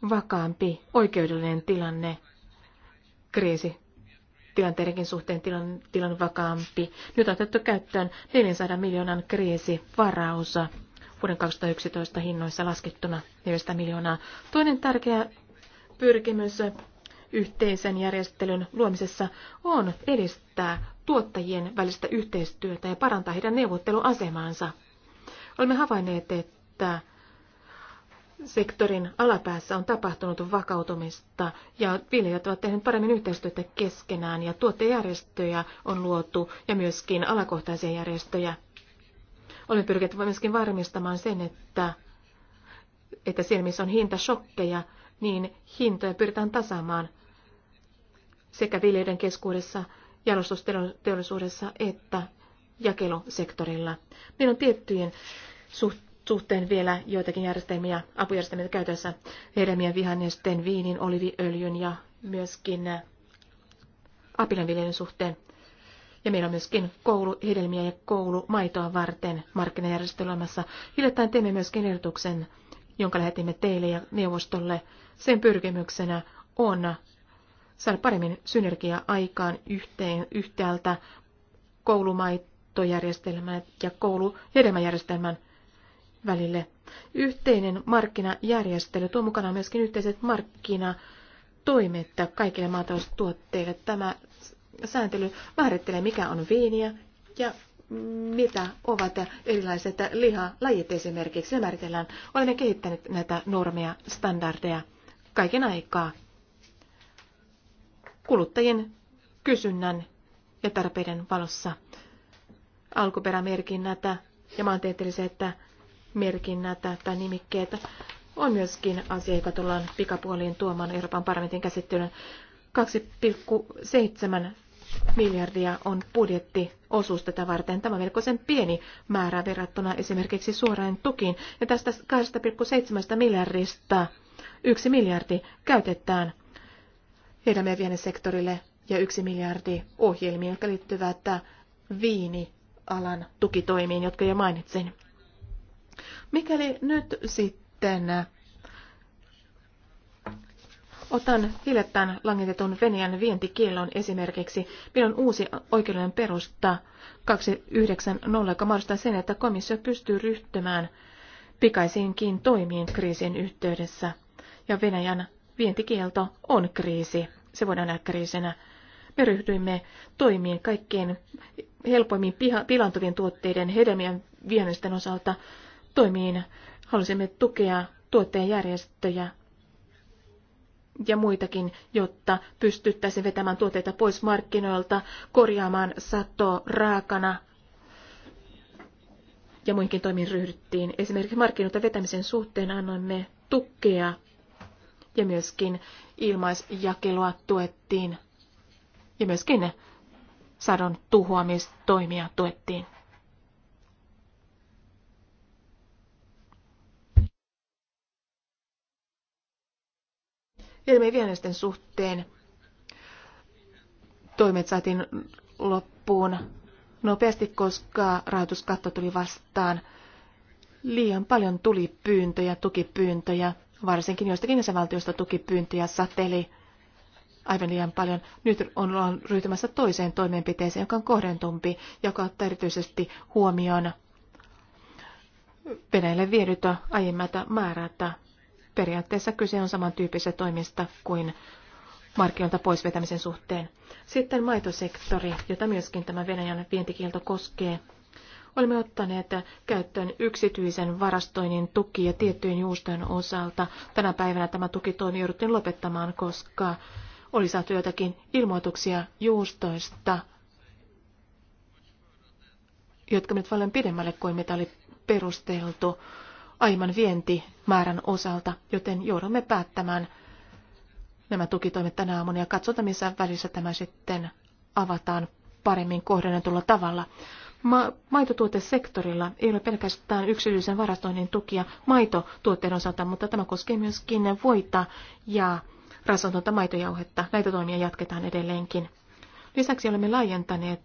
vakaampi oikeudellinen tilanne kriisi tilanteidenkin suhteen tilan, tilan vakaampi. Nyt on otettu käyttöön 400 miljoonan varausa vuoden 2011 hinnoissa laskettuna 400 miljoonaa. Toinen tärkeä pyrkimys yhteisen järjestelyn luomisessa on edistää tuottajien välistä yhteistyötä ja parantaa heidän neuvotteluasemaansa. Olemme havainneet, että sektorin alapäässä on tapahtunut vakautumista ja viljelijät ovat tehneet paremmin yhteistyötä keskenään ja tuottejärjestöjä on luotu ja myöskin alakohtaisia järjestöjä. Olemme pyrkineet myöskin varmistamaan sen, että, että siellä missä on hintashokkeja, niin hintoja pyritään tasaamaan sekä viljelijöiden keskuudessa, jalostusteollisuudessa että jakelusektorilla. Meillä on tiettyjen suhteen vielä joitakin järjestelmiä, apujärjestelmiä käytössä hedelmien, vihannesten, viinin, oliviöljyn ja myöskin äh, apilanviljelyn suhteen. Ja meillä on myöskin kouluhedelmiä ja koulumaitoa varten markkinajärjestelmässä. Hiljattain teemme myöskin ehdotuksen, jonka lähetimme teille ja neuvostolle. Sen pyrkimyksenä on saada paremmin synergiaa aikaan yhteen, yhtäältä koulumaita kattojärjestelmän ja kouluhedelmäjärjestelmän välille. Yhteinen markkinajärjestely tuo mukana myöskin yhteiset markkinatoimet kaikille maataloustuotteille. Tämä sääntely määrittelee, mikä on viiniä ja mitä ovat erilaiset lihalajit esimerkiksi. Ne määritellään. Olemme kehittäneet näitä normeja, standardeja kaiken aikaa kuluttajien kysynnän ja tarpeiden valossa alkuperämerkinnätä ja maantieteelliset merkinnätä tai nimikkeet on myöskin asia, joka tullaan pikapuoliin tuomaan Euroopan parlamentin käsittelyyn. 2,7 miljardia on budjettiosuus tätä varten. Tämä on melkoisen pieni määrä verrattuna esimerkiksi suoraan tukiin. Ja tästä 2,7 miljardista yksi miljardi käytetään heidän sektorille ja yksi miljardi ohjelmiin, jotka liittyvät viini alan tukitoimiin, jotka jo mainitsin. Mikäli nyt sitten äh, otan hiljattain langitetun Venäjän vientikielon esimerkiksi, meillä on uusi oikeuden perusta 290, joka mahdollistaa sen, että komissio pystyy ryhtymään pikaisiinkin toimiin kriisin yhteydessä. Ja Venäjän vientikielto on kriisi. Se voidaan nähdä kriisinä. Me ryhdyimme toimiin kaikkien helpoimmin piha, pilantuvien tuotteiden hedelmien vihannesten osalta toimiin. Halusimme tukea tuottajajärjestöjä ja muitakin, jotta pystyttäisiin vetämään tuotteita pois markkinoilta, korjaamaan sato raakana ja muinkin toimiin ryhdyttiin. Esimerkiksi markkinoilta vetämisen suhteen annoimme tukea ja myöskin ilmaisjakelua tuettiin ja myöskin sadon tuhoamistoimia tuettiin. Ilmivihannesten suhteen toimet saatiin loppuun nopeasti, koska rahoituskatto tuli vastaan. Liian paljon tuli pyyntöjä, tukipyyntöjä, varsinkin joistakin jäsenvaltioista tukipyyntöjä sateli aivan liian paljon. Nyt ollaan ryhtymässä toiseen toimenpiteeseen, joka on kohdentumpi, joka ottaa erityisesti huomioon Venäjälle viedytä aiemmat määrät. Periaatteessa kyse on samantyyppisestä toimista kuin markkinoilta pois vetämisen suhteen. Sitten maitosektori, jota myöskin tämä Venäjän vientikielto koskee. Olemme ottaneet käyttöön yksityisen varastoinnin tuki ja tiettyjen juustojen osalta. Tänä päivänä tämä tukitoimi jouduttiin lopettamaan, koska oli saatu joitakin ilmoituksia juustoista, jotka nyt paljon pidemmälle kuin mitä oli perusteltu aiemman vientimäärän osalta, joten joudumme päättämään nämä tukitoimet tänä aamuna ja katsotaan, missä välissä tämä sitten avataan paremmin kohdennetulla tavalla. Ma- maitotuotesektorilla ei ole pelkästään yksityisen varastoinnin tukia maitotuotteiden osalta, mutta tämä koskee myöskin voita ja rasvatonta maitojauhetta. Näitä toimia jatketaan edelleenkin. Lisäksi olemme laajentaneet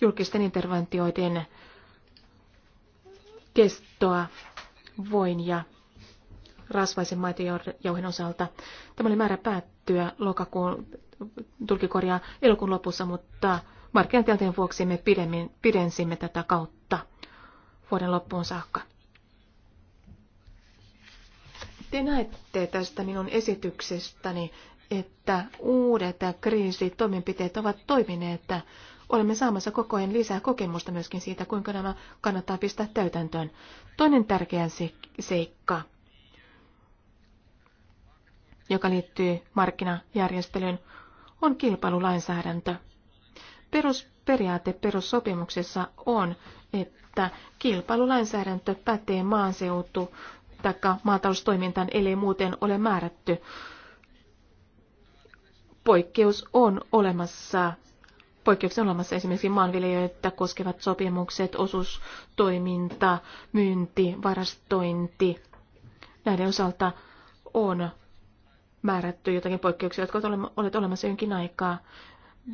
julkisten interventioiden kestoa voin ja rasvaisen maitojauhen osalta. Tämä oli määrä päättyä lokakuun tulkikorjaa elokuun lopussa, mutta markkinatilanteen vuoksi me pidemmin, pidensimme tätä kautta vuoden loppuun saakka. Te näette tästä minun esityksestäni, että uudet kriisitoimenpiteet ovat toimineet. Olemme saamassa koko ajan lisää kokemusta myöskin siitä, kuinka nämä kannattaa pistää täytäntöön. Toinen tärkeä seikka, joka liittyy markkinajärjestelyyn, on kilpailulainsäädäntö. Perusperiaate perussopimuksessa on, että kilpailulainsäädäntö pätee maaseutu taikka maataloustoimintaan, ellei muuten ole määrätty. Poikkeus on olemassa. Poikkeuksia on olemassa esimerkiksi maanviljelijöitä koskevat sopimukset, osuustoiminta, myynti, varastointi. Näiden osalta on määrätty jotakin poikkeuksia, jotka olet olemassa jonkin aikaa.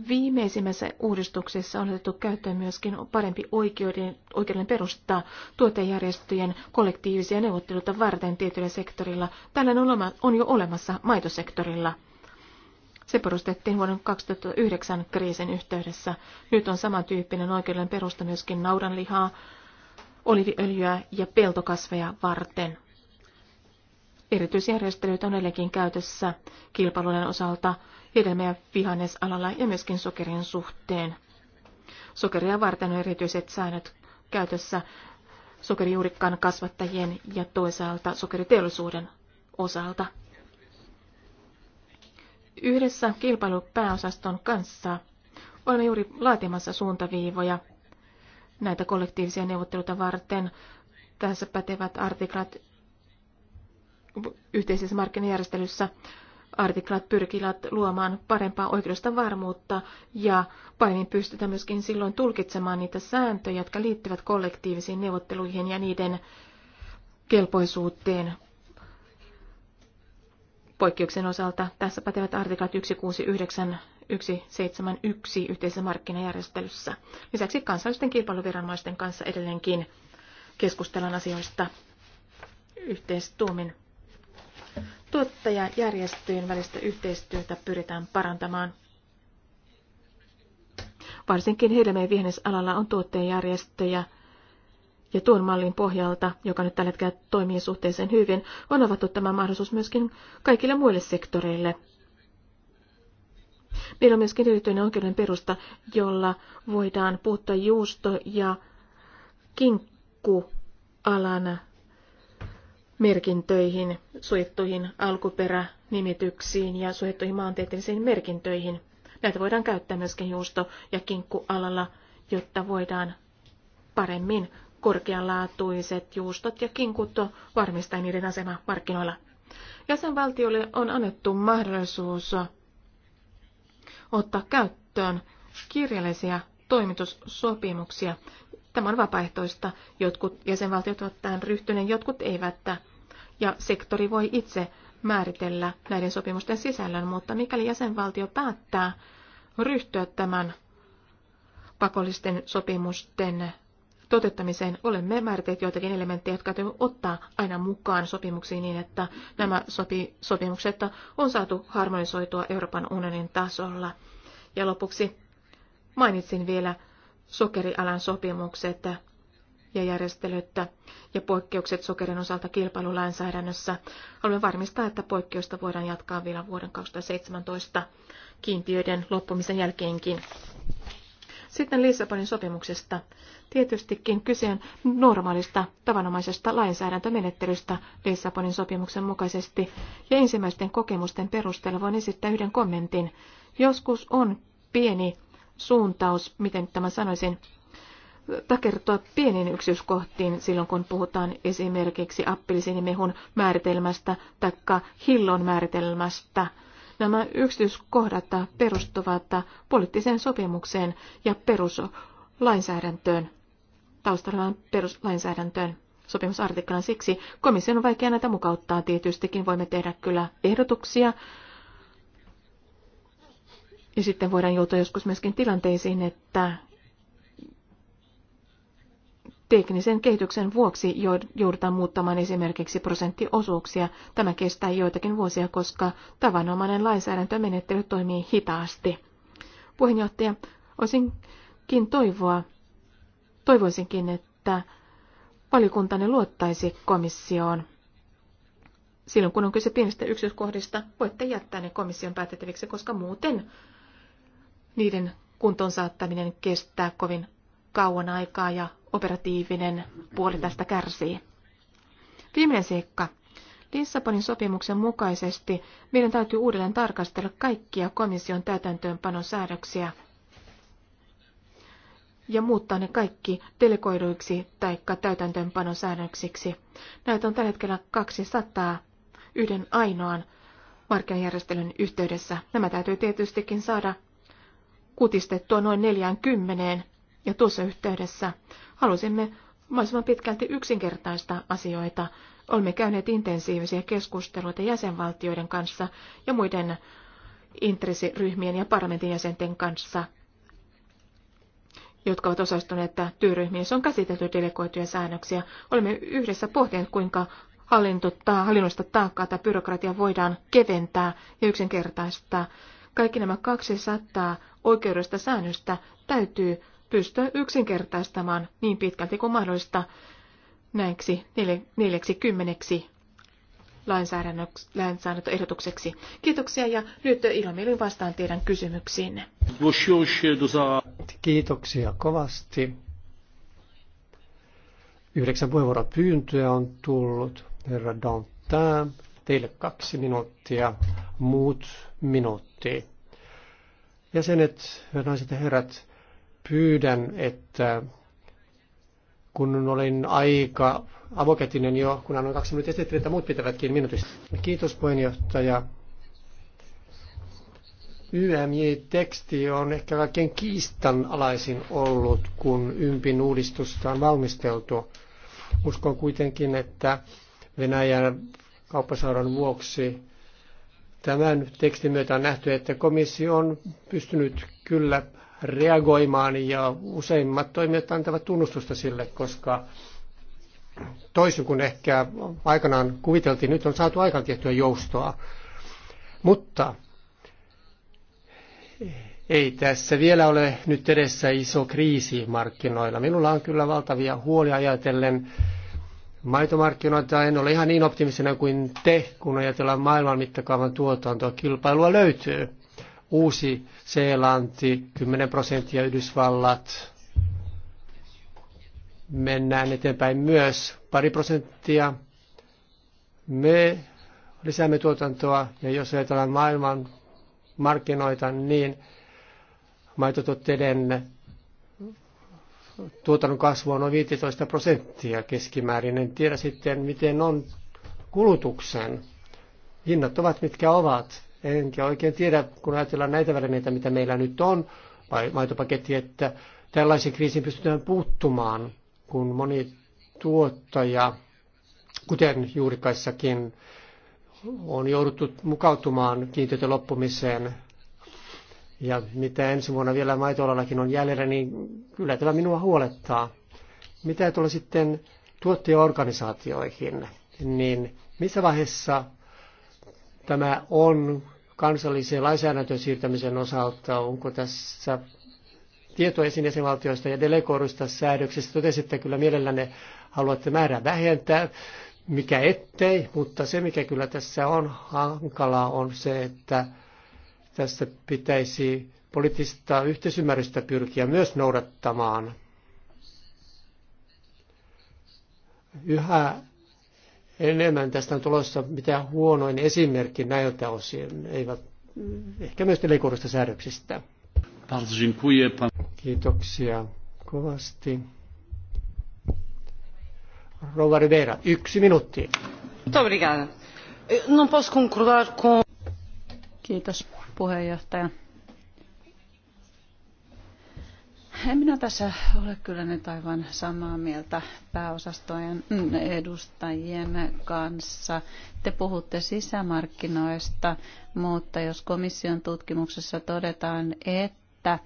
Viimeisimmässä uudistuksessa on otettu käyttöön myöskin parempi oikeuden, oikeuden perustaa tuotejärjestöjen kollektiivisia neuvotteluita varten tietyillä sektorilla. Tällainen on jo olemassa maitosektorilla. Se perustettiin vuoden 2009 kriisin yhteydessä. Nyt on samantyyppinen oikeuden perusta myöskin naudanlihaa, oliviöljyä ja peltokasveja varten. Erityisjärjestelyt on edelleenkin käytössä kilpailujen osalta hedelmä- ja vihannesalalla ja myöskin sokerin suhteen. Sokeria varten on erityiset säännöt käytössä sokerijuurikkaan kasvattajien ja toisaalta sokeriteollisuuden osalta. Yhdessä kilpailupääosaston kanssa olemme juuri laatimassa suuntaviivoja näitä kollektiivisia neuvotteluita varten. Tässä pätevät artiklat yhteisessä markkinajärjestelyssä artiklat pyrkivät luomaan parempaa oikeudesta varmuutta ja paremmin pystytään myöskin silloin tulkitsemaan niitä sääntöjä, jotka liittyvät kollektiivisiin neuvotteluihin ja niiden kelpoisuuteen poikkeuksen osalta. Tässä pätevät artiklat 169 171 yhteisessä markkinajärjestelyssä. Lisäksi kansallisten kilpailuviranomaisten kanssa edelleenkin keskustellaan asioista yhteistuumin tuottajajärjestöjen välistä yhteistyötä pyritään parantamaan. Varsinkin hedelmien vihennysalalla on tuottajajärjestöjä, ja tuon mallin pohjalta, joka nyt tällä hetkellä toimii suhteeseen hyvin, on avattu tämä mahdollisuus myöskin kaikille muille sektoreille. Meillä on myöskin erityinen oikeuden perusta, jolla voidaan puuttua juusto- ja kinkkualan merkintöihin, suojattuihin alkuperänimityksiin ja suojattuihin maantieteellisiin merkintöihin. Näitä voidaan käyttää myöskin juusto- ja kinkkualalla, jotta voidaan paremmin korkealaatuiset juustot ja kinkut varmistaa niiden asema markkinoilla. Jäsenvaltiolle on annettu mahdollisuus ottaa käyttöön kirjallisia toimitussopimuksia. Tämä on vapaaehtoista. Jotkut jäsenvaltiot ovat tähän ryhtyneet, jotkut eivät ja sektori voi itse määritellä näiden sopimusten sisällön, mutta mikäli jäsenvaltio päättää ryhtyä tämän pakollisten sopimusten toteuttamiseen, olemme määritelleet joitakin elementtejä, jotka täytyy ottaa aina mukaan sopimuksiin niin, että nämä sopi- sopimukset on saatu harmonisoitua Euroopan unionin tasolla. Ja lopuksi mainitsin vielä sokerialan sopimukset ja järjestelyttä ja poikkeukset sokerin osalta kilpailulainsäädännössä. Haluamme varmistaa, että poikkeusta voidaan jatkaa vielä vuoden 2017 kiintiöiden loppumisen jälkeenkin. Sitten Lissabonin sopimuksesta. Tietystikin kyse on normaalista, tavanomaisesta lainsäädäntömenettelystä Lissabonin sopimuksen mukaisesti, ja ensimmäisten kokemusten perusteella voin esittää yhden kommentin. Joskus on pieni suuntaus, miten tämä sanoisin, takertua pieniin yksityiskohtiin silloin, kun puhutaan esimerkiksi appelsiinimehun määritelmästä tai hillon määritelmästä. Nämä yksityiskohdat perustuvat poliittiseen sopimukseen ja peruslainsäädäntöön, taustallaan peruslainsäädäntöön sopimusartiklan. Siksi komission on vaikea näitä mukauttaa. Tietystikin voimme tehdä kyllä ehdotuksia. Ja sitten voidaan joutua joskus myöskin tilanteisiin, että Teknisen kehityksen vuoksi joudutaan muuttamaan esimerkiksi prosenttiosuuksia. Tämä kestää joitakin vuosia, koska tavanomainen lainsäädäntömenettely toimii hitaasti. Puheenjohtaja, olisinkin toivoa, toivoisinkin, että valiokuntanne luottaisi komissioon. Silloin kun on kyse pienistä yksityiskohdista, voitte jättää ne komission päätettäviksi, koska muuten niiden kuntoon saattaminen kestää kovin kauan aikaa ja operatiivinen puoli tästä kärsii. Viimeinen seikka. Lissabonin sopimuksen mukaisesti meidän täytyy uudelleen tarkastella kaikkia komission täytäntöönpanosäädöksiä ja muuttaa ne kaikki delegoiduiksi tai täytäntöönpanosäännöksiksi. Näitä on tällä hetkellä 200 yhden ainoan markkinajärjestelyn yhteydessä. Nämä täytyy tietystikin saada kutistettua noin 40 ja tuossa yhteydessä halusimme mahdollisimman pitkälti yksinkertaista asioita. Olemme käyneet intensiivisiä keskusteluita jäsenvaltioiden kanssa ja muiden intressiryhmien ja parlamentin jäsenten kanssa, jotka ovat osallistuneet työryhmiin. on käsitelty delegoituja säännöksiä. Olemme yhdessä pohtineet, kuinka hallintottaa, hallinnosta taakkaa tai byrokratiaa voidaan keventää ja yksinkertaistaa. Kaikki nämä 200 oikeudesta säännöstä täytyy pystyä yksinkertaistamaan niin pitkälti kuin mahdollista näiksi neljäksi kymmeneksi lainsäädäntöehdotukseksi. Kiitoksia ja nyt ilomielin vastaan teidän kysymyksiin. Kiitoksia kovasti. Yhdeksän pyyntöä on tullut. Herra Dantin, teille kaksi minuuttia, muut minuutti. Jäsenet, naiset ja herrat, pyydän, että kun olin aika avokätinen jo, kun annoin kaksi minuuttia esittelin, että muut pitävätkin minuutista. Kiitos puheenjohtaja. YMJ-teksti on ehkä kaikkein kiistanalaisin ollut, kun ympin uudistusta on valmisteltu. Uskon kuitenkin, että Venäjän kauppasauran vuoksi tämän tekstin myötä on nähty, että komissio on pystynyt kyllä reagoimaan ja useimmat toimijat antavat tunnustusta sille, koska toisin kuin ehkä aikanaan kuviteltiin, nyt on saatu aikaan tiettyä joustoa. Mutta ei tässä vielä ole nyt edessä iso kriisi markkinoilla. Minulla on kyllä valtavia huolia ajatellen maitomarkkinoita. En ole ihan niin optimistinen kuin te, kun ajatellaan maailman mittakaavan tuotantoa. Kilpailua löytyy. Uusi Seelanti, 10 prosenttia Yhdysvallat. Mennään eteenpäin myös pari prosenttia. Me lisäämme tuotantoa ja jos ajatellaan maailman markkinoita, niin maitotuotteiden tuotannon kasvu on noin 15 prosenttia keskimäärin. En tiedä sitten, miten on kulutuksen. Hinnat ovat mitkä ovat. Enkä oikein tiedä, kun ajatellaan näitä välineitä, mitä meillä nyt on, vai maitopaketti, että tällaisen kriisin pystytään puuttumaan, kun moni tuottaja, kuten juurikaissakin, on jouduttu mukautumaan kiintiöiden loppumiseen. Ja mitä ensi vuonna vielä maitoalallakin on jäljellä, niin kyllä tämä minua huolettaa. Mitä tulee sitten tuottajaorganisaatioihin, niin missä vaiheessa tämä on kansalliseen lainsäädäntöön siirtämisen osalta? Onko tässä tietoa esiin jäsenvaltioista ja delegoiduista säädöksistä? Totesitte kyllä mielellänne haluatte määrää vähentää, mikä ettei, mutta se mikä kyllä tässä on hankalaa on se, että tässä pitäisi poliittista yhteisymmärrystä pyrkiä myös noudattamaan. Yhä enemmän tästä on tulossa mitä huonoin esimerkki näiltä osin, eivät ehkä myös telekuudesta säädöksistä. Kiitoksia kovasti. Rova Rivera, yksi minuutti. Eh, Kiitos puheenjohtaja En minä tässä ole kyllä nyt aivan samaa mieltä pääosastojen mm, edustajien kanssa. Te puhutte sisämarkkinoista, mutta jos komission tutkimuksessa todetaan, että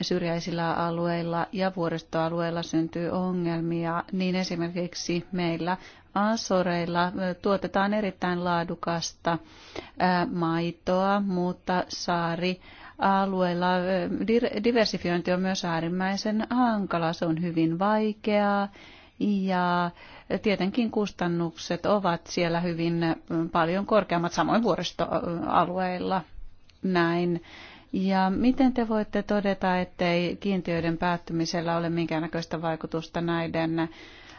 syrjäisillä alueilla ja vuoristoalueilla syntyy ongelmia, niin esimerkiksi meillä Asoreilla tuotetaan erittäin laadukasta maitoa, mutta saari alueilla diversifiointi on myös äärimmäisen hankala, se on hyvin vaikeaa ja tietenkin kustannukset ovat siellä hyvin paljon korkeammat, samoin vuoristoalueilla näin. Ja miten te voitte todeta, ettei kiintiöiden päättymisellä ole minkäännäköistä vaikutusta näiden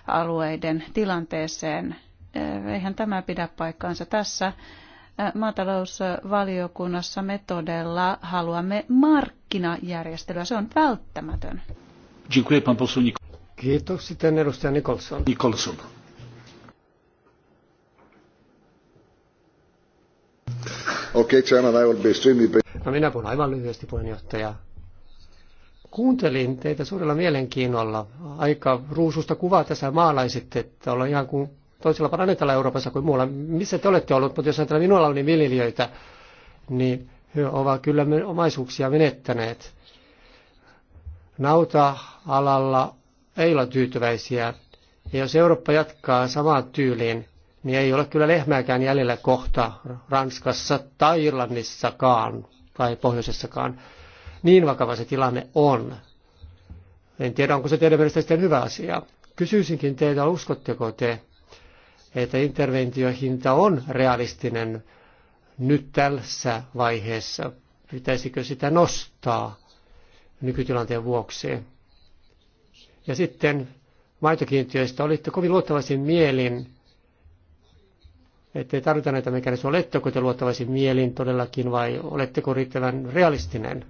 alueiden tilanteeseen? Eihän tämä pidä paikkaansa tässä maatalousvaliokunnassa me todella haluamme markkinajärjestelyä. Se on välttämätön. Kiitos. Sitten edustaja Nicholson. Nicholson. okay, Chairman, I will be extremely... No minä puhun aivan lyhyesti, puheenjohtaja. Kuuntelin teitä suurella mielenkiinnolla. Aika ruususta kuvaa tässä maalaisitte, että ollaan ihan kuin toisella planeetalla Euroopassa kuin muualla. Missä te olette ollut, mutta jos ajatellaan minulla on niin viljelijöitä, niin he ovat kyllä omaisuuksia menettäneet. Nauta-alalla ei ole tyytyväisiä. Ja jos Eurooppa jatkaa samaan tyyliin, niin ei ole kyllä lehmääkään jäljellä kohta Ranskassa tai Irlannissakaan tai Pohjoisessakaan. Niin vakava se tilanne on. En tiedä, onko se teidän mielestä sitten hyvä asia. Kysyisinkin teitä, uskotteko te, että interventiohinta on realistinen nyt tässä vaiheessa. Pitäisikö sitä nostaa nykytilanteen vuoksi? Ja sitten maitokiintiöistä olitte kovin luottavaisin mielin, ettei tarvita näitä mekanismeja. Oletteko te luottavaisin mielin todellakin vai oletteko riittävän realistinen?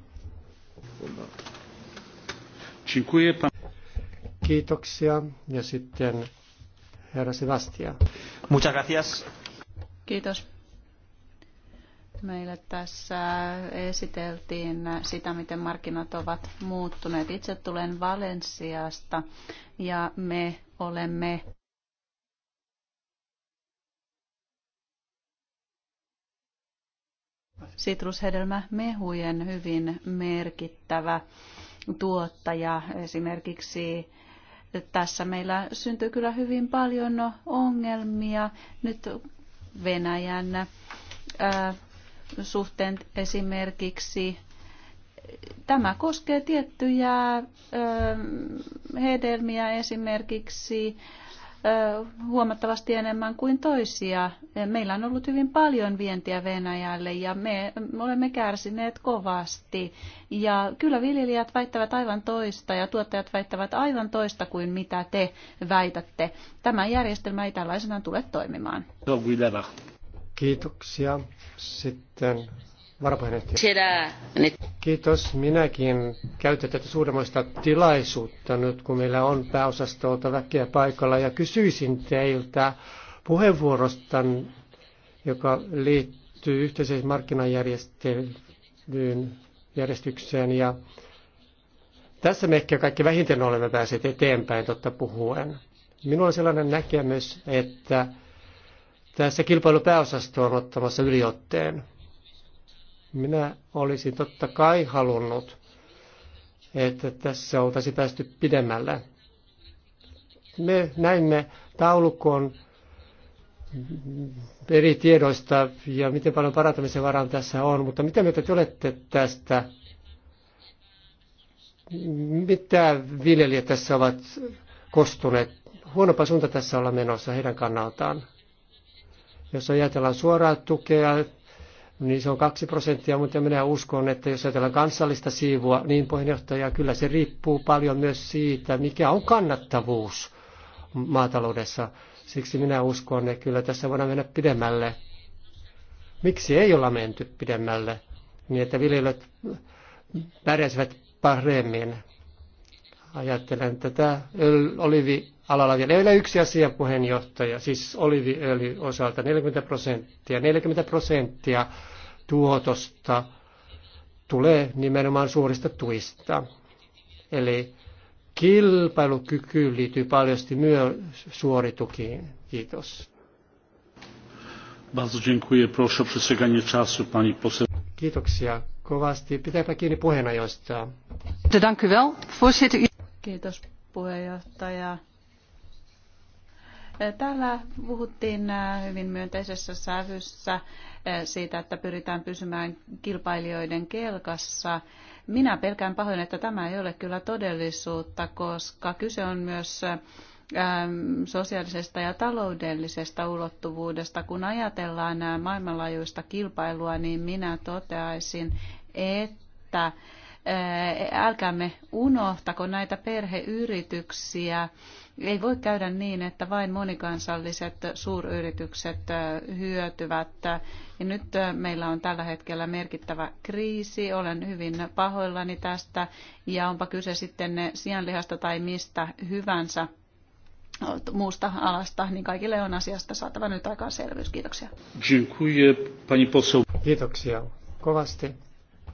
Kiitoksia. Ja sitten herra Sebastia. Muchas gracias. Kiitos. Meille tässä esiteltiin sitä, miten markkinat ovat muuttuneet. Itse tulen Valensiasta ja me olemme sitrushedelmämehujen hyvin merkittävä tuottaja. Esimerkiksi tässä meillä syntyy kyllä hyvin paljon ongelmia nyt Venäjän suhteen esimerkiksi. Tämä koskee tiettyjä hedelmiä esimerkiksi huomattavasti enemmän kuin toisia. Meillä on ollut hyvin paljon vientiä Venäjälle ja me olemme kärsineet kovasti. Ja kyllä viljelijät väittävät aivan toista ja tuottajat väittävät aivan toista kuin mitä te väitätte. Tämä järjestelmä ei tällaisenaan tule toimimaan. Kiitoksia. Sitten Kiitos. Minäkin käytän tätä suuremmoista tilaisuutta nyt, kun meillä on pääosastolta väkeä paikalla. Ja kysyisin teiltä puheenvuorosta, joka liittyy yhteiseen markkinajärjestelyyn järjestykseen. Ja tässä me ehkä kaikki vähiten olemme päässeet eteenpäin totta puhuen. Minulla on sellainen näkemys, että tässä kilpailupääosasto on ottamassa yliotteen minä olisin totta kai halunnut, että tässä oltaisiin päästy pidemmälle. Me näimme taulukon eri tiedoista ja miten paljon parantamisen varaa tässä on, mutta mitä mieltä te olette tästä? Mitä viljelijät tässä ovat kostuneet? Huonopa suunta tässä olla menossa heidän kannaltaan. Jos ajatellaan suoraa tukea, niin se on kaksi prosenttia, mutta minä uskon, että jos ajatellaan kansallista siivua, niin puheenjohtaja, kyllä se riippuu paljon myös siitä, mikä on kannattavuus maataloudessa. Siksi minä uskon, että kyllä tässä voidaan mennä pidemmälle. Miksi ei olla menty pidemmälle? Niin, että viljelijät pärjäsivät paremmin. Ajattelen tätä Olivi alalla vielä. Vielä yksi asia puheenjohtaja, siis oliviöljy osalta 40 prosenttia. 40 prosenttia tuotosta tulee nimenomaan suorista tuista. Eli kilpailukyky liittyy paljon myös suoritukiin. Kiitos. Bardzo dziękuję. Proszę o przestrzeganie czasu pani poseł. Kiitoksia kovasti. Pitääpä kiinni puheenajoista. wel, Kiitos puheenjohtaja. Täällä puhuttiin äh, hyvin myönteisessä sävyssä Eh, siitä, että pyritään pysymään kilpailijoiden kelkassa. Minä pelkään pahoin, että tämä ei ole kyllä todellisuutta, koska kyse on myös ähm, sosiaalisesta ja taloudellisesta ulottuvuudesta. Kun ajatellaan äh, maailmanlaajuista kilpailua, niin minä toteaisin, että älkäämme unohtako näitä perheyrityksiä. Ei voi käydä niin, että vain monikansalliset suuryritykset hyötyvät. Ja nyt meillä on tällä hetkellä merkittävä kriisi. Olen hyvin pahoillani tästä. Ja onpa kyse sitten sianlihasta tai mistä hyvänsä muusta alasta, niin kaikille on asiasta saatava nyt aikaan selvyys. Kiitoksia. Kiitoksia kovasti.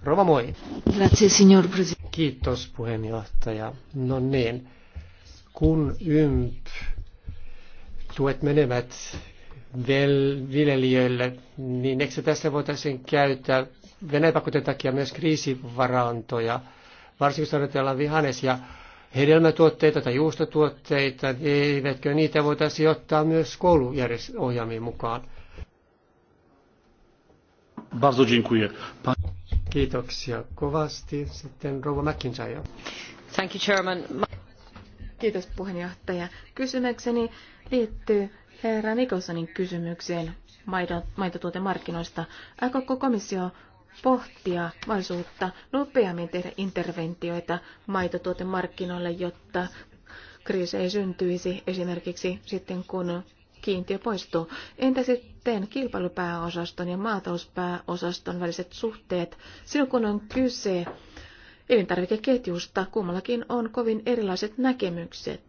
Rova moi. Grazie, signor presidente. Kiitos, puheenjohtaja. No niin, kun ymp tuet menevät viljelijöille, niin eikö tässä voitaisiin käyttää Venäjän pakotteen takia myös kriisivarantoja, varsinkin jos ajatellaan vihannes- ja hedelmätuotteita tai juustotuotteita, niin eivätkö niitä voitaisiin ottaa myös kouluohjelmiin mukaan? Bardzo dziękuję. Pan... Kiitoksia kovasti. Sitten Rouva McIntyre. Thank you, Chairman. Kiitos puheenjohtaja. Kysymykseni liittyy herra Nicholsonin kysymykseen maitotuotemarkkinoista. Aikooko komissio pohtia mahdollisuutta nopeammin tehdä interventioita maitotuotemarkkinoille, jotta kriisi ei syntyisi esimerkiksi sitten, kun kiintiö poistuu. Entä sitten kilpailupääosaston ja maatalouspääosaston väliset suhteet? Silloin kun on kyse elintarvikeketjusta, kummallakin on kovin erilaiset näkemykset.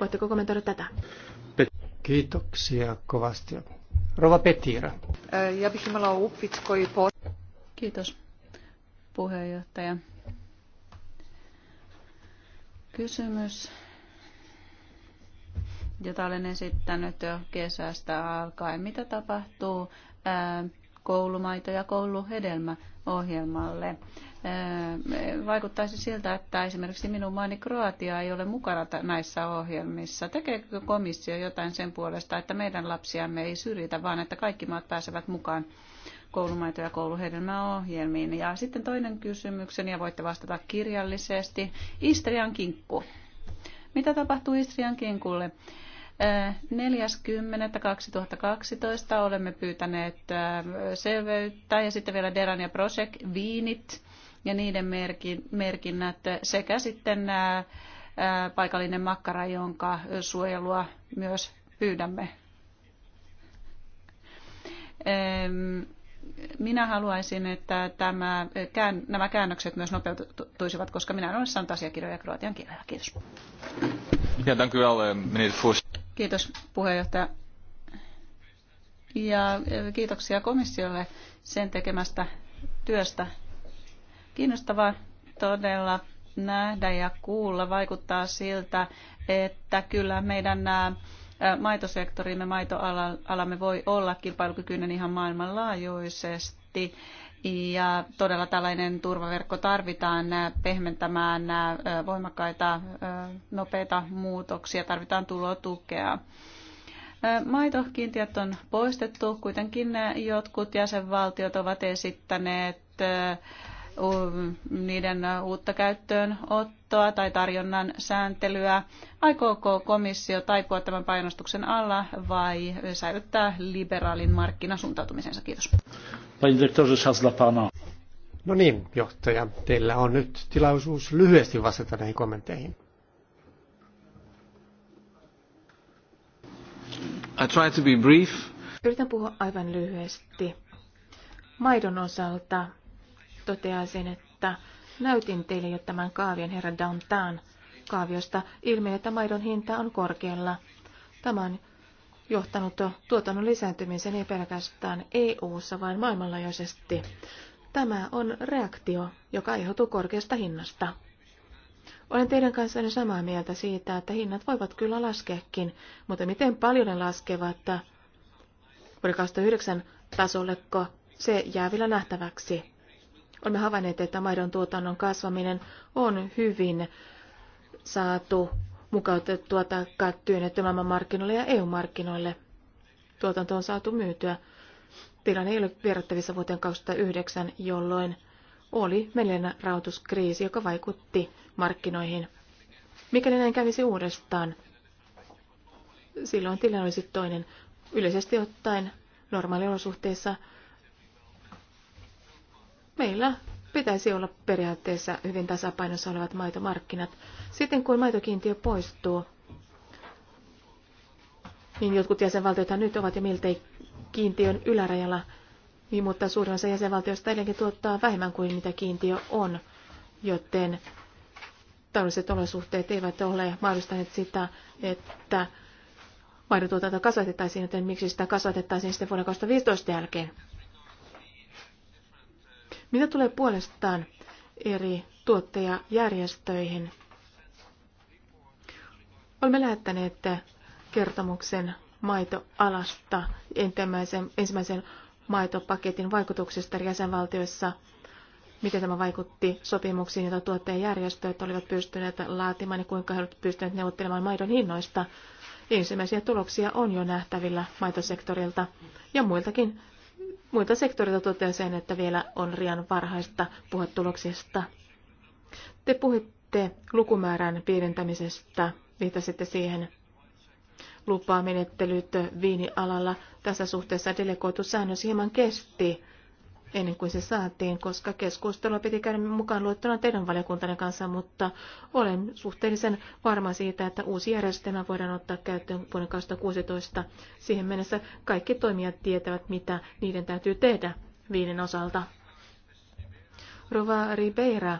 Voitteko kommentoida tätä? Kiitoksia kovasti. Rova Petira. Äh, ja bih imala Kiitos puheenjohtaja. Kysymys, jota olen esittänyt jo kesästä alkaen. Mitä tapahtuu koulumaito- ja kouluhedelmäohjelmalle? Vaikuttaisi siltä, että esimerkiksi minun maani Kroatia ei ole mukana näissä ohjelmissa. Tekeekö komissio jotain sen puolesta, että meidän lapsiamme ei syrjitä, vaan että kaikki maat pääsevät mukaan koulumaito- ja kouluhedelmäohjelmiin? Ja sitten toinen kysymykseni, ja voitte vastata kirjallisesti, Istrian kinkku. Mitä tapahtuu Istrian kinkulle? 4.10.2012 olemme pyytäneet selveyttä ja sitten vielä Deran ja Prosek viinit ja niiden merkinnät sekä sitten paikallinen makkara, jonka suojelua myös pyydämme minä haluaisin, että tämä, kään, nämä käännökset myös nopeutuisivat, koska minä en ole saanut asiakirjoja kroatian kielellä. Kiitos. Ja, eh, Kiitos puheenjohtaja. Ja eh, kiitoksia komissiolle sen tekemästä työstä. Kiinnostavaa todella nähdä ja kuulla. Vaikuttaa siltä, että kyllä meidän nämä eh, maitosektorimme, maitoalamme voi olla kilpailukykyinen ihan maailmanlaajuisesti. Ja todella tällainen turvaverkko tarvitaan pehmentämään voimakkaita, nopeita muutoksia, tarvitaan tulotukea. Maitokiintiöt on poistettu, kuitenkin jotkut jäsenvaltiot ovat esittäneet niiden uutta käyttöönottoa tai tarjonnan sääntelyä. Aikooko komissio taipua tämän painostuksen alla vai säilyttää liberaalin markkinasuuntautumisensa? Kiitos. No niin, johtaja, teillä on nyt tilaisuus lyhyesti vastata näihin kommentteihin. I try to be brief. Yritän puhua aivan lyhyesti. Maidon osalta toteaisin, että näytin teille jo tämän kaavion herra Downtown kaaviosta ilmenee, että maidon hinta on korkealla. Tämä on johtanut tuotannon lisääntymiseen ei pelkästään EU-ssa, vaan maailmanlaajuisesti. Tämä on reaktio, joka aiheutuu korkeasta hinnasta. Olen teidän kanssanne samaa mieltä siitä, että hinnat voivat kyllä laskeekin, mutta miten paljon ne laskevat vuoden 2009 tasolle, se jää vielä nähtäväksi. Olemme havainneet, että maidon tuotannon kasvaminen on hyvin saatu mukautettua tai työnnetty maailmanmarkkinoille ja EU-markkinoille. Tuotanto on saatu myytyä. Tilanne ei ole verrattavissa vuoteen 2009, jolloin oli meillä rahoituskriisi, joka vaikutti markkinoihin. Mikäli näin kävisi uudestaan, silloin tilanne olisi toinen. Yleisesti ottaen normaaliolosuhteissa meillä pitäisi olla periaatteessa hyvin tasapainossa olevat maitomarkkinat. Sitten kun maitokiintiö poistuu, niin jotkut jäsenvaltiot nyt ovat jo miltei kiintiön ylärajalla, niin mutta suurin osa jäsenvaltioista edelleenkin tuottaa vähemmän kuin mitä kiintiö on, joten taloudelliset olosuhteet eivät ole mahdollistaneet sitä, että maidotuotanto kasvatettaisiin, joten miksi sitä kasvatettaisiin sitten vuonna 2015 jälkeen. Mitä tulee puolestaan eri tuottajajärjestöihin? Olemme lähettäneet kertomuksen maitoalasta ensimmäisen, ensimmäisen maitopaketin vaikutuksista jäsenvaltioissa, miten tämä vaikutti sopimuksiin, joita tuottajajärjestöt olivat pystyneet laatimaan ja kuinka he olivat pystyneet neuvottelemaan maidon hinnoista. Ensimmäisiä tuloksia on jo nähtävillä maitosektorilta ja muiltakin muilta sektorilta toteaa sen, että vielä on rian varhaista puhetuloksista. Te puhitte lukumäärän pienentämisestä, viittasitte siihen lupamenettelyt viinialalla. Tässä suhteessa delegoitu säännös hieman kesti ennen kuin se saatiin, koska keskustelua piti käydä mukaan luettuna teidän valiokuntanne kanssa, mutta olen suhteellisen varma siitä, että uusi järjestelmä voidaan ottaa käyttöön vuoden 2016. Siihen mennessä kaikki toimijat tietävät, mitä niiden täytyy tehdä viiden osalta. Rova Ribeira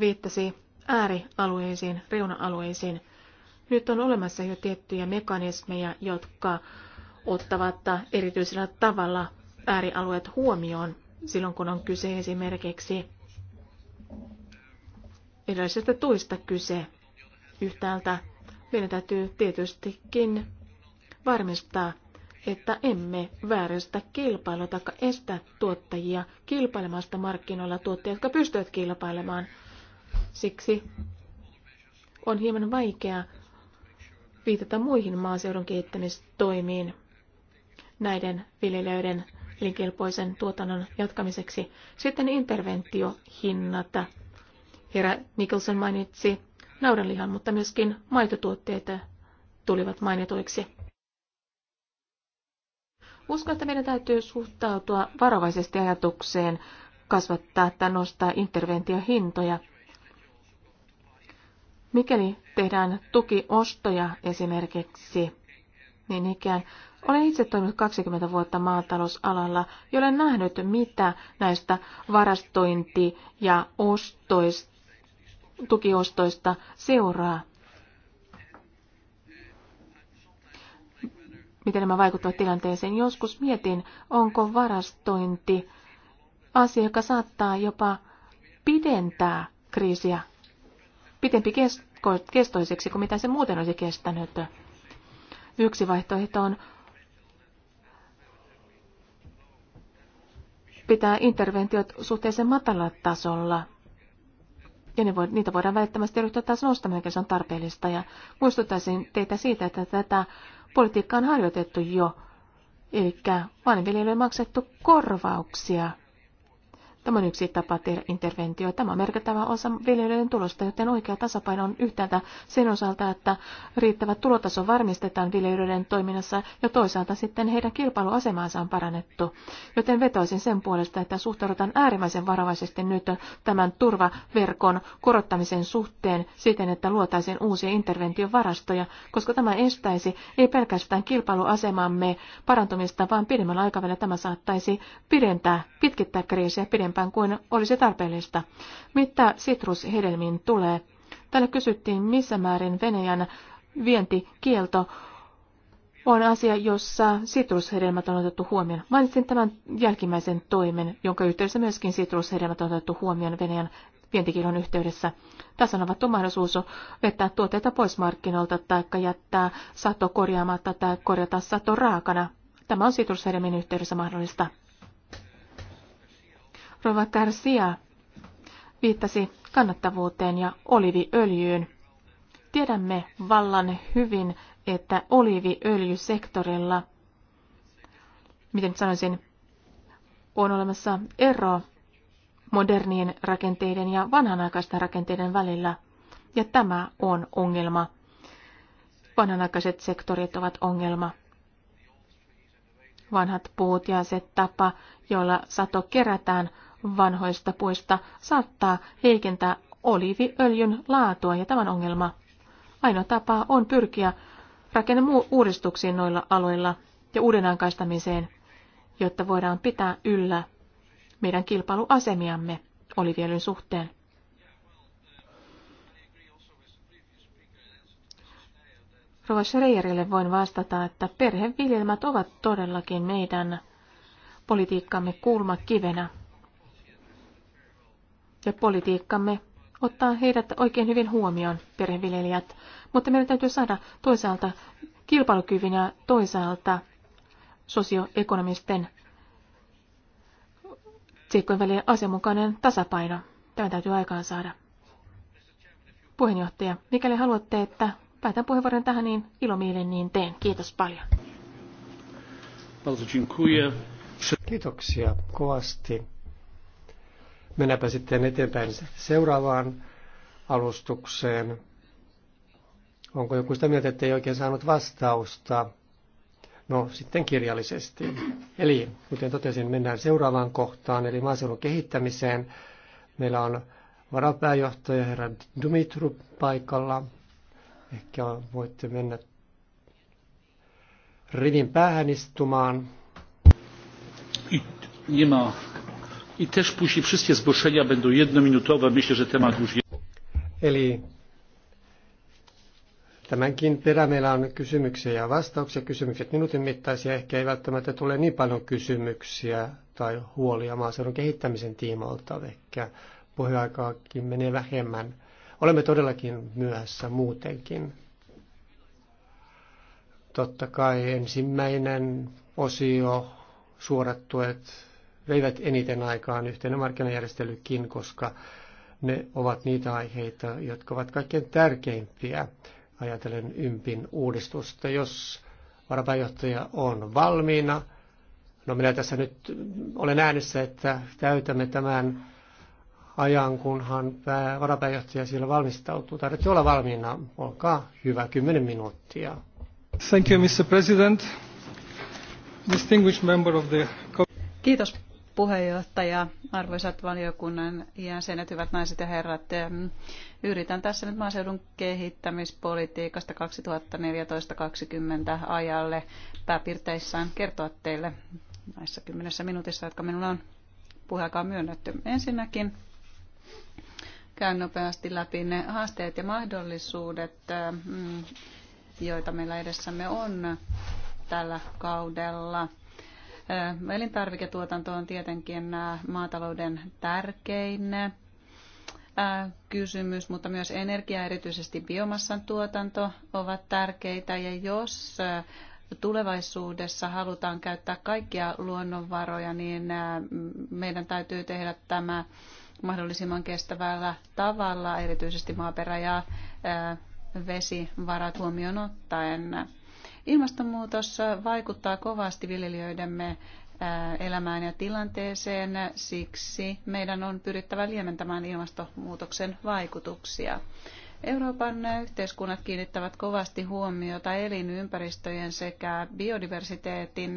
viittasi äärialueisiin, reuna-alueisiin. Nyt on olemassa jo tiettyjä mekanismeja, jotka ottavat erityisellä tavalla äärialueet huomioon silloin, kun on kyse esimerkiksi erilaisista tuista kyse. Yhtäältä meidän täytyy tietystikin varmistaa, että emme vääristä kilpailua tai estä tuottajia kilpailemasta markkinoilla tuottajia, jotka pystyvät kilpailemaan. Siksi on hieman vaikea viitata muihin maaseudun kehittämistoimiin näiden viljelijöiden elinkelpoisen tuotannon jatkamiseksi. Sitten interventiohinnat. Herra Nicholson mainitsi naudanlihan, mutta myöskin maitotuotteet tulivat mainituiksi. Uskon, että meidän täytyy suhtautua varovaisesti ajatukseen kasvattaa tai nostaa interventiohintoja. Mikäli tehdään tukiostoja esimerkiksi, niin ikään olen itse toiminut 20 vuotta maatalousalalla, olen nähnyt, mitä näistä varastointi- ja ostoista, tukiostoista seuraa. Miten nämä vaikuttavat tilanteeseen? Joskus mietin, onko varastointi asia, joka saattaa jopa pidentää kriisiä pitempi kestoiseksi kuin mitä se muuten olisi kestänyt. Yksi vaihtoehto on pitää interventiot suhteellisen matalalla tasolla. Ja ne voi, niitä voidaan välittömästi ryhtyä taas nostamaan, mikä se on tarpeellista. Ja muistuttaisin teitä siitä, että tätä politiikkaa on harjoitettu jo. Eli maanviljelijöille maksettu korvauksia Tämä on yksi tapa tehdä interventio. Tämä on merkittävä osa viljelijöiden tulosta, joten oikea tasapaino on yhtäältä sen osalta, että riittävä tulotaso varmistetaan viljelijöiden toiminnassa ja toisaalta sitten heidän kilpailuasemaansa on parannettu. Joten vetoisin sen puolesta, että suhtaudutaan äärimmäisen varovaisesti nyt tämän turvaverkon korottamisen suhteen siten, että luotaisiin uusia interventiovarastoja, koska tämä estäisi ei pelkästään kilpailuasemamme parantumista, vaan pidemmän aikavälillä tämä saattaisi pidentää, pitkittää kriisiä pidempään enempään kuin olisi tarpeellista. Mitä sitrushedelmiin tulee? Täällä kysyttiin, missä määrin Venäjän vientikielto on asia, jossa sitrushedelmät on otettu huomioon. Mainitsin tämän jälkimmäisen toimen, jonka yhteydessä myöskin sitrushedelmät on otettu huomioon Venäjän vientikielon yhteydessä. Tässä on avattu mahdollisuus vetää tuotteita pois markkinoilta tai jättää sato korjaamatta tai korjata sato raakana. Tämä on sitrushedelmien yhteydessä mahdollista. Rova Garcia viittasi kannattavuuteen ja oliviöljyyn. Tiedämme vallan hyvin, että oliviöljysektorilla, miten sanoisin, on olemassa ero modernien rakenteiden ja vanhanaikaisten rakenteiden välillä, ja tämä on ongelma. Vanhanaikaiset sektorit ovat ongelma. Vanhat puut ja se tapa, jolla sato kerätään, vanhoista puista saattaa heikentää oliiviöljyn laatua ja tämän ongelma. Ainoa tapa on pyrkiä uudistuksiin noilla aloilla ja uudenaikaistamiseen, jotta voidaan pitää yllä meidän kilpailuasemiamme oliiviöljyn suhteen. Rova Schreierille voin vastata, että perheviljelmät ovat todellakin meidän politiikkamme kulmakivenä ja politiikkamme ottaa heidät oikein hyvin huomioon, perheviljelijät. Mutta meidän täytyy saada toisaalta kilpailukyvyn ja toisaalta sosioekonomisten seikkojen välillä asianmukainen tasapaino. Tämä täytyy aikaan saada. Puheenjohtaja, mikäli haluatte, että päätän puheenvuoron tähän, niin ilomielin niin teen. Kiitos paljon. Kiitoksia kovasti. Mennäänpä sitten eteenpäin seuraavaan alustukseen. Onko joku sitä mieltä, että ei oikein saanut vastausta? No, sitten kirjallisesti. Eli, kuten totesin, mennään seuraavaan kohtaan, eli maaseudun kehittämiseen. Meillä on varapääjohtaja herra Dumitru paikalla. Ehkä voitte mennä rivin päähän istumaan i też później wszystkie zgłoszenia będą jednominutowe. Myślę, że temat już jest. Eli tämänkin perä meillä on kysymyksiä ja vastauksia. Kysymykset minuutin mittaisia ehkä ei välttämättä tule niin paljon kysymyksiä tai huolia maaseudun kehittämisen tiimoilta. Ehkä puheaikaakin menee vähemmän. Olemme todellakin myöhässä muutenkin. Totta kai ensimmäinen osio, suorat tuet, veivät eniten aikaan yhteinen markkinajärjestelykin, koska ne ovat niitä aiheita, jotka ovat kaikkein tärkeimpiä ajatellen ympin uudistusta. Jos varapääjohtaja on valmiina, no minä tässä nyt olen äänessä, että täytämme tämän ajan, kunhan pää, varapääjohtaja siellä valmistautuu. Tarvitsee olla valmiina. Olkaa hyvä, 10 minuuttia. Thank you, Mr. President. Distinguished member of the... Kiitos puheenjohtaja, arvoisat valiokunnan jäsenet, hyvät naiset ja herrat. Yritän tässä nyt maaseudun kehittämispolitiikasta 2014-2020 ajalle pääpiirteissään kertoa teille näissä kymmenessä minuutissa, jotka minulla on puheaikaan myönnetty. Ensinnäkin käyn nopeasti läpi ne haasteet ja mahdollisuudet, joita meillä edessämme on tällä kaudella Elintarviketuotanto on tietenkin maatalouden tärkein kysymys, mutta myös energia, erityisesti biomassan tuotanto, ovat tärkeitä. Ja jos tulevaisuudessa halutaan käyttää kaikkia luonnonvaroja, niin meidän täytyy tehdä tämä mahdollisimman kestävällä tavalla, erityisesti maaperä- ja vesivarat huomioon ottaen. Ilmastonmuutos vaikuttaa kovasti viljelijöidemme elämään ja tilanteeseen, siksi meidän on pyrittävä lieventämään ilmastonmuutoksen vaikutuksia. Euroopan yhteiskunnat kiinnittävät kovasti huomiota elinympäristöjen sekä biodiversiteetin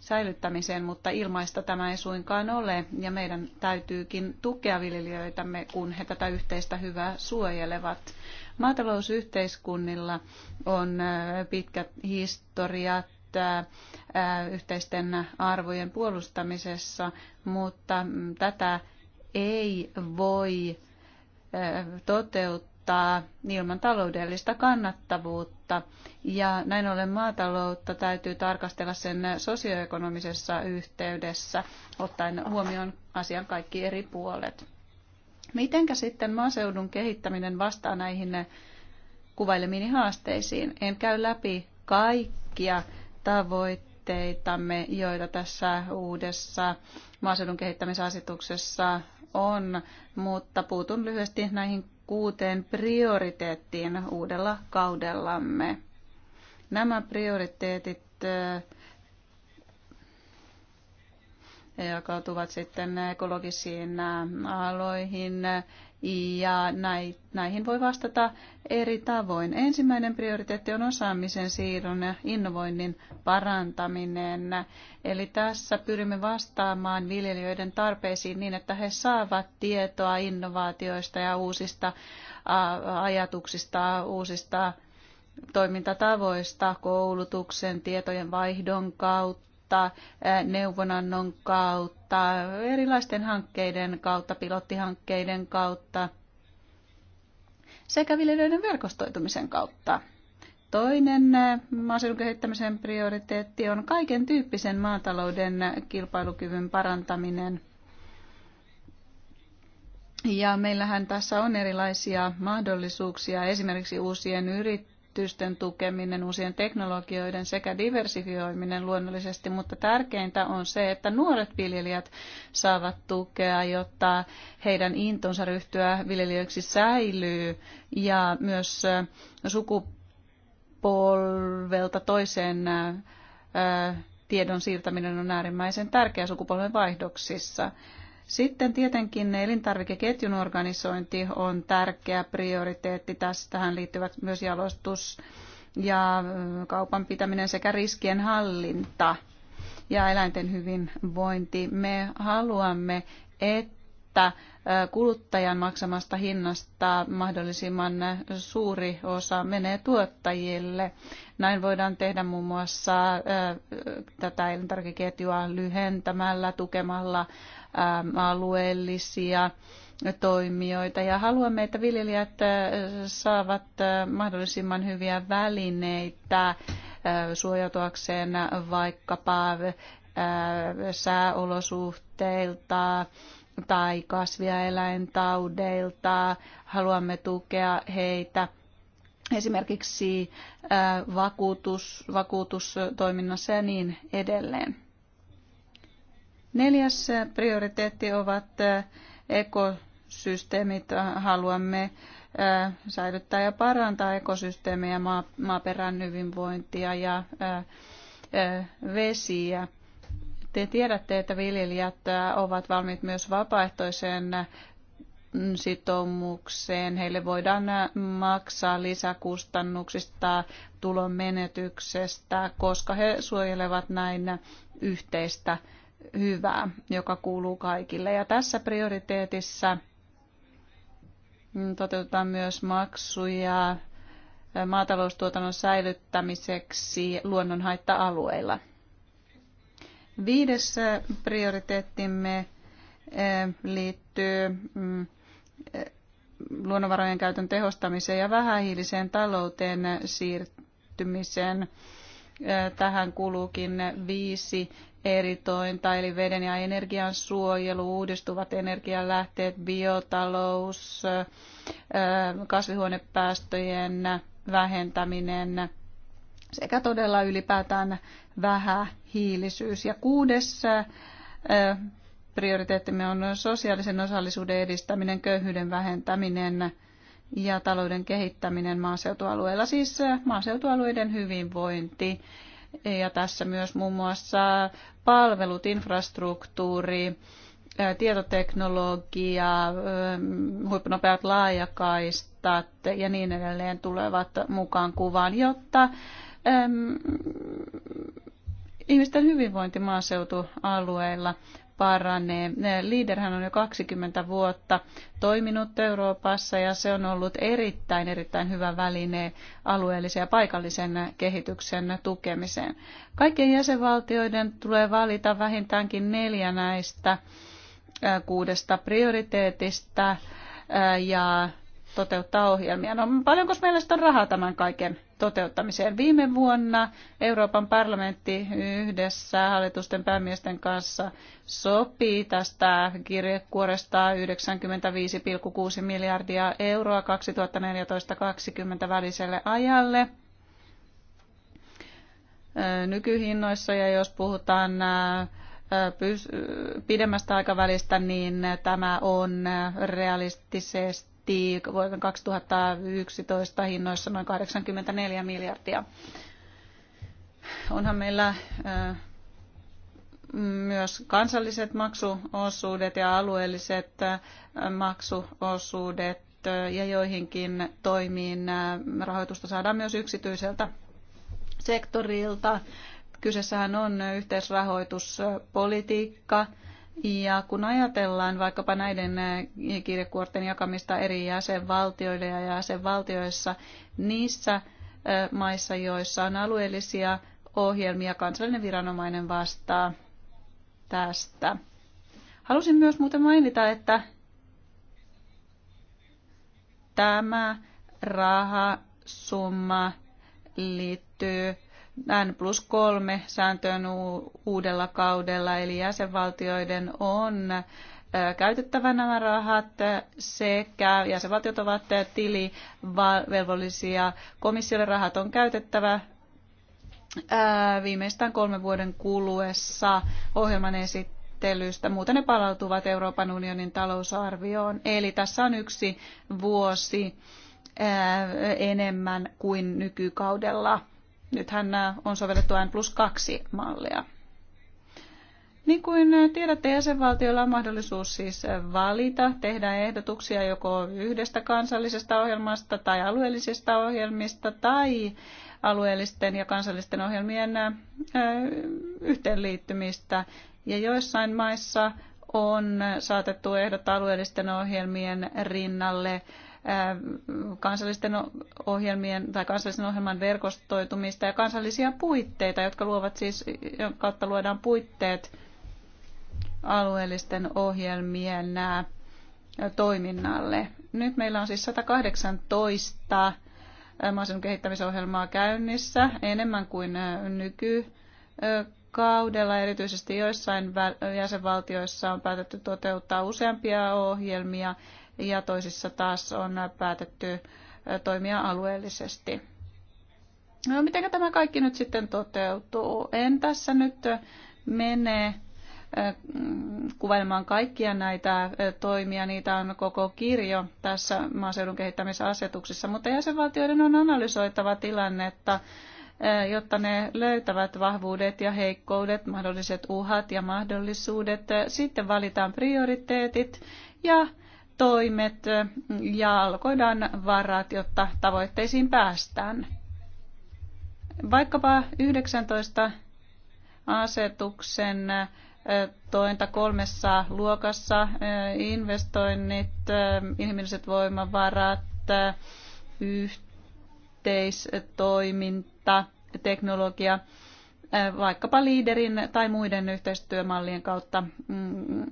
säilyttämiseen, mutta ilmaista tämä ei suinkaan ole, ja meidän täytyykin tukea viljelijöitämme, kun he tätä yhteistä hyvää suojelevat. Maatalousyhteiskunnilla on äh, pitkät historiat äh, äh, yhteisten arvojen puolustamisessa, mutta mm, tätä ei voi toteuttaa ilman taloudellista kannattavuutta. Ja näin ollen maataloutta täytyy tarkastella sen sosioekonomisessa yhteydessä, ottaen huomioon asian kaikki eri puolet. Mitenkä sitten maaseudun kehittäminen vastaa näihin kuvailemiini haasteisiin? En käy läpi kaikkia tavoitteitamme, joita tässä uudessa maaseudun kehittämisasetuksessa on, mutta puutun lyhyesti näihin kuuteen prioriteettiin uudella kaudellamme. Nämä prioriteetit jakautuvat sitten ekologisiin aloihin ja näihin voi vastata eri tavoin. Ensimmäinen prioriteetti on osaamisen siirron ja innovoinnin parantaminen. Eli tässä pyrimme vastaamaan viljelijöiden tarpeisiin niin, että he saavat tietoa innovaatioista ja uusista ajatuksista, uusista toimintatavoista koulutuksen, tietojen vaihdon kautta kautta, neuvonannon kautta, erilaisten hankkeiden kautta, pilottihankkeiden kautta sekä viljelijöiden verkostoitumisen kautta. Toinen maaseudun kehittämisen prioriteetti on kaiken tyyppisen maatalouden kilpailukyvyn parantaminen. Ja meillähän tässä on erilaisia mahdollisuuksia esimerkiksi uusien yrittäjien yritysten tukeminen, uusien teknologioiden sekä diversifioiminen luonnollisesti, mutta tärkeintä on se, että nuoret viljelijät saavat tukea, jotta heidän intonsa ryhtyä viljelijöiksi säilyy ja myös äh, sukupolvelta toiseen äh, äh, tiedon siirtäminen on äärimmäisen tärkeä sukupolven vaihdoksissa. Sitten tietenkin elintarvikeketjun organisointi on tärkeä prioriteetti. Tähän liittyvät myös jalostus ja kaupan pitäminen sekä riskien hallinta ja eläinten hyvinvointi. Me haluamme, että kuluttajan maksamasta hinnasta mahdollisimman suuri osa menee tuottajille. Näin voidaan tehdä muun muassa tätä elintarvikeketjua lyhentämällä, tukemalla alueellisia toimijoita ja haluamme, että viljelijät äh, saavat äh, mahdollisimman hyviä välineitä äh, suojautuakseen vaikkapa sääolosuhteilta tai kasvi- ja eläintaudeilta. Haluamme tukea heitä esimerkiksi vakuutus, vakuutustoiminnassa ja niin edelleen. Neljäs prioriteetti ovat ekosysteemit. Haluamme säilyttää ja parantaa ekosysteemejä, maaperän hyvinvointia ja vesiä. Te tiedätte, että viljelijät ovat valmiit myös vapaaehtoiseen sitoumukseen. Heille voidaan maksaa lisäkustannuksista, tulon menetyksestä, koska he suojelevat näin yhteistä hyvää, joka kuuluu kaikille. Ja tässä prioriteetissa toteutetaan myös maksuja maataloustuotannon säilyttämiseksi luonnonhaitta-alueilla. Viides eh, prioriteettimme eh, liittyy mm, eh, luonnonvarojen käytön tehostamiseen ja vähähiiliseen talouteen siirtymiseen. Tähän kuuluukin viisi eritointa, eli veden ja energian suojelu, uudistuvat energialähteet, biotalous, kasvihuonepäästöjen vähentäminen sekä todella ylipäätään vähähiilisyys. Ja kuudes prioriteettimme on sosiaalisen osallisuuden edistäminen, köyhyyden vähentäminen ja talouden kehittäminen maaseutualueella, siis maaseutualueiden hyvinvointi. Ja tässä myös muun muassa palvelut, infrastruktuuri, tietoteknologia, huippunopeat laajakaistat ja niin edelleen tulevat mukaan kuvaan, jotta ihmisten hyvinvointi maaseutualueilla paranee. Liiderhän on jo 20 vuotta toiminut Euroopassa ja se on ollut erittäin, erittäin hyvä väline alueellisen ja paikallisen kehityksen tukemiseen. Kaikkien jäsenvaltioiden tulee valita vähintäänkin neljä näistä kuudesta prioriteetista ja toteuttaa ohjelmia. No paljonko meillä on rahaa tämän kaiken toteuttamiseen? Viime vuonna Euroopan parlamentti yhdessä hallitusten päämiesten kanssa sopii tästä kirjekuoresta 95,6 miljardia euroa 2014-2020 väliselle ajalle nykyhinnoissa ja jos puhutaan pidemmästä aikavälistä, niin tämä on realistisesti ylitti vuoden 2011 hinnoissa noin 84 miljardia. Onhan meillä myös kansalliset maksuosuudet ja alueelliset maksuosuudet ja joihinkin toimiin rahoitusta saadaan myös yksityiseltä sektorilta. Kyseessähän on yhteisrahoituspolitiikka, ja kun ajatellaan vaikkapa näiden eh, kirjekuorten jakamista eri jäsenvaltioille ja jäsenvaltioissa, niissä eh, maissa, joissa on alueellisia ohjelmia, kansallinen viranomainen vastaa tästä. Halusin myös muuten mainita, että tämä rahasumma liittyy N plus kolme sääntöön uudella kaudella, eli jäsenvaltioiden on käytettävä nämä rahat sekä jäsenvaltiot ovat tilivelvollisia. Komissiolle rahat on käytettävä viimeistään kolmen vuoden kuluessa ohjelman esittelystä. Muuten ne palautuvat Euroopan unionin talousarvioon. Eli tässä on yksi vuosi enemmän kuin nykykaudella Nythän äh, on sovellettu N plus 2 mallia. Niin kuin äh, tiedätte, jäsenvaltioilla on mahdollisuus siis äh, valita, tehdä ehdotuksia joko yhdestä kansallisesta ohjelmasta tai alueellisista ohjelmista tai alueellisten ja kansallisten ohjelmien yhteenliittymistä. Ja joissain maissa on saatettu ehdot alueellisten ohjelmien rinnalle kansallisten ohjelmien tai kansallisen ohjelman verkostoitumista ja kansallisia puitteita, jotka luovat siis, kautta luodaan puitteet alueellisten ohjelmien toiminnalle. Nyt meillä on siis 118 maaseudun kehittämisohjelmaa käynnissä, enemmän kuin nykykaudella. Erityisesti joissain jäsenvaltioissa on päätetty toteuttaa useampia ohjelmia ja toisissa taas on päätetty toimia alueellisesti. No, miten tämä kaikki nyt sitten toteutuu? En tässä nyt mene kuvailemaan kaikkia näitä toimia. Niitä on koko kirjo tässä maaseudun kehittämisasetuksessa, mutta jäsenvaltioiden on analysoitava tilannetta, jotta ne löytävät vahvuudet ja heikkoudet, mahdolliset uhat ja mahdollisuudet. Sitten valitaan prioriteetit ja toimet ja alkoidaan varat, jotta tavoitteisiin päästään. Vaikkapa 19 asetuksen tointa kolmessa luokassa investoinnit, inhimilliset voimavarat, yhteistoiminta, teknologia, vaikkapa liiderin tai muiden yhteistyömallien kautta mm,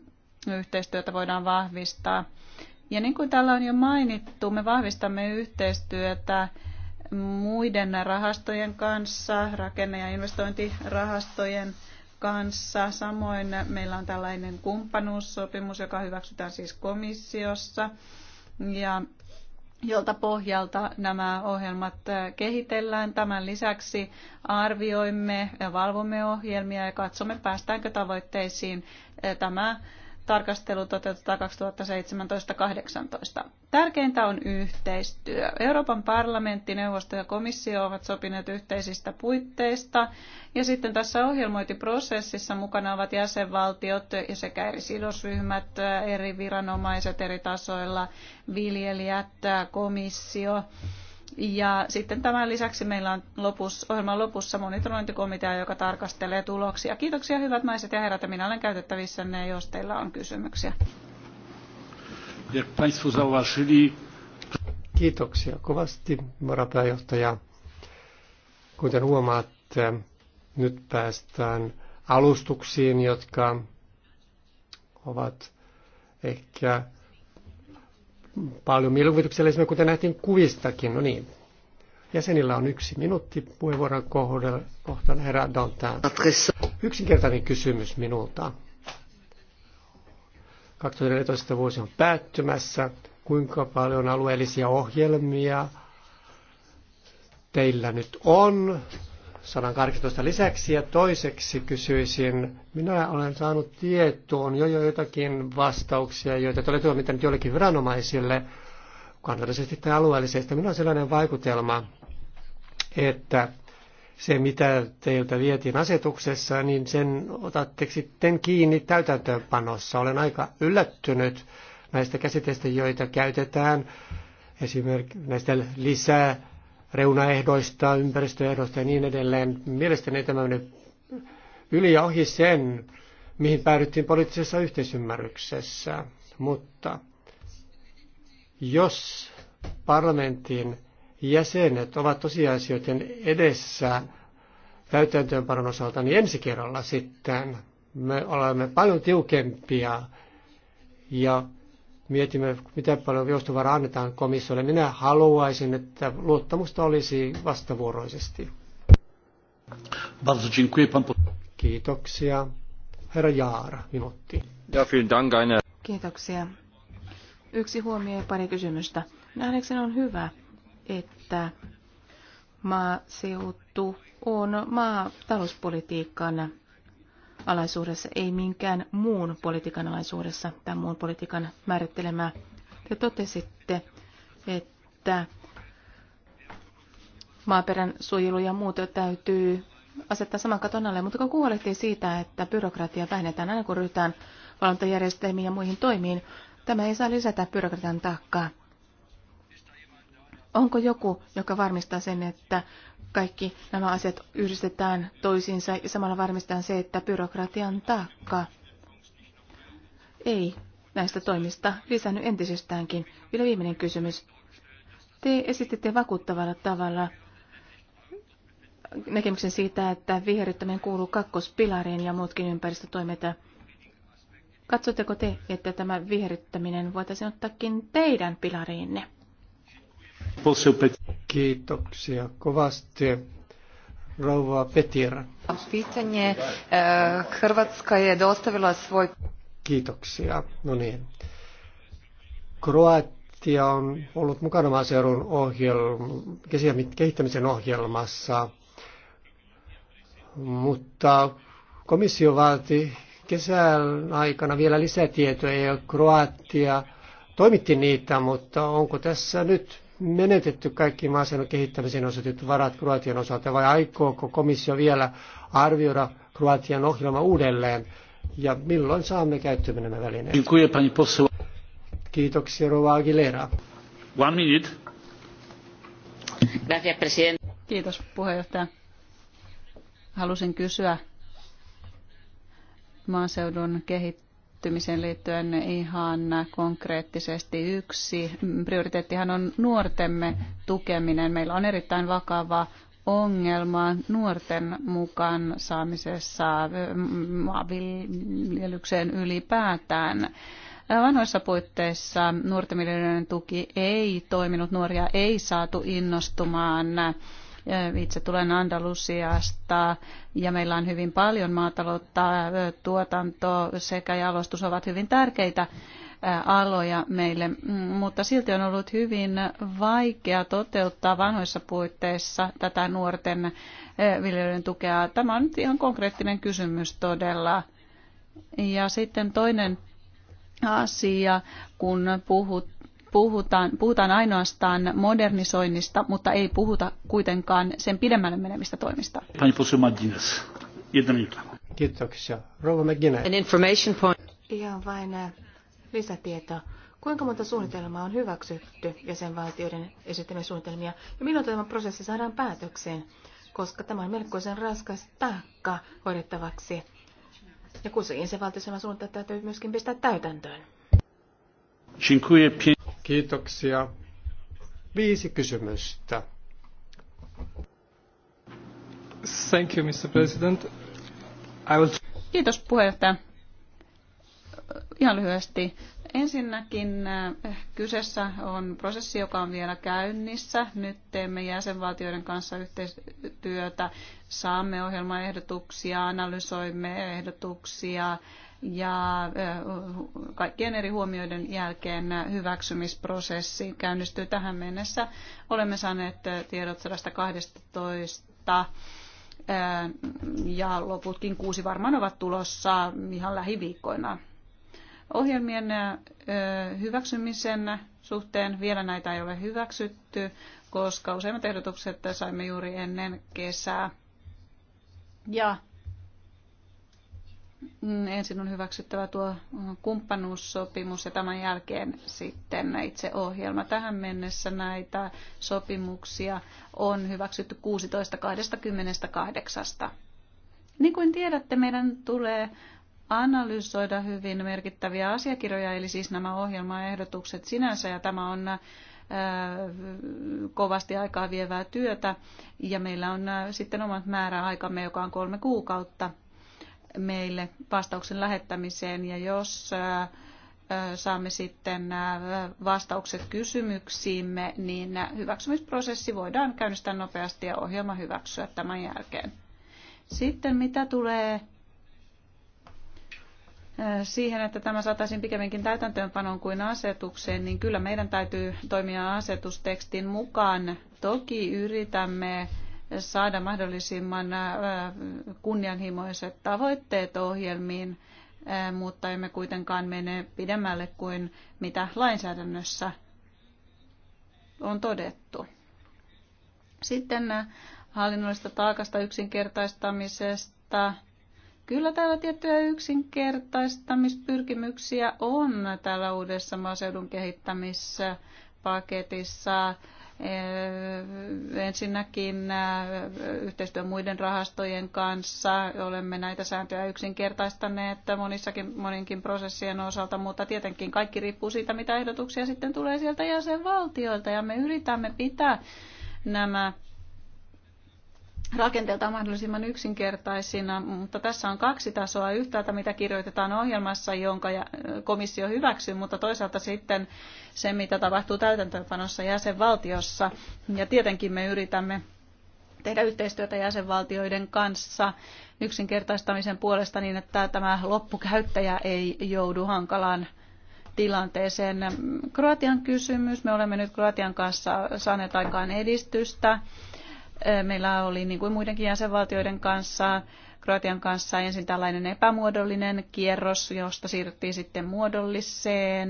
yhteistyötä voidaan vahvistaa. Ja niin kuin täällä on jo mainittu, me vahvistamme yhteistyötä muiden rahastojen kanssa, rakenne- ja investointirahastojen kanssa. Samoin meillä on tällainen kumppanuussopimus, joka hyväksytään siis komissiossa ja jolta pohjalta nämä ohjelmat kehitellään. Tämän lisäksi arvioimme ja valvomme ohjelmia ja katsomme, päästäänkö tavoitteisiin. Tämä tarkastelu toteutetaan 2017-2018. Tärkeintä on yhteistyö. Euroopan parlamentti, neuvosto ja komissio ovat sopineet yhteisistä puitteista. Ja sitten tässä ohjelmointiprosessissa mukana ovat jäsenvaltiot ja sekä eri sidosryhmät, eri viranomaiset eri tasoilla, viljelijät, komissio ja sitten tämän lisäksi meillä on lopussa, ohjelman lopussa monitorointikomitea, joka tarkastelee tuloksia. Kiitoksia hyvät naiset ja herrat, ja minä olen ne, jos teillä on kysymyksiä. Kiitoksia kovasti, varapääjohtaja. Kuten huomaatte, nyt päästään alustuksiin, jotka ovat ehkä paljon mielikuvituksellisia, kuten nähtiin kuvistakin. No niin, jäsenillä on yksi minuutti puheenvuoron kohtaan herra Dantan. Yksinkertainen kysymys minulta. 2014 vuosi on päättymässä. Kuinka paljon alueellisia ohjelmia teillä nyt on 118 lisäksi ja toiseksi kysyisin, minä olen saanut tietoa, jo, jo jotakin vastauksia, joita olet olette toimittaneet joillekin viranomaisille, kansallisesti tai alueellisesti. Minulla on sellainen vaikutelma, että se mitä teiltä vietiin asetuksessa, niin sen otatte sitten kiinni täytäntöönpanossa. Olen aika yllättynyt näistä käsitteistä, joita käytetään, esimerkiksi näistä lisää reunaehdoista, ympäristöehdoista ja niin edelleen. Mielestäni tämä menee yli ja ohi sen, mihin päädyttiin poliittisessa yhteisymmärryksessä. Mutta jos parlamentin jäsenet ovat tosiasioiden edessä täytäntöönpanon osalta, niin ensi kerralla sitten me olemme paljon tiukempia ja mietimme, miten paljon joustovaraa annetaan komissiolle. Minä haluaisin, että luottamusta olisi vastavuoroisesti. Kiitoksia. Herra Jaara, minuutti. Kiitoksia. Yksi huomio ja pari kysymystä. Nähdäkseni on hyvä, että maaseutu on maa alaisuudessa, ei minkään muun politiikan alaisuudessa tai muun politiikan määrittelemää. Te totesitte, että maaperän suojelu ja muut täytyy asettaa saman katon alle, mutta kun huolehtii siitä, että byrokratia vähennetään aina kun ryhdytään valvontajärjestelmiin ja muihin toimiin, tämä ei saa lisätä byrokratian taakkaa. Onko joku, joka varmistaa sen, että kaikki nämä asiat yhdistetään toisiinsa ja samalla varmistetaan se, että byrokratian taakka ei näistä toimista lisännyt entisestäänkin. Vielä viimeinen kysymys. Te esititte vakuuttavalla tavalla näkemyksen siitä, että viherryttäminen kuuluu kakkospilariin ja muutkin ympäristötoimet. Katsotteko te, että tämä viherryttäminen voitaisiin ottaakin teidän pilariinne? Kiitoksia kovasti. Rouva Petira. Pitanje. Eh, Hrvatska je dostavila svoj... Kiitoksia. No niin. Kroatia on ollut mukana maaseudun ohjelma, kehittämisen ohjelmassa, mutta komissio vaati kesän aikana vielä lisätietoja ja Kroatia toimitti niitä, mutta onko tässä nyt menetetty kaikki maaseudun kehittämiseen osoitettu varat Kroatian osalta vai aikooko komissio vielä arvioida Kroatian ohjelma uudelleen ja milloin saamme käyttöön nämä välineet? Kiitoksia Rova Aguilera. One minute. Gracias, Kiitos puheenjohtaja. Halusin kysyä maaseudun kehittämisestä kehittymiseen liittyen ihan konkreettisesti yksi prioriteettihan on nuortemme tukeminen. Meillä on erittäin vakava ongelma nuorten mukaan saamisessa mm, maanviljelykseen ylipäätään. Vanhoissa puitteissa nuorten tuki ei toiminut, nuoria ei saatu innostumaan itse tulen Andalusiasta ja meillä on hyvin paljon maataloutta, tuotanto sekä jalostus ovat hyvin tärkeitä aloja meille, mm, mutta silti on ollut hyvin vaikea toteuttaa vanhoissa puitteissa tätä nuorten viljelyn tukea. Tämä on nyt ihan konkreettinen kysymys todella. Ja sitten toinen asia, kun puhut puhutaan, puhutaan ainoastaan modernisoinnista, mutta ei puhuta kuitenkaan sen pidemmälle menemistä toimista. Kiitoksia. Rouva An information point. Ihan vain äh, lisätietoa. Kuinka monta suunnitelmaa on hyväksytty jäsenvaltioiden esittämiä suunnitelmia ja milloin tämä prosessi saadaan päätökseen? Koska tämä on melkoisen raskas taakka hoidettavaksi. Ja kussakin se valtiossa suunnitelma täytyy myöskin pistää täytäntöön. Kiitoksia. Viisi kysymystä. Thank you, Mr. President. I will... Kiitos puheenjohtaja. Ihan lyhyesti. Ensinnäkin eh, kyseessä on prosessi, joka on vielä käynnissä. Nyt teemme jäsenvaltioiden kanssa yhteistyötä, saamme ohjelmaehdotuksia, analysoimme ehdotuksia, ja kaikkien eri huomioiden jälkeen hyväksymisprosessi käynnistyy tähän mennessä. Olemme saaneet tiedot 112 ja loputkin kuusi varmaan ovat tulossa ihan lähiviikkoina. Ohjelmien hyväksymisen suhteen vielä näitä ei ole hyväksytty, koska useimmat ehdotukset saimme juuri ennen kesää. Ja Mm, ensin on hyväksyttävä tuo mm, kumppanuussopimus ja tämän jälkeen sitten itse ohjelma. Tähän mennessä näitä sopimuksia on hyväksytty 16.28. Niin kuin tiedätte, meidän tulee analysoida hyvin merkittäviä asiakirjoja, eli siis nämä ohjelmaehdotukset sinänsä, ja tämä on äh, kovasti aikaa vievää työtä, ja meillä on äh, sitten omat määräaikamme, joka on kolme kuukautta meille vastauksen lähettämiseen ja jos saamme sitten vastaukset kysymyksiimme, niin hyväksymisprosessi voidaan käynnistää nopeasti ja ohjelma hyväksyä tämän jälkeen. Sitten mitä tulee siihen, että tämä saataisiin pikemminkin täytäntöönpanoon kuin asetukseen, niin kyllä meidän täytyy toimia asetustekstin mukaan. Toki yritämme saada mahdollisimman kunnianhimoiset tavoitteet ohjelmiin, mutta emme kuitenkaan mene pidemmälle kuin mitä lainsäädännössä on todettu. Sitten hallinnollista taakasta yksinkertaistamisesta. Kyllä täällä tiettyjä yksinkertaistamispyrkimyksiä on täällä uudessa maaseudun kehittämispaketissa. paketissa Eh, ensinnäkin eh, yhteistyö muiden rahastojen kanssa. Olemme näitä sääntöjä yksinkertaistaneet monissakin, moninkin prosessien osalta, mutta tietenkin kaikki riippuu siitä, mitä ehdotuksia sitten tulee sieltä jäsenvaltioilta. Ja me yritämme pitää nämä rakenteeltaan mahdollisimman yksinkertaisina, mutta tässä on kaksi tasoa. Yhtäältä mitä kirjoitetaan ohjelmassa, jonka komissio hyväksyy, mutta toisaalta sitten se, mitä tapahtuu täytäntöönpanossa jäsenvaltiossa. Ja tietenkin me yritämme tehdä yhteistyötä jäsenvaltioiden kanssa yksinkertaistamisen puolesta niin, että tämä loppukäyttäjä ei joudu hankalaan tilanteeseen. Kroatian kysymys. Me olemme nyt Kroatian kanssa saaneet aikaan edistystä meillä oli niin kuin muidenkin jäsenvaltioiden kanssa, Kroatian kanssa ensin tällainen epämuodollinen kierros, josta siirryttiin sitten muodolliseen.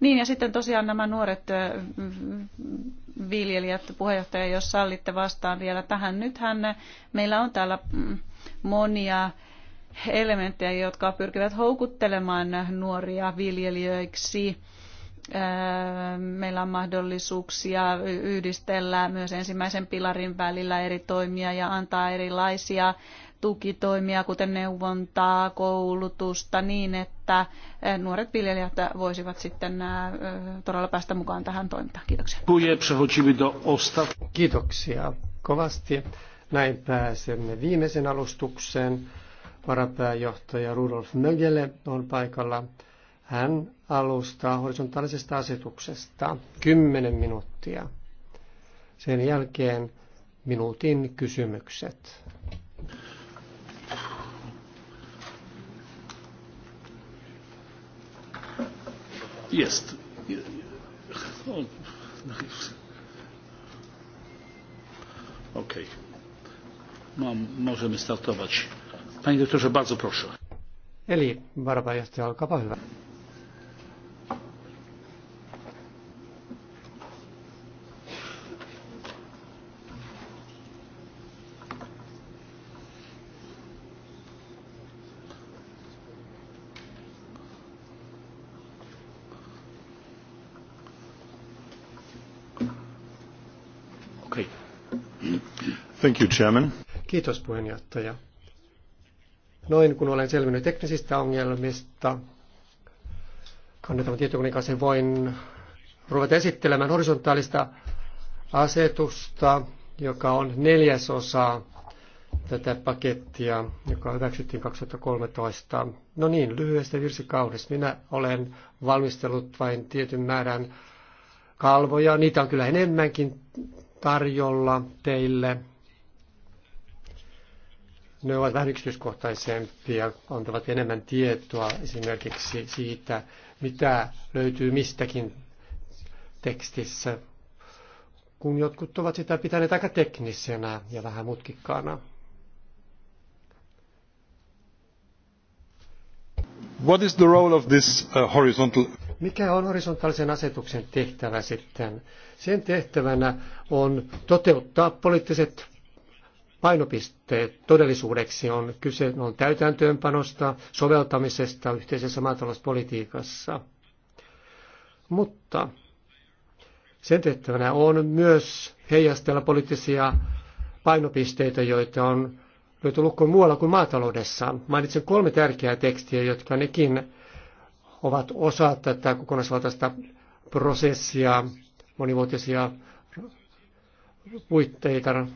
Niin ja sitten tosiaan nämä nuoret viljelijät, puheenjohtaja, jos sallitte vastaan vielä tähän. Nythän meillä on täällä mm, monia elementtejä, jotka pyrkivät houkuttelemaan nuoria viljelijöiksi Öö, meillä on mahdollisuuksia yhdistellä myös ensimmäisen pilarin välillä eri toimia ja antaa erilaisia tukitoimia, kuten neuvontaa, koulutusta, niin että nuoret viljelijät voisivat sitten todella päästä mukaan tähän toimintaan. Kiitoksia. Kiitoksia kovasti. Näin pääsemme viimeisen alustukseen. Varapääjohtaja Rudolf Mögele on paikalla. Hän alustaa horisontaalisesta asetuksesta 10 minuuttia. Sen jälkeen minuutin kysymykset. Jest. Okej. Okay. Mam, możemy startować. Panie doktorze, bardzo proszę. Eli varapuheenjohtaja, alkapa, hyvä. Thank you, Chairman. Kiitos puheenjohtaja. Noin kun olen selvinnyt teknisistä ongelmista, kannatavan tietokoneen kanssa voin ruveta esittelemään horisontaalista asetusta, joka on neljäsosa tätä pakettia, joka hyväksyttiin 2013. No niin, virsi virsikaudesta. Minä olen valmistellut vain tietyn määrän kalvoja. Niitä on kyllä enemmänkin tarjolla teille. Ne ovat vähän yksityiskohtaisempia, antavat enemmän tietoa esimerkiksi siitä, mitä löytyy mistäkin tekstissä, kun jotkut ovat sitä pitäneet aika teknisenä ja vähän mutkikkaana. What is the role of this uh, horizontal mikä on horisontaalisen asetuksen tehtävä sitten? Sen tehtävänä on toteuttaa poliittiset painopisteet todellisuudeksi on kyse on täytäntöönpanosta, soveltamisesta yhteisessä maatalouspolitiikassa. Mutta sen tehtävänä on myös heijastella poliittisia painopisteitä, joita on löyty lukkoon muualla kuin maataloudessa. Mainitsen kolme tärkeää tekstiä, jotka nekin ovat osa tätä kokonaisvaltaista prosessia, monivuotisia puitteita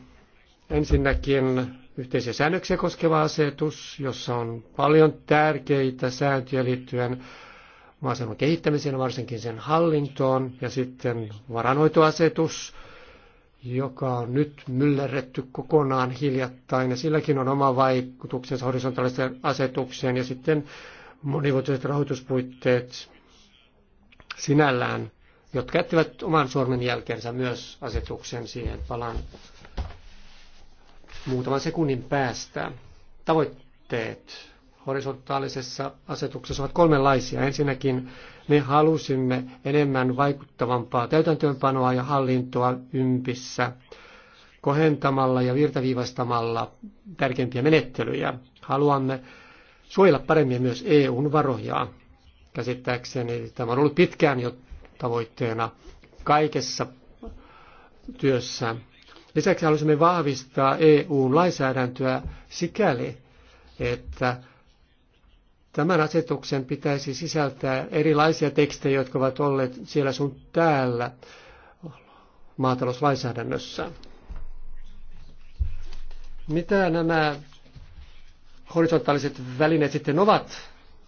Ensinnäkin yhteisiä säännöksiä koskeva asetus, jossa on paljon tärkeitä sääntöjä liittyen maaseudun kehittämiseen, varsinkin sen hallintoon, ja sitten varanoitoasetus, joka on nyt myllerretty kokonaan hiljattain, ja silläkin on oma vaikutuksensa horisontaaliseen asetukseen, ja sitten monivuotiset rahoituspuitteet sinällään, jotka jättivät oman sormen jälkeensä myös asetuksen siihen. palan muutaman sekunnin päästä. Tavoitteet horisontaalisessa asetuksessa ovat kolmenlaisia. Ensinnäkin me halusimme enemmän vaikuttavampaa täytäntöönpanoa ja hallintoa ympissä kohentamalla ja virtaviivastamalla tärkeimpiä menettelyjä. Haluamme suojella paremmin myös EUn varoja. Käsittääkseni tämä on ollut pitkään jo tavoitteena kaikessa työssä Lisäksi halusimme vahvistaa EU-lainsäädäntöä sikäli, että tämän asetuksen pitäisi sisältää erilaisia tekstejä, jotka ovat olleet siellä sun täällä maatalouslainsäädännössä. Mitä nämä horisontaaliset välineet sitten ovat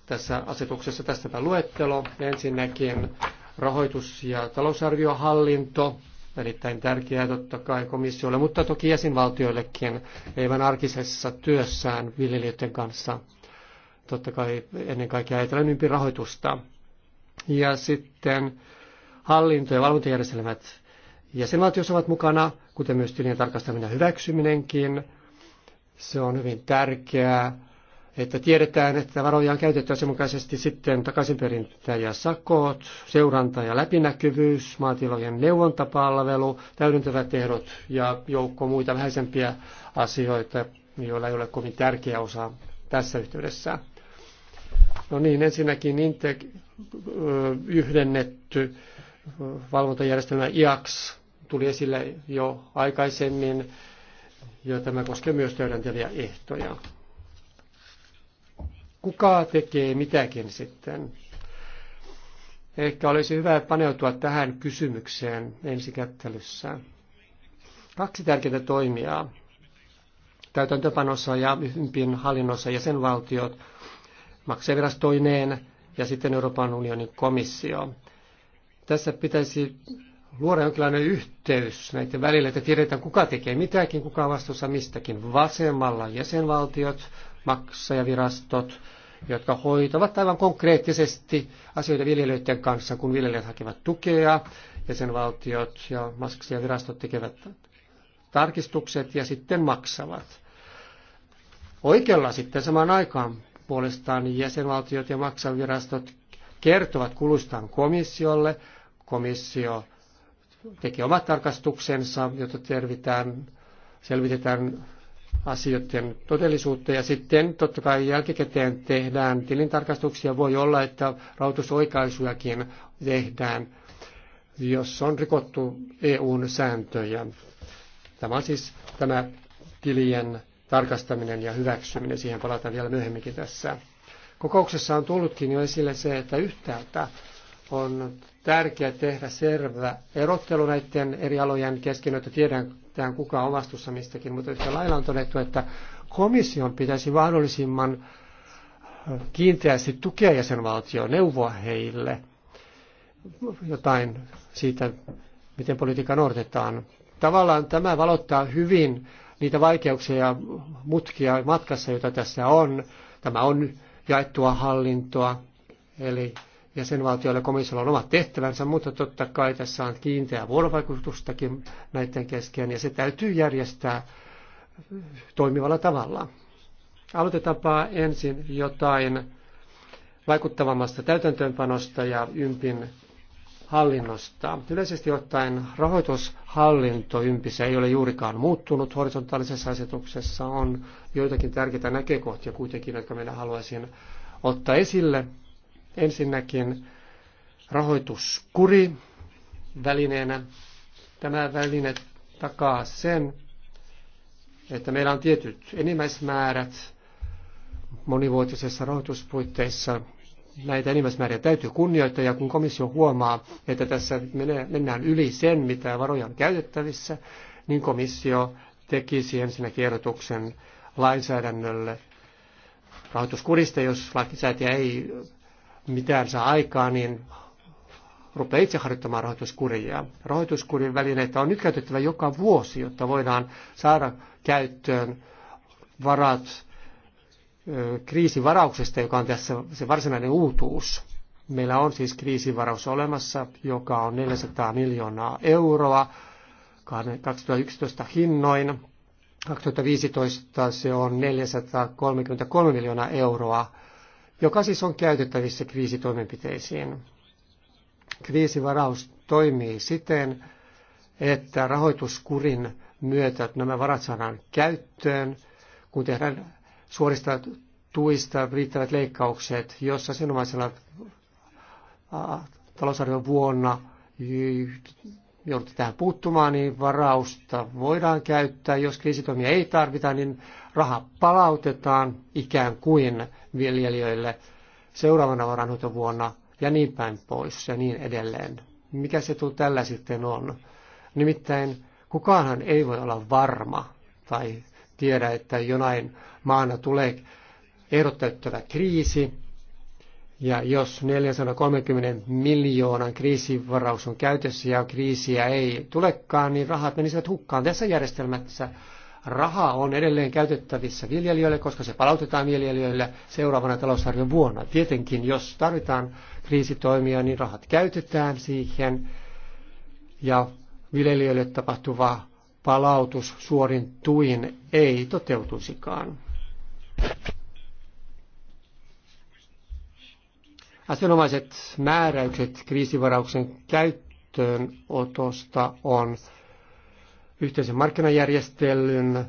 tässä asetuksessa? Tästäpä luettelo. Ensinnäkin rahoitus- ja talousarviohallinto, erittäin tärkeää totta kai komissiolle, mutta toki jäsenvaltioillekin eivän arkisessa työssään viljelijöiden kanssa. Totta kai ennen kaikkea ajatellaan ympi rahoitusta. Ja sitten hallinto- ja valvontajärjestelmät jäsenvaltiossa ovat mukana, kuten myös tilien tarkastaminen ja hyväksyminenkin. Se on hyvin tärkeää että tiedetään, että varoja on käytetty asianmukaisesti sitten takaisinperintä ja sakot, seuranta ja läpinäkyvyys, maatilojen neuvontapalvelu, täydentävät ehdot ja joukko muita vähäisempiä asioita, joilla ei ole kovin tärkeä osa tässä yhteydessä. No niin, ensinnäkin integ- yhdennetty valvontajärjestelmä IAX tuli esille jo aikaisemmin, ja tämä koskee myös täydentäviä ehtoja kuka tekee mitäkin sitten. Ehkä olisi hyvä paneutua tähän kysymykseen ensikättelyssä. Kaksi tärkeää toimijaa. Täytäntöpanossa ja ympin hallinnossa jäsenvaltiot, maksavirastoineen ja sitten Euroopan unionin komissio. Tässä pitäisi luoda jonkinlainen yhteys näiden välillä, että tiedetään kuka tekee mitäkin, kuka vastuussa mistäkin. Vasemmalla jäsenvaltiot, maksajavirastot, jotka hoitavat aivan konkreettisesti asioita viljelijöiden kanssa, kun viljelijät hakevat tukea, jäsenvaltiot ja maksajavirastot tekevät tarkistukset ja sitten maksavat. Oikealla sitten samaan aikaan puolestaan jäsenvaltiot ja maksavirastot kertovat kulustaan komissiolle. Komissio tekee omat tarkastuksensa, jota tervitään, selvitetään asioiden todellisuutta ja sitten totta kai jälkikäteen tehdään tilintarkastuksia. Voi olla, että rautusoikaisujakin tehdään, jos on rikottu EUn sääntöjä. Tämä on siis tämä tilien tarkastaminen ja hyväksyminen. Siihen palataan vielä myöhemminkin tässä. Kokouksessa on tullutkin jo esille se, että yhtäältä on tärkeää tehdä selvä erottelu näiden eri alojen kesken, että tiedän, yhtään kuka on vastuussa mistäkin, mutta yhtä lailla on todettu, että komission pitäisi mahdollisimman kiinteästi tukea jäsenvaltio, neuvoa heille jotain siitä, miten politiikka noudatetaan. Tavallaan tämä valottaa hyvin niitä vaikeuksia ja mutkia matkassa, joita tässä on. Tämä on jaettua hallintoa, eli jäsenvaltioille komissiolla on omat tehtävänsä, mutta totta kai tässä on kiinteää vuorovaikutustakin näiden kesken, ja se täytyy järjestää toimivalla tavalla. Aloitetaanpa ensin jotain vaikuttavammasta täytäntöönpanosta ja ympin hallinnosta. Yleisesti ottaen rahoitushallinto ympissä ei ole juurikaan muuttunut. Horisontaalisessa asetuksessa on joitakin tärkeitä näkökohtia kuitenkin, jotka minä haluaisin ottaa esille. Ensinnäkin rahoituskuri välineenä. Tämä väline takaa sen, että meillä on tietyt enimmäismäärät monivuotisessa rahoituspuitteissa. Näitä enimmäismääriä täytyy kunnioittaa ja kun komissio huomaa, että tässä mennään yli sen, mitä varoja on käytettävissä, niin komissio tekisi ensinnäkin ehdotuksen lainsäädännölle rahoituskurista, jos lakisäätiä ei mitään saa aikaa, niin rupeaa itse harjoittamaan rahoituskuria. Rahoituskurin välineitä on nyt käytettävä joka vuosi, jotta voidaan saada käyttöön varat kriisivarauksesta, joka on tässä se varsinainen uutuus. Meillä on siis kriisivaraus olemassa, joka on 400 miljoonaa euroa 2011 hinnoin. 2015 se on 433 miljoonaa euroa joka siis on käytettävissä kriisitoimenpiteisiin. Kriisivaraus toimii siten, että rahoituskurin myötä nämä varat saadaan käyttöön, kun tehdään suorista tuista riittävät leikkaukset, jossa sinomaisella talousarvion vuonna joudutte tähän puuttumaan, niin varausta voidaan käyttää. Jos kriisitoimia ei tarvita, niin raha palautetaan ikään kuin viljelijöille seuraavana varanhoitovuonna ja niin päin pois ja niin edelleen. Mikä se tuu tällä sitten on? Nimittäin kukaanhan ei voi olla varma tai tiedä, että jonain maana tulee ehdotettava kriisi, ja jos 430 miljoonan kriisivaraus on käytössä ja kriisiä ei tulekaan, niin rahat menisivät hukkaan. Tässä järjestelmässä raha on edelleen käytettävissä viljelijöille, koska se palautetaan viljelijöille seuraavana talousarvion vuonna. Tietenkin, jos tarvitaan kriisitoimia, niin rahat käytetään siihen ja viljelijöille tapahtuva palautus suorin tuin ei toteutuisikaan. Asianomaiset määräykset kriisivarauksen käyttöönotosta on yhteisen markkinajärjestelyn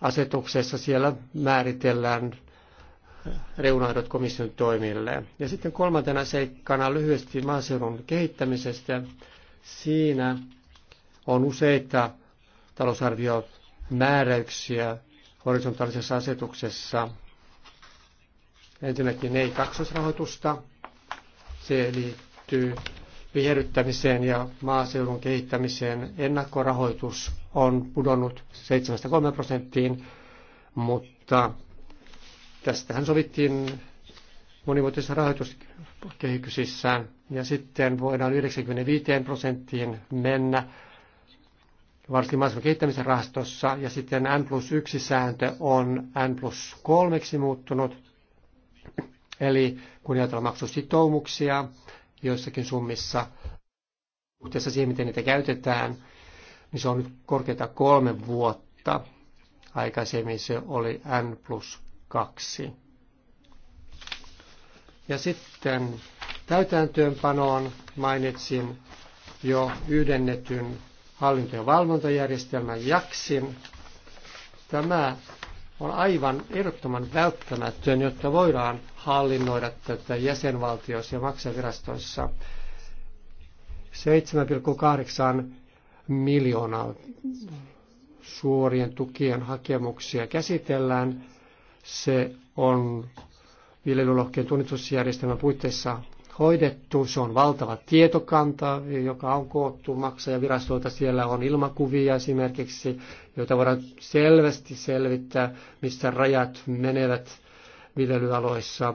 asetuksessa siellä määritellään reunaidot komission toimille. Ja sitten kolmantena seikkana lyhyesti maaseudun kehittämisestä. Siinä on useita talousarviomääräyksiä horisontaalisessa asetuksessa. Ensinnäkin ei kaksosrahoitusta. Se liittyy viherryttämiseen ja maaseudun kehittämiseen ennakkorahoitus on pudonnut 7-3 prosenttiin, mutta tästähän sovittiin monivuotisissa rahoituskehyksissään ja sitten voidaan 95 prosenttiin mennä varsinkin maaseudun kehittämisen rahastossa ja sitten N plus 1 sääntö on N plus 3 muuttunut. Eli kun ajatellaan maksusitoumuksia, joissakin summissa suhteessa siihen, miten niitä käytetään, niin se on nyt korkeita kolme vuotta. Aikaisemmin se oli N plus 2. Ja sitten täytäntöönpanoon mainitsin jo yhdennetyn hallinto- ja valvontajärjestelmän jaksin. Tämä on aivan ehdottoman välttämätön, jotta voidaan hallinnoida tätä jäsenvaltioissa ja maksavirastoissa. 7,8 miljoonaa suorien tukien hakemuksia käsitellään. Se on viljelylohkeen tunnistusjärjestelmän puitteissa hoidettu. Se on valtava tietokanta, joka on koottu maksajavirastolta. Siellä on ilmakuvia esimerkiksi, joita voidaan selvästi selvittää, missä rajat menevät viljelyaloissa.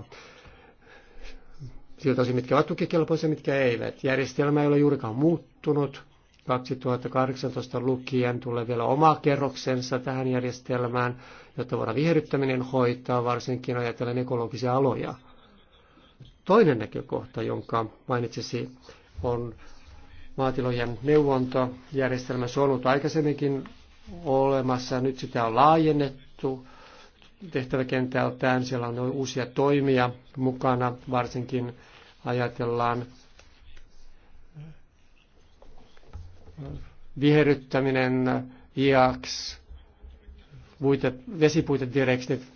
Siltä osin, mitkä ovat tukikelpoisia, mitkä eivät. Järjestelmä ei ole juurikaan muuttunut. 2018 lukien tulee vielä oma kerroksensa tähän järjestelmään, jotta voidaan viherryttäminen hoitaa, varsinkin ajatellen ekologisia aloja. Toinen näkökohta, jonka mainitsisi, on maatilojen neuvontajärjestelmä. Se on ollut aikaisemminkin olemassa. Nyt sitä on laajennettu tehtäväkentältään. Siellä on uusia toimia mukana, varsinkin ajatellaan viheryttäminen, IAX, vesipuitedirektiivit,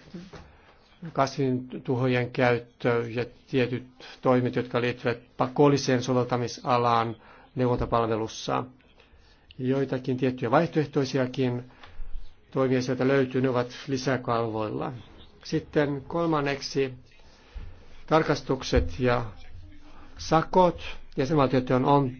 kasvintuhojen käyttö ja tietyt toimet, jotka liittyvät pakolliseen soveltamisalaan neuvontapalvelussa. Joitakin tiettyjä vaihtoehtoisiakin toimia sieltä löytyy, ne ovat lisäkalvoilla. Sitten kolmanneksi tarkastukset ja sakot. Jäsenvaltioiden on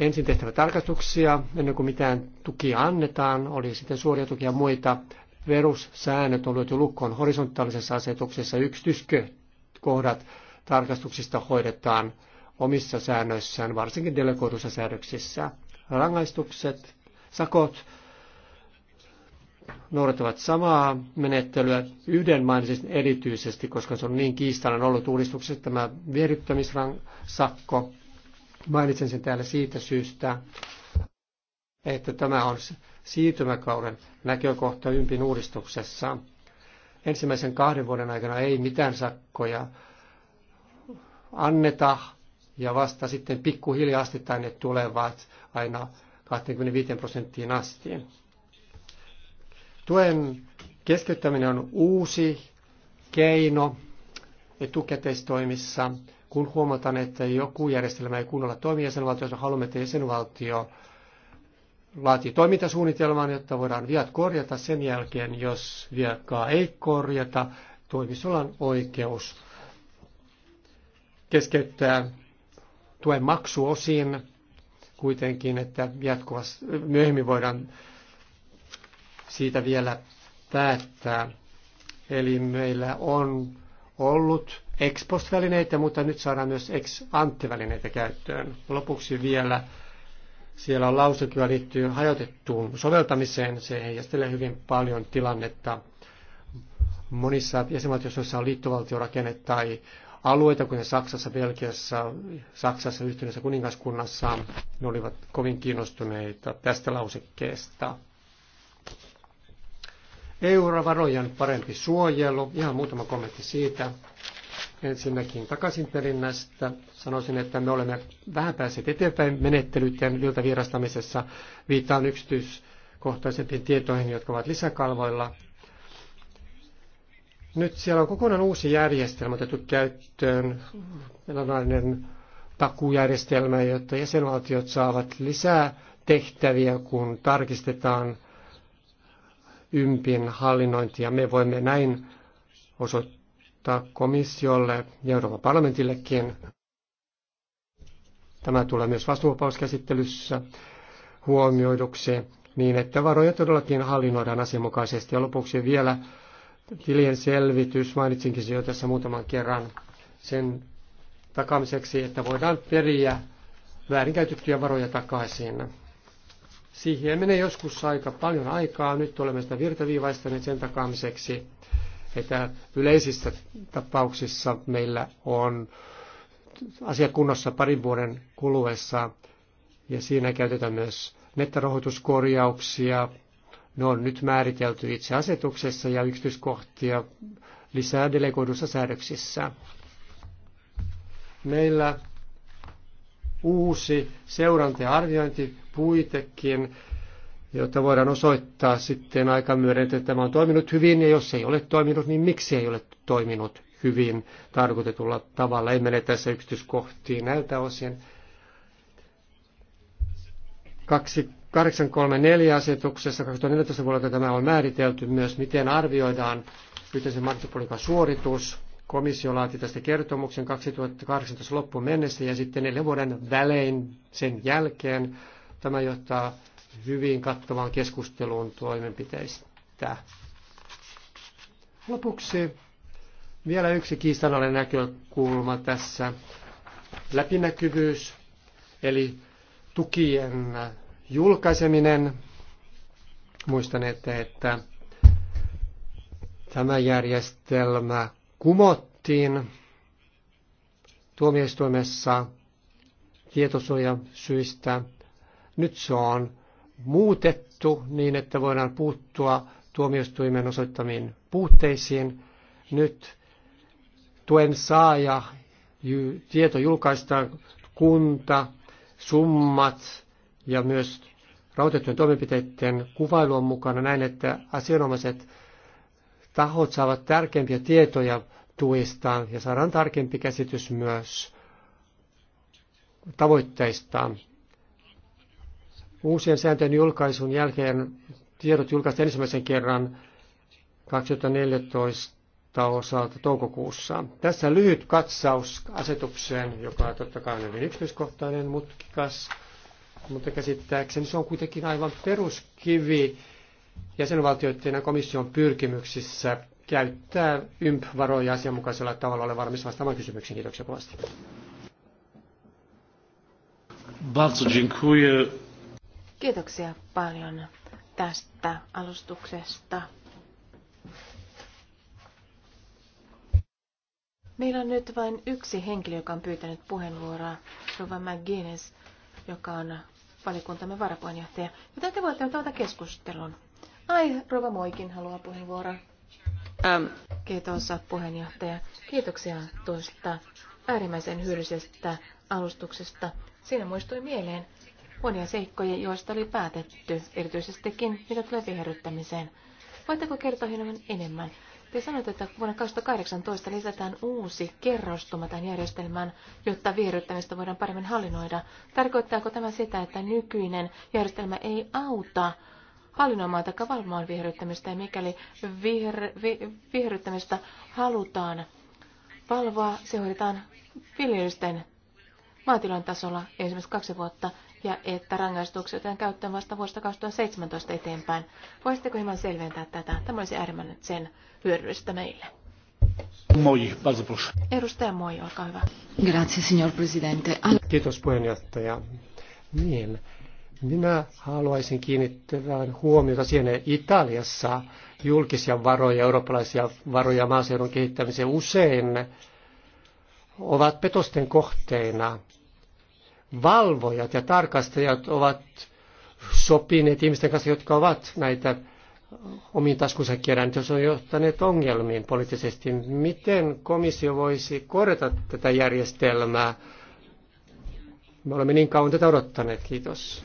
ensin tehtävä tarkastuksia ennen kuin mitään tukia annetaan, oli sitten suoria tukia muita, perussäännöt on lyöty lukkoon horisontaalisessa asetuksessa. Yksityiskohdat tarkastuksista hoidetaan omissa säännöissään, varsinkin delegoidussa säädöksissä. Rangaistukset, sakot noudattavat samaa menettelyä. Yhden mainitsin erityisesti, koska se on niin kiistainen ollut uudistuksessa tämä vierittämisrangsakko. Mainitsen sen täällä siitä syystä, että tämä on siirtymäkauden näkökohta ympin uudistuksessa. Ensimmäisen kahden vuoden aikana ei mitään sakkoja anneta ja vasta sitten pikkuhiljaa astittain ne tulevat aina 25 prosenttiin asti. Tuen keskeyttäminen on uusi keino etukäteistoimissa, kun huomataan, että joku järjestelmä ei kunnolla toimi jäsenvaltiossa, haluamme, että jäsenvaltio laatii toimintasuunnitelman, jotta voidaan viat korjata sen jälkeen, jos vikaa ei korjata. Toimistolla on oikeus keskeyttää tuen maksu osin kuitenkin, että jatkuvasti, myöhemmin voidaan siitä vielä päättää. Eli meillä on ollut ex post-välineitä, mutta nyt saadaan myös ex ante-välineitä käyttöön. Lopuksi vielä siellä on lauseke, joka liittyy hajotettuun soveltamiseen. Se heijastelee hyvin paljon tilannetta monissa jäsenvaltioissa, joissa on liittovaltiorakenne tai alueita, kuten Saksassa, Belgiassa, Saksassa, yhteydessä kuningaskunnassa, ne olivat kovin kiinnostuneita tästä lausekkeesta. EU-varojen parempi suojelu, ihan muutama kommentti siitä. Ensinnäkin takaisinperinnästä. Sanoisin, että me olemme vähän päässeet eteenpäin menettelyiden virastamisessa Viittaan yksityiskohtaisempiin tietoihin, jotka ovat lisäkalvoilla. Nyt siellä on kokonaan uusi järjestelmä otettu käyttöön, erilainen takuujärjestelmä, jotta jäsenvaltiot saavat lisää tehtäviä, kun tarkistetaan ympin hallinnointia. Me voimme näin osoittaa komissiolle ja Euroopan parlamentillekin Tämä tulee myös vastuupauskäsittelyssä huomioiduksi niin, että varoja todellakin hallinnoidaan asianmukaisesti. Ja lopuksi vielä tilien selvitys, mainitsinkin se jo tässä muutaman kerran, sen takamiseksi, että voidaan periä väärinkäytettyjä varoja takaisin. Siihen menee joskus aika paljon aikaa. Nyt olemme sitä virtaviivaistaneet sen takaamiseksi, että yleisissä tapauksissa meillä on asiakunnossa parin vuoden kuluessa. Ja siinä käytetään myös nettarahoituskorjauksia. Ne on nyt määritelty itse asetuksessa ja yksityiskohtia lisää delegoidussa säädöksissä. Meillä uusi seuranta- ja arviointipuitekin, jotta voidaan osoittaa sitten aika myöden, että tämä on toiminut hyvin ja jos ei ole toiminut, niin miksi ei ole toiminut hyvin tarkoitetulla tavalla. Ei mene tässä yksityiskohtiin näiltä osin. 2834 asetuksessa 2014 vuodelta tämä on määritelty myös, miten arvioidaan yhteisen markkinapolitiikan suoritus. Komissio laati tästä kertomuksen 2018 loppuun mennessä ja sitten neljän vuoden välein sen jälkeen. Tämä johtaa hyvin kattavaan keskusteluun toimenpiteistä. Lopuksi vielä yksi kiistanalainen näkökulma tässä. Läpinäkyvyys, eli tukien julkaiseminen. Muistan, että, että tämä järjestelmä kumottiin tuomioistuimessa tietosuojan syistä. Nyt se on muutettu niin, että voidaan puuttua tuomioistuimen osoittamiin puutteisiin. Nyt tuen saaja, tieto julkaistaan, kunta, summat ja myös rautettujen toimenpiteiden kuvailu on mukana näin, että asianomaiset tahot saavat tärkeimpiä tietoja tuistaan ja saadaan tarkempi käsitys myös tavoitteistaan. Uusien sääntöjen julkaisun jälkeen tiedot julkaistiin ensimmäisen kerran 2014 osalta toukokuussa. Tässä lyhyt katsaus asetukseen, joka totta kai hyvin yksityiskohtainen, mutkikas, mutta käsittääkseni se on kuitenkin aivan peruskivi jäsenvaltioiden ja komission pyrkimyksissä käyttää YMP-varoja asianmukaisella tavalla. Olen valmis vastaamaan kysymyksiin. Kiitoksia kovasti. Kiitoksia paljon tästä alustuksesta. Meillä on nyt vain yksi henkilö, joka on pyytänyt puheenvuoroa, Rova McGuinness, joka on valikuntamme varapuheenjohtaja. Joten te voitte ottaa keskustelun. Ai, Rova Moikin haluaa puheenvuoroa. Um. Ähm. Kiitos puheenjohtaja. Kiitoksia tuosta äärimmäisen hyödyllisestä alustuksesta. Siinä muistui mieleen monia seikkoja, joista oli päätetty, erityisestikin mitä tulee viherryttämiseen. Voitteko kertoa hieman enemmän? Te sanoitte, että vuonna 2018 lisätään uusi kerrostuma tämän järjestelmään, jotta viherryttämistä voidaan paremmin hallinnoida. Tarkoittaako tämä sitä, että nykyinen järjestelmä ei auta hallinnoimaan tai valvomaan viherryttämistä, ja mikäli viher, vi, halutaan valvoa, se hoidetaan viljelysten maatilan tasolla esimerkiksi kaksi vuotta ja että rangaistukset otetaan käyttöön vasta vuodesta 2017 eteenpäin. Voisitteko hieman selventää tätä? Tämä olisi äärimmäinen sen hyödyllistä meille. Moi, Edustaja Moi, olkaa hyvä. Grazie, signor Presidente. Kiitos puheenjohtaja. Niin, minä haluaisin kiinnittää huomiota siihen, että Italiassa julkisia varoja, eurooppalaisia varoja maaseudun kehittämiseen usein ovat petosten kohteina valvojat ja tarkastajat ovat sopineet ihmisten kanssa, jotka ovat näitä omiin taskunsa keränneet, jos on johtaneet ongelmiin poliittisesti. Miten komissio voisi korjata tätä järjestelmää? Me olemme niin kauan tätä odottaneet. Kiitos.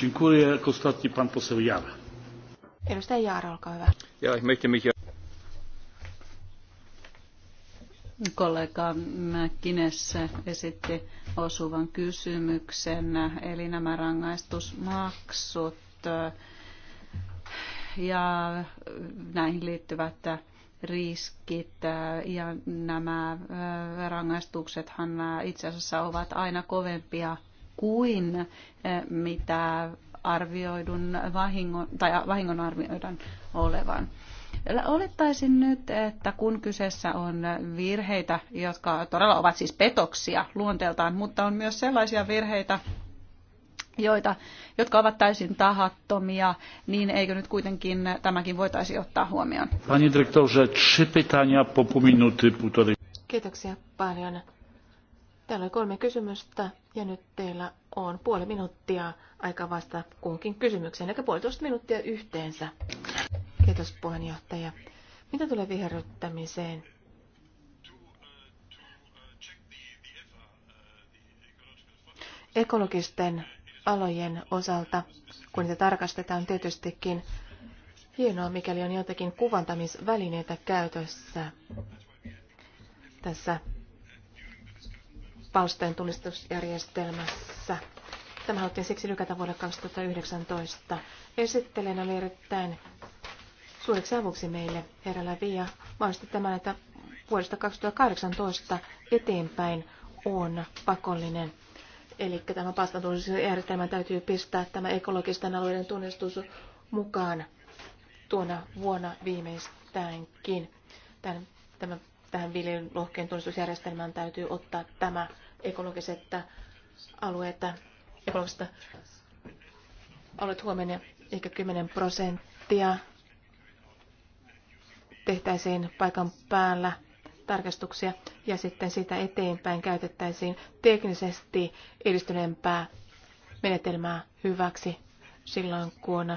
Dziękuję. Ostatni pan poseł Jara. Edustaja Jaara, olkaa hyvä. Ja, kollega Mäkkines esitti osuvan kysymyksen, eli nämä rangaistusmaksut ja näihin liittyvät riskit ja nämä rangaistuksethan itse asiassa ovat aina kovempia kuin mitä arvioidun vahingon, tai vahingon arvioidaan olevan. Olettaisin nyt, että kun kyseessä on virheitä, jotka todella ovat siis petoksia luonteeltaan, mutta on myös sellaisia virheitä, joita, jotka ovat täysin tahattomia, niin eikö nyt kuitenkin tämäkin voitaisi ottaa huomioon? Panie dyrektorze, trzy pytania po pół minuty, półtorej. Kiitoksia paljon. Täällä oli kolme kysymystä ja nyt teillä on puoli minuuttia aika vasta kunkin kysymykseen, eli puolitoista minuuttia yhteensä. Kiitos puheenjohtaja. Mitä tulee viherryttämiseen? Ekologisten alojen osalta, kun niitä tarkastetaan tietystikin, hienoa, mikäli on jotakin kuvantamisvälineitä käytössä tässä palstojen tunnistusjärjestelmässä. Tämä haluttiin siksi lykätä vuodelle 2019. Esittelen oli erittäin suureksi avuksi meille, herra Lävi, ja mahdollisesti tämän, että vuodesta 2018 eteenpäin on pakollinen. Eli tämä pastantunnistusjärjestelmä täytyy pistää tämä ekologisten alueiden tunnistus mukaan tuona vuonna viimeistäänkin. Tämän, tämän, tähän viljelylohkeen tunnistusjärjestelmään täytyy ottaa tämä ekologiset alueet, ekologiset alueet huomenna ehkä 10 prosenttia tehtäisiin paikan päällä tarkastuksia ja sitten sitä eteenpäin käytettäisiin teknisesti edistyneempää menetelmää hyväksi silloin, kun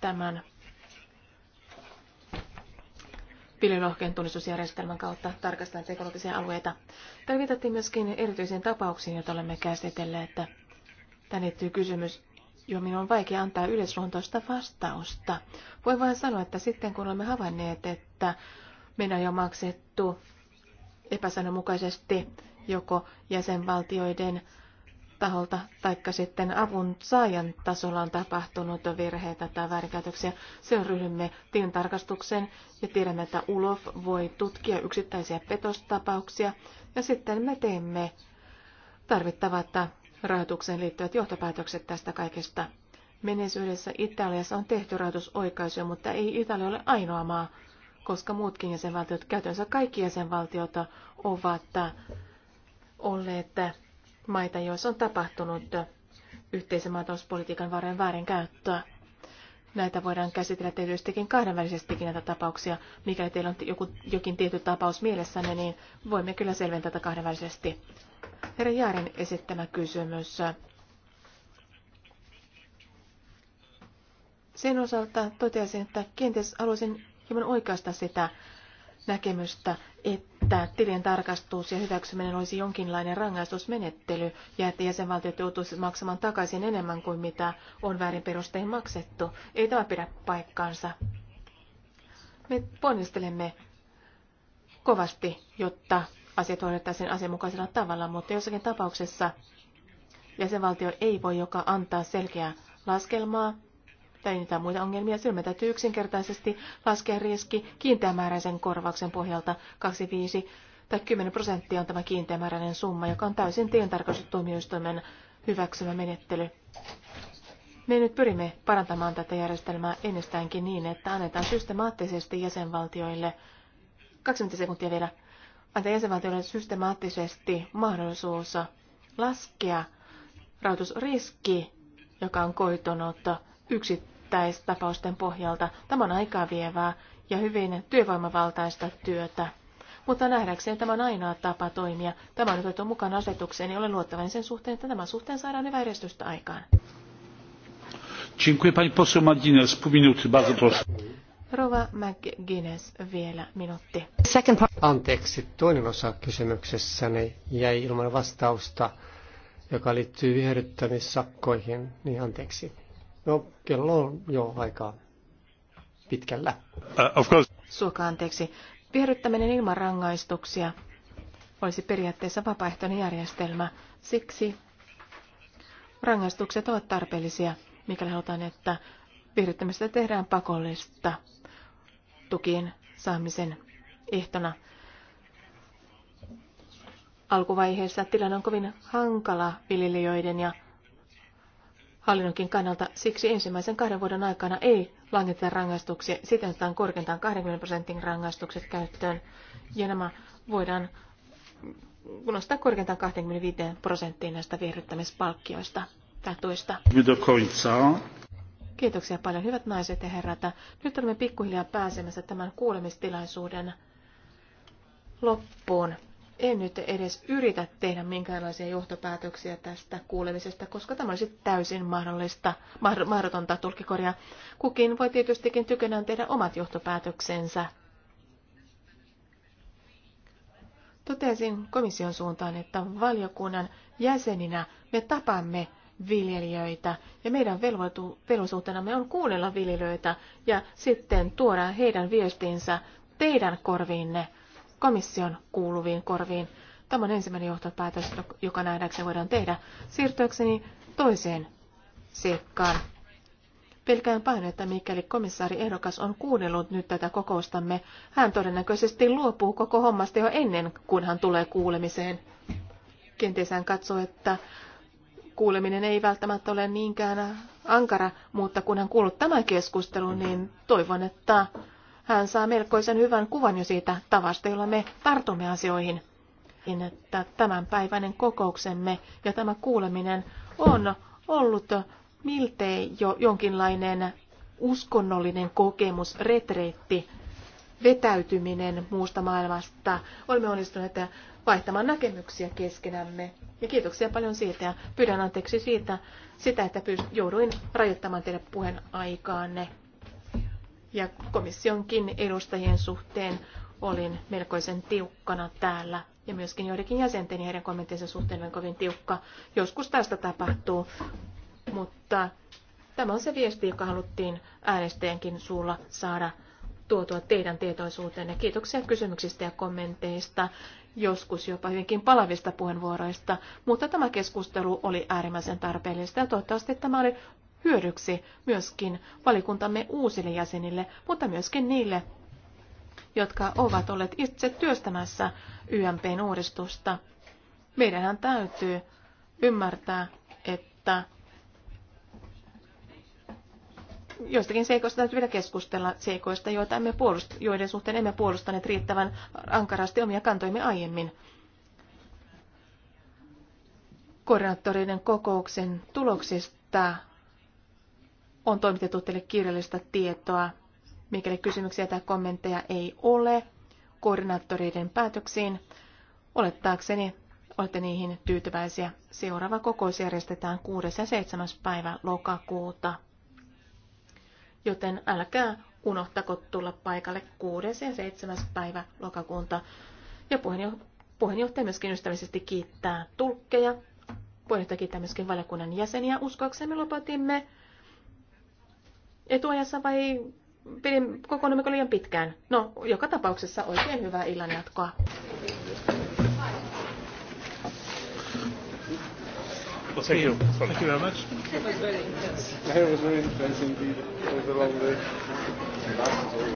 tämän viljelohkeen tunnistusjärjestelmän kautta tarkastetaan ekologisia alueita. Tämä viitattiin myöskin erityisiin tapauksiin, joita olemme käsitelleet, että tämä liittyy kysymys jo minun on vaikea antaa yleisluontoista vastausta. Voi vain sanoa, että sitten kun olemme havainneet, että meidän on maksettu epäsanomukaisesti joko jäsenvaltioiden taholta tai sitten avun saajan tasolla on tapahtunut virheitä tai väärinkäytöksiä. Sen ryhdymme tilintarkastukseen ja tiedämme, että ULOF voi tutkia yksittäisiä petostapauksia ja sitten me teemme tarvittavat rahoitukseen liittyvät johtopäätökset tästä kaikesta. Menneisyydessä Italiassa on tehty rahoitusoikaisuja, mutta ei Italia ole ainoa maa, koska muutkin jäsenvaltiot, käytännössä kaikki jäsenvaltiot ovat olleet maita, joissa on tapahtunut yhteisen maatalouspolitiikan varojen väärinkäyttöä. Näitä voidaan käsitellä tietystikin kahdenvälisestikin näitä tapauksia. Mikäli teillä on joku, jokin tietty tapaus mielessänne, niin voimme kyllä selventää tätä kahdenvälisesti herra Jaaren esittämä kysymys. Sen osalta toteaisin, että kenties haluaisin hieman oikeasta sitä näkemystä, että tilien tarkastus ja hyväksyminen olisi jonkinlainen rangaistusmenettely ja että jäsenvaltiot joutuisivat maksamaan takaisin enemmän kuin mitä on väärin perustein maksettu. Ei tämä pidä paikkaansa. Me ponnistelemme kovasti, jotta asiat hoidettaisiin asianmukaisella tavalla, mutta jossakin tapauksessa jäsenvaltio ei voi joka antaa selkeää laskelmaa tai niitä muita ongelmia. Silloin me täytyy yksinkertaisesti laskea riski kiinteämääräisen korvauksen pohjalta 25 tai 10 prosenttia on tämä kiinteämääräinen summa, joka on täysin tilintarkastustuomioistuimen hyväksymä menettely. Me nyt pyrimme parantamaan tätä järjestelmää ennestäänkin niin, että annetaan systemaattisesti jäsenvaltioille 20 sekuntia vielä antaa jäsenvaltioille systemaattisesti mahdollisuus laskea rahoitusriski, joka on koitunut yksittäistapausten pohjalta. Tämä on aikaa vievää ja hyvin työvoimavaltaista työtä. Mutta nähdäkseni tämä on ainoa tapa toimia. Tämä on nyt otettu mukaan asetukseen niin olen luottavainen sen suhteen, että tämän suhteen saadaan hyvää järjestystä aikaan. Dziękuję pani poseł Madines, pół minuty, bardzo proszę. Rova McGuinness vielä minuutti. Anteeksi, toinen osa kysymyksessäni jäi ilman vastausta, joka liittyy viherryttämissakkoihin. Niin anteeksi. No, kello on jo aika pitkällä. Uh, of course. Suokaa anteeksi. Viherryttäminen ilman rangaistuksia olisi periaatteessa vapaaehtoinen järjestelmä. Siksi rangaistukset ovat tarpeellisia, mikäli halutaan, että viherryttämistä tehdään pakollista tukien saamisen ehtona. Alkuvaiheessa tilanne on kovin hankala viljelijöiden ja hallinnonkin kannalta, siksi ensimmäisen kahden vuoden aikana ei langeteta rangaistuksia, siten otetaan korkeintaan 20 prosentin rangaistukset käyttöön, ja nämä voidaan nostaa korkeintaan 25 prosenttiin näistä viihdyttämispalkkioista tai tuista. Kiitoksia paljon, hyvät naiset ja herrat. Nyt olemme pikkuhiljaa pääsemässä tämän kuulemistilaisuuden loppuun. En nyt edes yritä tehdä minkäänlaisia johtopäätöksiä tästä kuulemisesta, koska tämä olisi täysin mahdollista, mahdotonta tulkikoria. Kukin voi tietystikin tykönään tehdä omat johtopäätöksensä. Totesin komission suuntaan, että valiokunnan jäseninä me tapaamme viljelijöitä ja meidän velvollisuutenamme on kuunnella viljelijöitä ja sitten tuoda heidän viestinsä teidän korviinne, komission kuuluviin korviin. Tämä on ensimmäinen johtopäätös, joka nähdäkseni voidaan tehdä. Siirtyäkseni toiseen seikkaan. Pelkään pahoin, että mikäli komissaari ehdokas on kuunnellut nyt tätä kokoustamme, hän todennäköisesti luopuu koko hommasta jo ennen kuin hän tulee kuulemiseen. Kenties hän katsoo, että kuuleminen ei välttämättä ole niinkään ankara, mutta kun hän kuullut tämän keskustelun, niin toivon, että hän saa melkoisen hyvän kuvan jo siitä tavasta, jolla me tartumme asioihin. Niin, että tämänpäiväinen kokouksemme ja tämä kuuleminen on ollut miltei jo jonkinlainen uskonnollinen kokemus, retreitti vetäytyminen muusta maailmasta. Olemme onnistuneet vaihtamaan näkemyksiä keskenämme. Ja kiitoksia paljon siitä ja pyydän anteeksi siitä, sitä, että jouduin rajoittamaan teidän puheen aikaanne. Ja komissionkin edustajien suhteen olin melkoisen tiukkana täällä. Ja myöskin joidenkin jäsenten ja heidän kommenttinsa suhteen olen kovin tiukka. Joskus tästä tapahtuu, mutta tämä on se viesti, joka haluttiin äänestäjänkin suulla saada tuotua teidän tietoisuuteenne. Kiitoksia kysymyksistä ja kommenteista, joskus jopa hyvinkin palavista puheenvuoroista, mutta tämä keskustelu oli äärimmäisen tarpeellista ja toivottavasti tämä oli hyödyksi myöskin valikuntamme uusille jäsenille, mutta myöskin niille, jotka ovat olleet itse työstämässä YMPn uudistusta. Meidän täytyy ymmärtää, että joistakin seikoista täytyy vielä keskustella, seikoista, joita emme puolust, joiden suhteen emme puolustaneet riittävän ankarasti omia kantoimme aiemmin. Koordinaattoreiden kokouksen tuloksista on toimitettu teille kirjallista tietoa. Mikäli kysymyksiä tai kommentteja ei ole koordinaattoreiden päätöksiin, olettaakseni olette niihin tyytyväisiä. Seuraava kokous järjestetään 6. ja 7. päivä lokakuuta joten älkää unohtako tulla paikalle 6. ja 7. päivä lokakuuta. Ja puheenjohtaja myöskin ystävällisesti kiittää tulkkeja. Puheenjohtaja kiittää myöskin valiokunnan jäseniä. Uskoaksemme lopetimme etuajassa vai pidin kokoonnumme liian pitkään? No, joka tapauksessa oikein hyvää illanjatkoa. Well, thank you. Sorry. Thank you very much. It was very intense. It was very intense indeed. Over the long day.